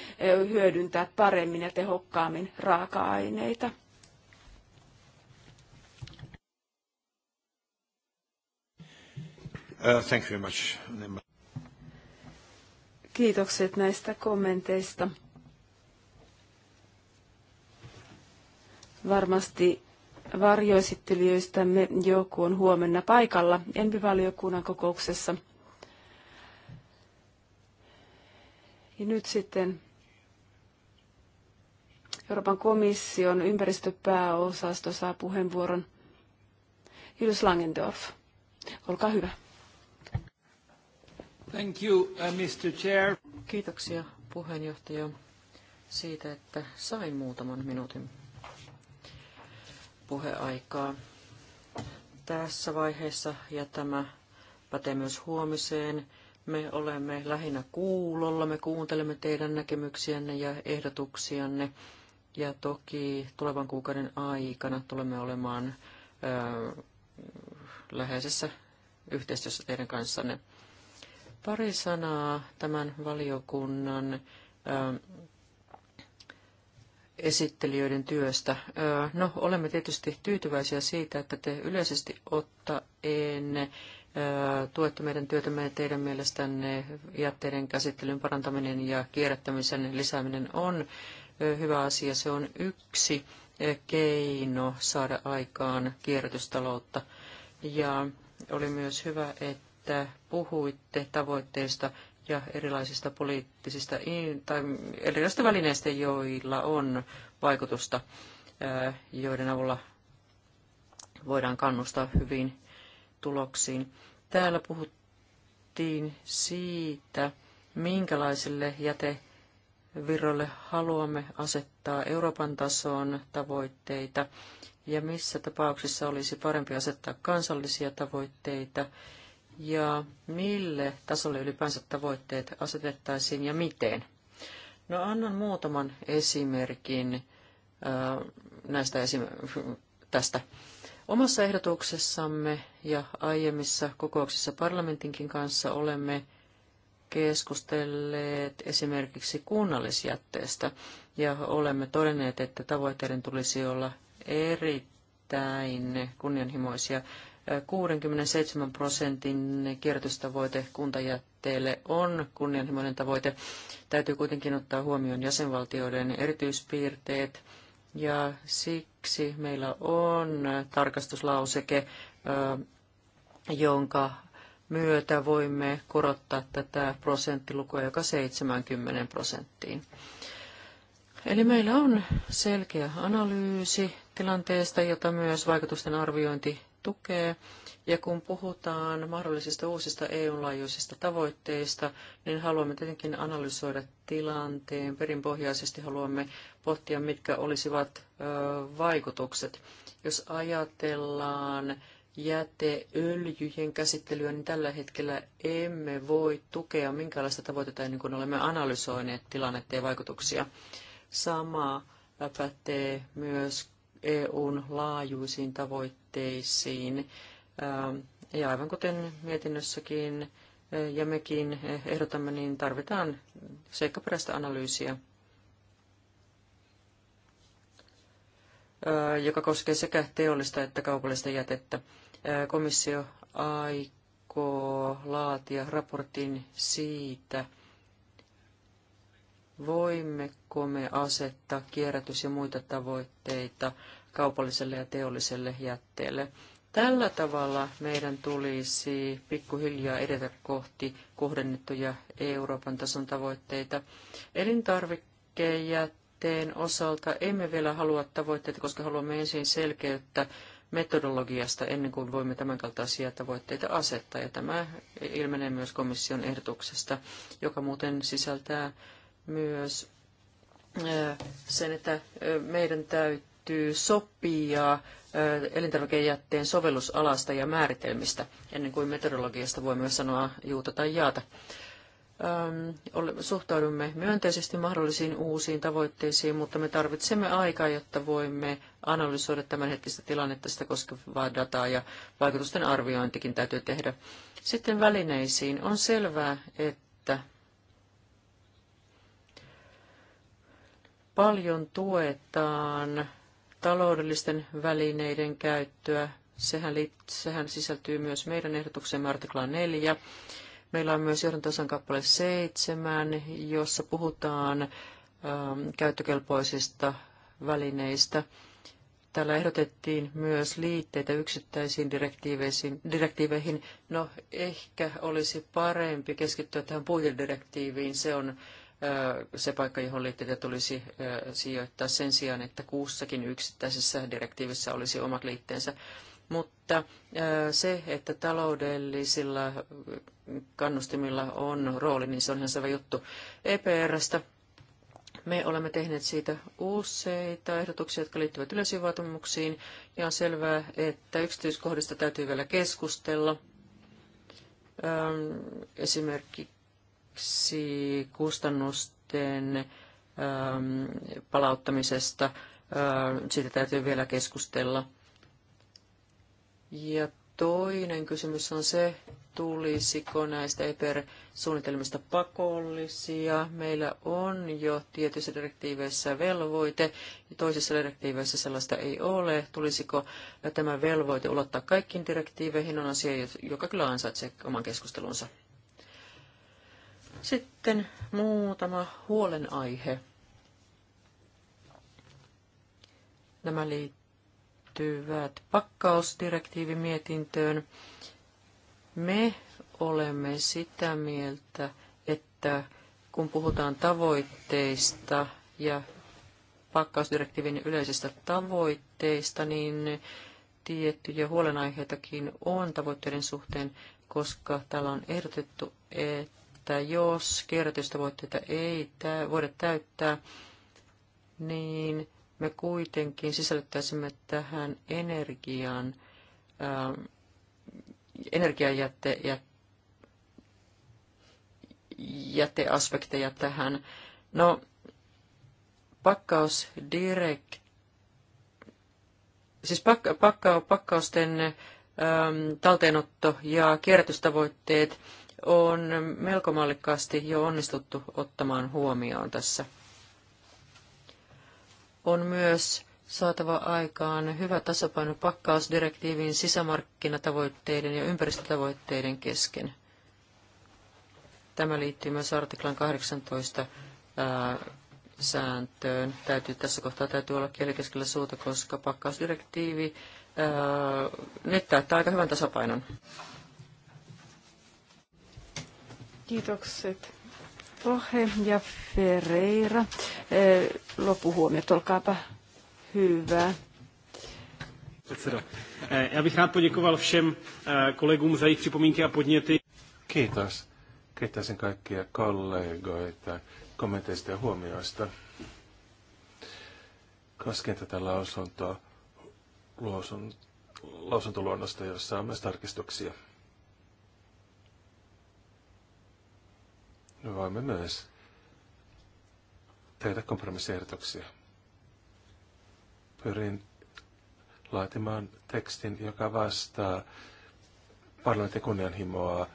hyödyntää paremmin ja tehokkaammin raaka-aineita. Uh, thank you very much. Kiitokset näistä kommenteista. Varmasti varjoesittelijöistämme joku on huomenna paikalla ENVI-valiokunnan kokouksessa. Ja nyt sitten Euroopan komission ympäristöpääosasto saa puheenvuoron. Jules Langendorf, olkaa hyvä. Thank you, uh, Mr. Chair. Kiitoksia puheenjohtaja siitä, että sain muutaman minuutin puheaikaa tässä vaiheessa ja tämä pätee myös huomiseen. Me olemme lähinnä kuulolla, me kuuntelemme teidän näkemyksiänne ja ehdotuksianne. Ja toki tulevan kuukauden aikana tulemme olemaan ö, läheisessä yhteistyössä teidän kanssanne. Pari sanaa tämän valiokunnan esittelijöiden työstä. No, olemme tietysti tyytyväisiä siitä, että te yleisesti ottaen tuette meidän työtämme ja teidän mielestänne jätteiden käsittelyn parantaminen ja kierrättämisen lisääminen on hyvä asia. Se on yksi keino saada aikaan kierrätystaloutta. Ja oli myös hyvä, että että puhuitte tavoitteista ja erilaisista poliittisista tai erilaisista välineistä, joilla on vaikutusta, joiden avulla voidaan kannustaa hyvin tuloksiin. Täällä puhuttiin siitä, minkälaisille jätevirroille haluamme asettaa Euroopan tason tavoitteita ja missä tapauksissa olisi parempi asettaa kansallisia tavoitteita ja mille tasolle ylipäänsä tavoitteet asetettaisiin ja miten? No annan muutaman esimerkin äh, näistä esim- tästä. Omassa ehdotuksessamme ja aiemmissa kokouksissa parlamentinkin kanssa olemme keskustelleet esimerkiksi kunnallisjätteestä ja olemme todenneet, että tavoitteiden tulisi olla erittäin kunnianhimoisia. 67 prosentin kierrätystavoite kuntajätteelle on kunnianhimoinen tavoite. Täytyy kuitenkin ottaa huomioon jäsenvaltioiden erityispiirteet ja siksi meillä on tarkastuslauseke, jonka myötä voimme korottaa tätä prosenttilukua joka 70 prosenttiin. Eli meillä on selkeä analyysi tilanteesta, jota myös vaikutusten arviointi tukee. Ja kun puhutaan mahdollisista uusista EU-laajuisista tavoitteista, niin haluamme tietenkin analysoida tilanteen. Perinpohjaisesti haluamme pohtia, mitkä olisivat vaikutukset. Jos ajatellaan jäteöljyjen käsittelyä, niin tällä hetkellä emme voi tukea minkäänlaista tavoitetta ennen kuin olemme analysoineet tilannetta ja vaikutuksia. Sama pätee myös EUn laajuisiin tavoitteisiin tavoitteisiin. Ja aivan kuten mietinnössäkin ja mekin ehdotamme, niin tarvitaan seikkaperäistä analyysiä, joka koskee sekä teollista että kaupallista jätettä. Komissio aikoo laatia raportin siitä, voimmeko me asettaa kierrätys- ja muita tavoitteita kaupalliselle ja teolliselle jätteelle. Tällä tavalla meidän tulisi pikkuhiljaa edetä kohti kohdennettuja Euroopan tason tavoitteita. elintarvikkejätteen osalta emme vielä halua tavoitteita, koska haluamme ensin selkeyttä metodologiasta ennen kuin voimme tämänkaltaisia tavoitteita asettaa. Ja tämä ilmenee myös komission ehdotuksesta, joka muuten sisältää myös sen, että meidän täytyy täytyy sopia elintarvikejätteen sovellusalasta ja määritelmistä, ennen kuin meteorologiasta voi myös sanoa juuta tai jaata. Suhtaudumme myönteisesti mahdollisiin uusiin tavoitteisiin, mutta me tarvitsemme aikaa, jotta voimme analysoida tämänhetkistä tilannetta, sitä koskevaa dataa ja vaikutusten arviointikin täytyy tehdä. Sitten välineisiin. On selvää, että paljon tuetaan taloudellisten välineiden käyttöä. Sehän, sehän sisältyy myös meidän ehdotukseen artikla 4. Meillä on myös johdantosan kappale 7, jossa puhutaan ähm, käyttökelpoisista välineistä. Täällä ehdotettiin myös liitteitä yksittäisiin direktiiveihin. No, ehkä olisi parempi keskittyä tähän puitedirektiiviin. Se on se paikka, johon liitteitä tulisi sijoittaa sen sijaan, että kuussakin yksittäisessä direktiivissä olisi omat liitteensä. Mutta se, että taloudellisilla kannustimilla on rooli, niin se on ihan selvä juttu. EPRstä me olemme tehneet siitä useita ehdotuksia, jotka liittyvät yleisiin vaatimuksiin, ja on selvää, että yksityiskohdista täytyy vielä keskustella. Esimerkiksi esimerkiksi kustannusten ähm, palauttamisesta, ähm, siitä täytyy vielä keskustella. Ja toinen kysymys on se, tulisiko näistä EPR-suunnitelmista pakollisia. Meillä on jo tietyissä direktiiveissä velvoite, ja toisissa direktiiveissä sellaista ei ole. Tulisiko tämä velvoite ulottaa kaikkiin direktiiveihin, on asia, joka kyllä ansaitsee oman keskustelunsa. Sitten muutama huolenaihe. Nämä liittyvät pakkausdirektiivimietintöön. Me olemme sitä mieltä, että kun puhutaan tavoitteista ja pakkausdirektiivin yleisistä tavoitteista, niin tiettyjä huolenaiheitakin on tavoitteiden suhteen, koska täällä on ehdotettu, että että jos kierrätystavoitteita ei voida täyttää, niin me kuitenkin sisällyttäisimme tähän energian, ää, ähm, energiajätte, jät, jäteaspekteja tähän. No, pakkausdirek, siis pak, pakka, pakkausten ää, ähm, talteenotto ja kierrätystavoitteet on melko mallikkaasti jo onnistuttu ottamaan huomioon tässä. On myös saatava aikaan hyvä tasapaino pakkausdirektiivin sisämarkkinatavoitteiden ja ympäristötavoitteiden kesken. Tämä liittyy myös artiklan 18 ää, sääntöön. Täytyy, tässä kohtaa täytyy olla kielikeskellä suuta, koska pakkausdirektiivi ää, nyt täyttää aika hyvän tasapainon. Kiitokset Pohe ja Ferreira. Eh, loppuhuomiot, olkaapa hyvä. Předsedo. Eh, já bych rád poděkoval všem eh, kolegům za jejich připomínky a podněty. Kiitos. Kiitäisin kaikkia kollegoita kommenteista ja huomioista. Koskien tätä lausuntoa, lausun, lausuntoluonnosta, jossa on myös tarkistuksia. Me voimme myös tehdä kompromissiehdotuksia. Pyrin laatimaan tekstin, joka vastaa parlamentin kunnianhimoa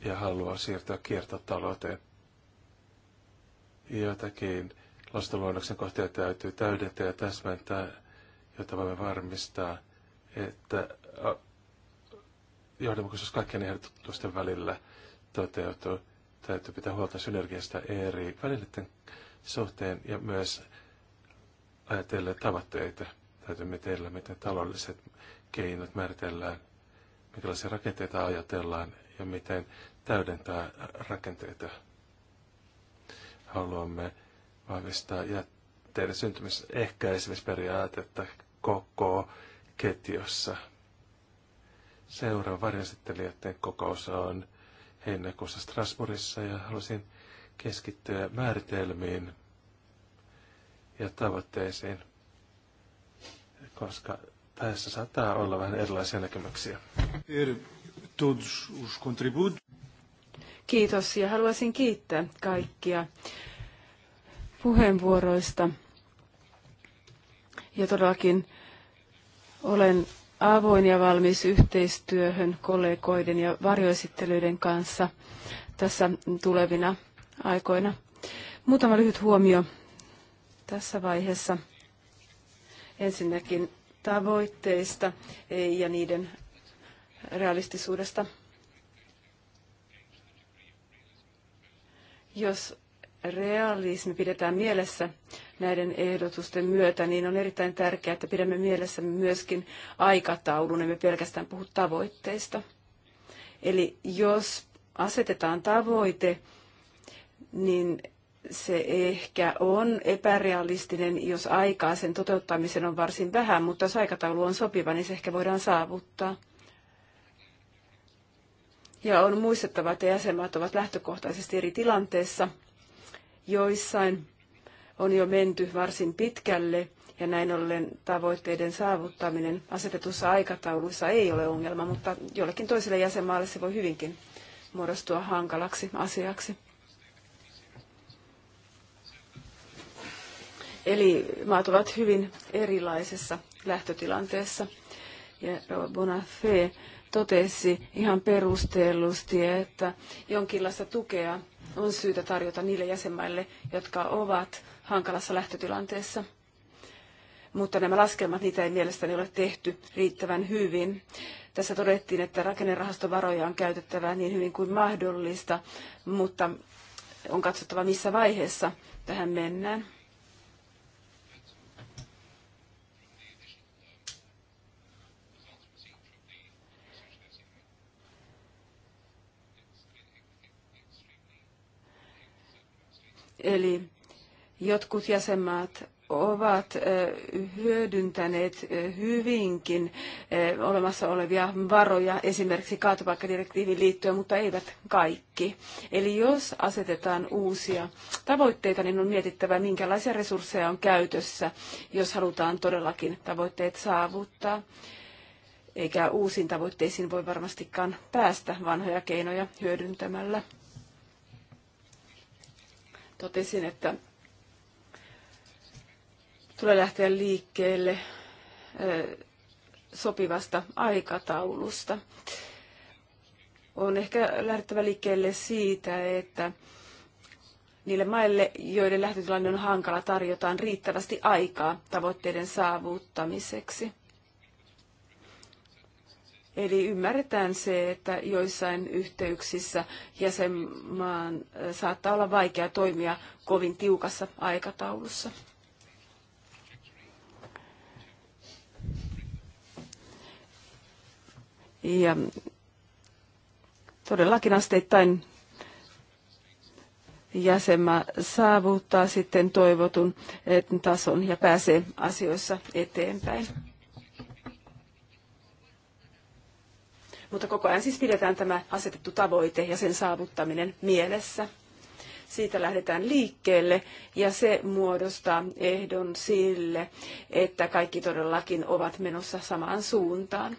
ja haluaa siirtyä kiertotalouteen. Jotakin lastenluonnoksen kohtia täytyy täydentää ja täsmentää, jotta voimme varmistaa, että johdonmukaisuus kaikkien ehdotusten välillä toteutuu. Täytyy pitää huolta synergiasta eri välineiden suhteen ja myös ajatella tavoitteita. Täytyy mietellä, miten taloudelliset keinot määritellään, minkälaisia rakenteita ajatellaan ja miten täydentää rakenteita. Haluamme vahvistaa jätteiden syntymisehkäisemisperiaatetta koko ketjossa. Seuraava varjastelijoiden kokous on heinäkuussa Strasbourgissa ja halusin keskittyä määritelmiin ja tavoitteisiin, koska päässä saattaa olla vähän erilaisia näkemyksiä. Kiitos ja haluaisin kiittää kaikkia puheenvuoroista. Ja todellakin olen avoin ja valmis yhteistyöhön kollegoiden ja varjoesittelyiden kanssa tässä tulevina aikoina. Muutama lyhyt huomio tässä vaiheessa. Ensinnäkin tavoitteista ja niiden realistisuudesta. Jos realismi pidetään mielessä näiden ehdotusten myötä, niin on erittäin tärkeää, että pidämme mielessä myöskin aikataulun, emme pelkästään puhu tavoitteista. Eli jos asetetaan tavoite, niin se ehkä on epärealistinen, jos aikaa sen toteuttamiseen on varsin vähän, mutta jos aikataulu on sopiva, niin se ehkä voidaan saavuttaa. Ja on muistettava, että jäsenmaat ovat lähtökohtaisesti eri tilanteessa – Joissain on jo menty varsin pitkälle ja näin ollen tavoitteiden saavuttaminen asetetussa aikataulussa ei ole ongelma, mutta jollekin toiselle jäsenmaalle se voi hyvinkin muodostua hankalaksi asiaksi. Eli maat ovat hyvin erilaisessa lähtötilanteessa. Ja Bonafé totesi ihan perustellusti, että jonkinlaista tukea on syytä tarjota niille jäsenmaille, jotka ovat hankalassa lähtötilanteessa. Mutta nämä laskelmat, niitä ei mielestäni ole tehty riittävän hyvin. Tässä todettiin, että rakennerahastovaroja on käytettävä niin hyvin kuin mahdollista, mutta on katsottava missä vaiheessa tähän mennään. Eli jotkut jäsenmaat ovat hyödyntäneet hyvinkin olemassa olevia varoja esimerkiksi kaatopaikkadirektiiviin liittyen, mutta eivät kaikki. Eli jos asetetaan uusia tavoitteita, niin on mietittävä, minkälaisia resursseja on käytössä, jos halutaan todellakin tavoitteet saavuttaa. Eikä uusiin tavoitteisiin voi varmastikaan päästä vanhoja keinoja hyödyntämällä totesin, että tulee lähteä liikkeelle sopivasta aikataulusta. On ehkä lähdettävä liikkeelle siitä, että niille maille, joiden lähtötilanne on hankala, tarjotaan riittävästi aikaa tavoitteiden saavuttamiseksi. Eli ymmärretään se, että joissain yhteyksissä jäsenmaan äh, saattaa olla vaikea toimia kovin tiukassa aikataulussa. Ja todellakin asteittain jäsenmaa saavuttaa sitten toivotun äh, tason ja pääsee asioissa eteenpäin. mutta koko ajan siis pidetään tämä asetettu tavoite ja sen saavuttaminen mielessä. Siitä lähdetään liikkeelle ja se muodostaa ehdon sille, että kaikki todellakin ovat menossa samaan suuntaan.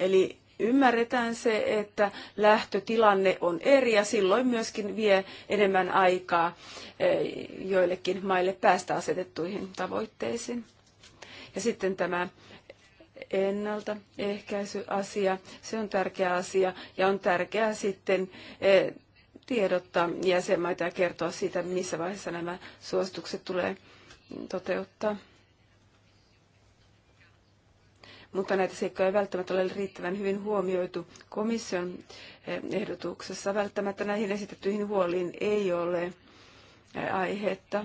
Eli ymmärretään se, että lähtötilanne on eri ja silloin myöskin vie enemmän aikaa eh, joillekin maille päästä asetettuihin tavoitteisiin. Ja sitten tämä ennaltaehkäisyasia, se on tärkeä asia ja on tärkeää sitten eh, tiedottaa jäsenmaita ja kertoa siitä, missä vaiheessa nämä suositukset tulee toteuttaa. Mutta näitä seikkoja ei välttämättä ole riittävän hyvin huomioitu komission eh, ehdotuksessa. Välttämättä näihin esitettyihin huoliin ei ole eh, aihetta.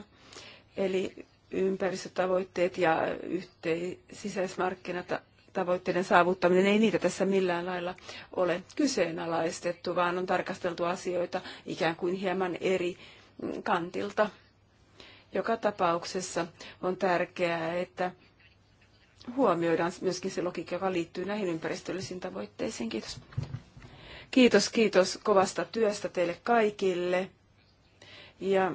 Eli ympäristötavoitteet ja yhteis- sisäismarkkinat tavoitteiden saavuttaminen, ei niitä tässä millään lailla ole kyseenalaistettu, vaan on tarkasteltu asioita ikään kuin hieman eri mm, kantilta. Joka tapauksessa on tärkeää, että huomioidaan myöskin se logiikka, joka liittyy näihin ympäristöllisiin tavoitteisiin. Kiitos. Kiitos, kiitos kovasta työstä teille kaikille. Ja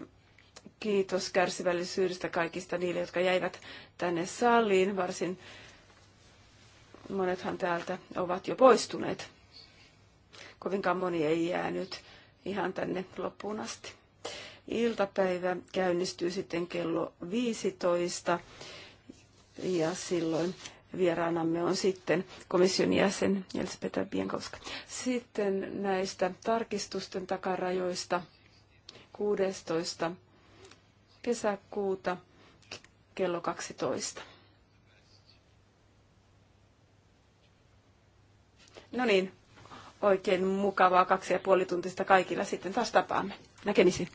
kiitos kärsivällisyydestä kaikista niille, jotka jäivät tänne saliin varsin monethan täältä ovat jo poistuneet. Kovinkaan moni ei jäänyt ihan tänne loppuun asti. Iltapäivä käynnistyy sitten kello 15 ja silloin vieraanamme on sitten komission jäsen Elisabetta Bienkowska. Sitten näistä tarkistusten takarajoista 16. kesäkuuta kello 12. No niin, oikein mukavaa kaksi ja puoli tuntista kaikilla. Sitten taas tapaamme. Näkemisiin.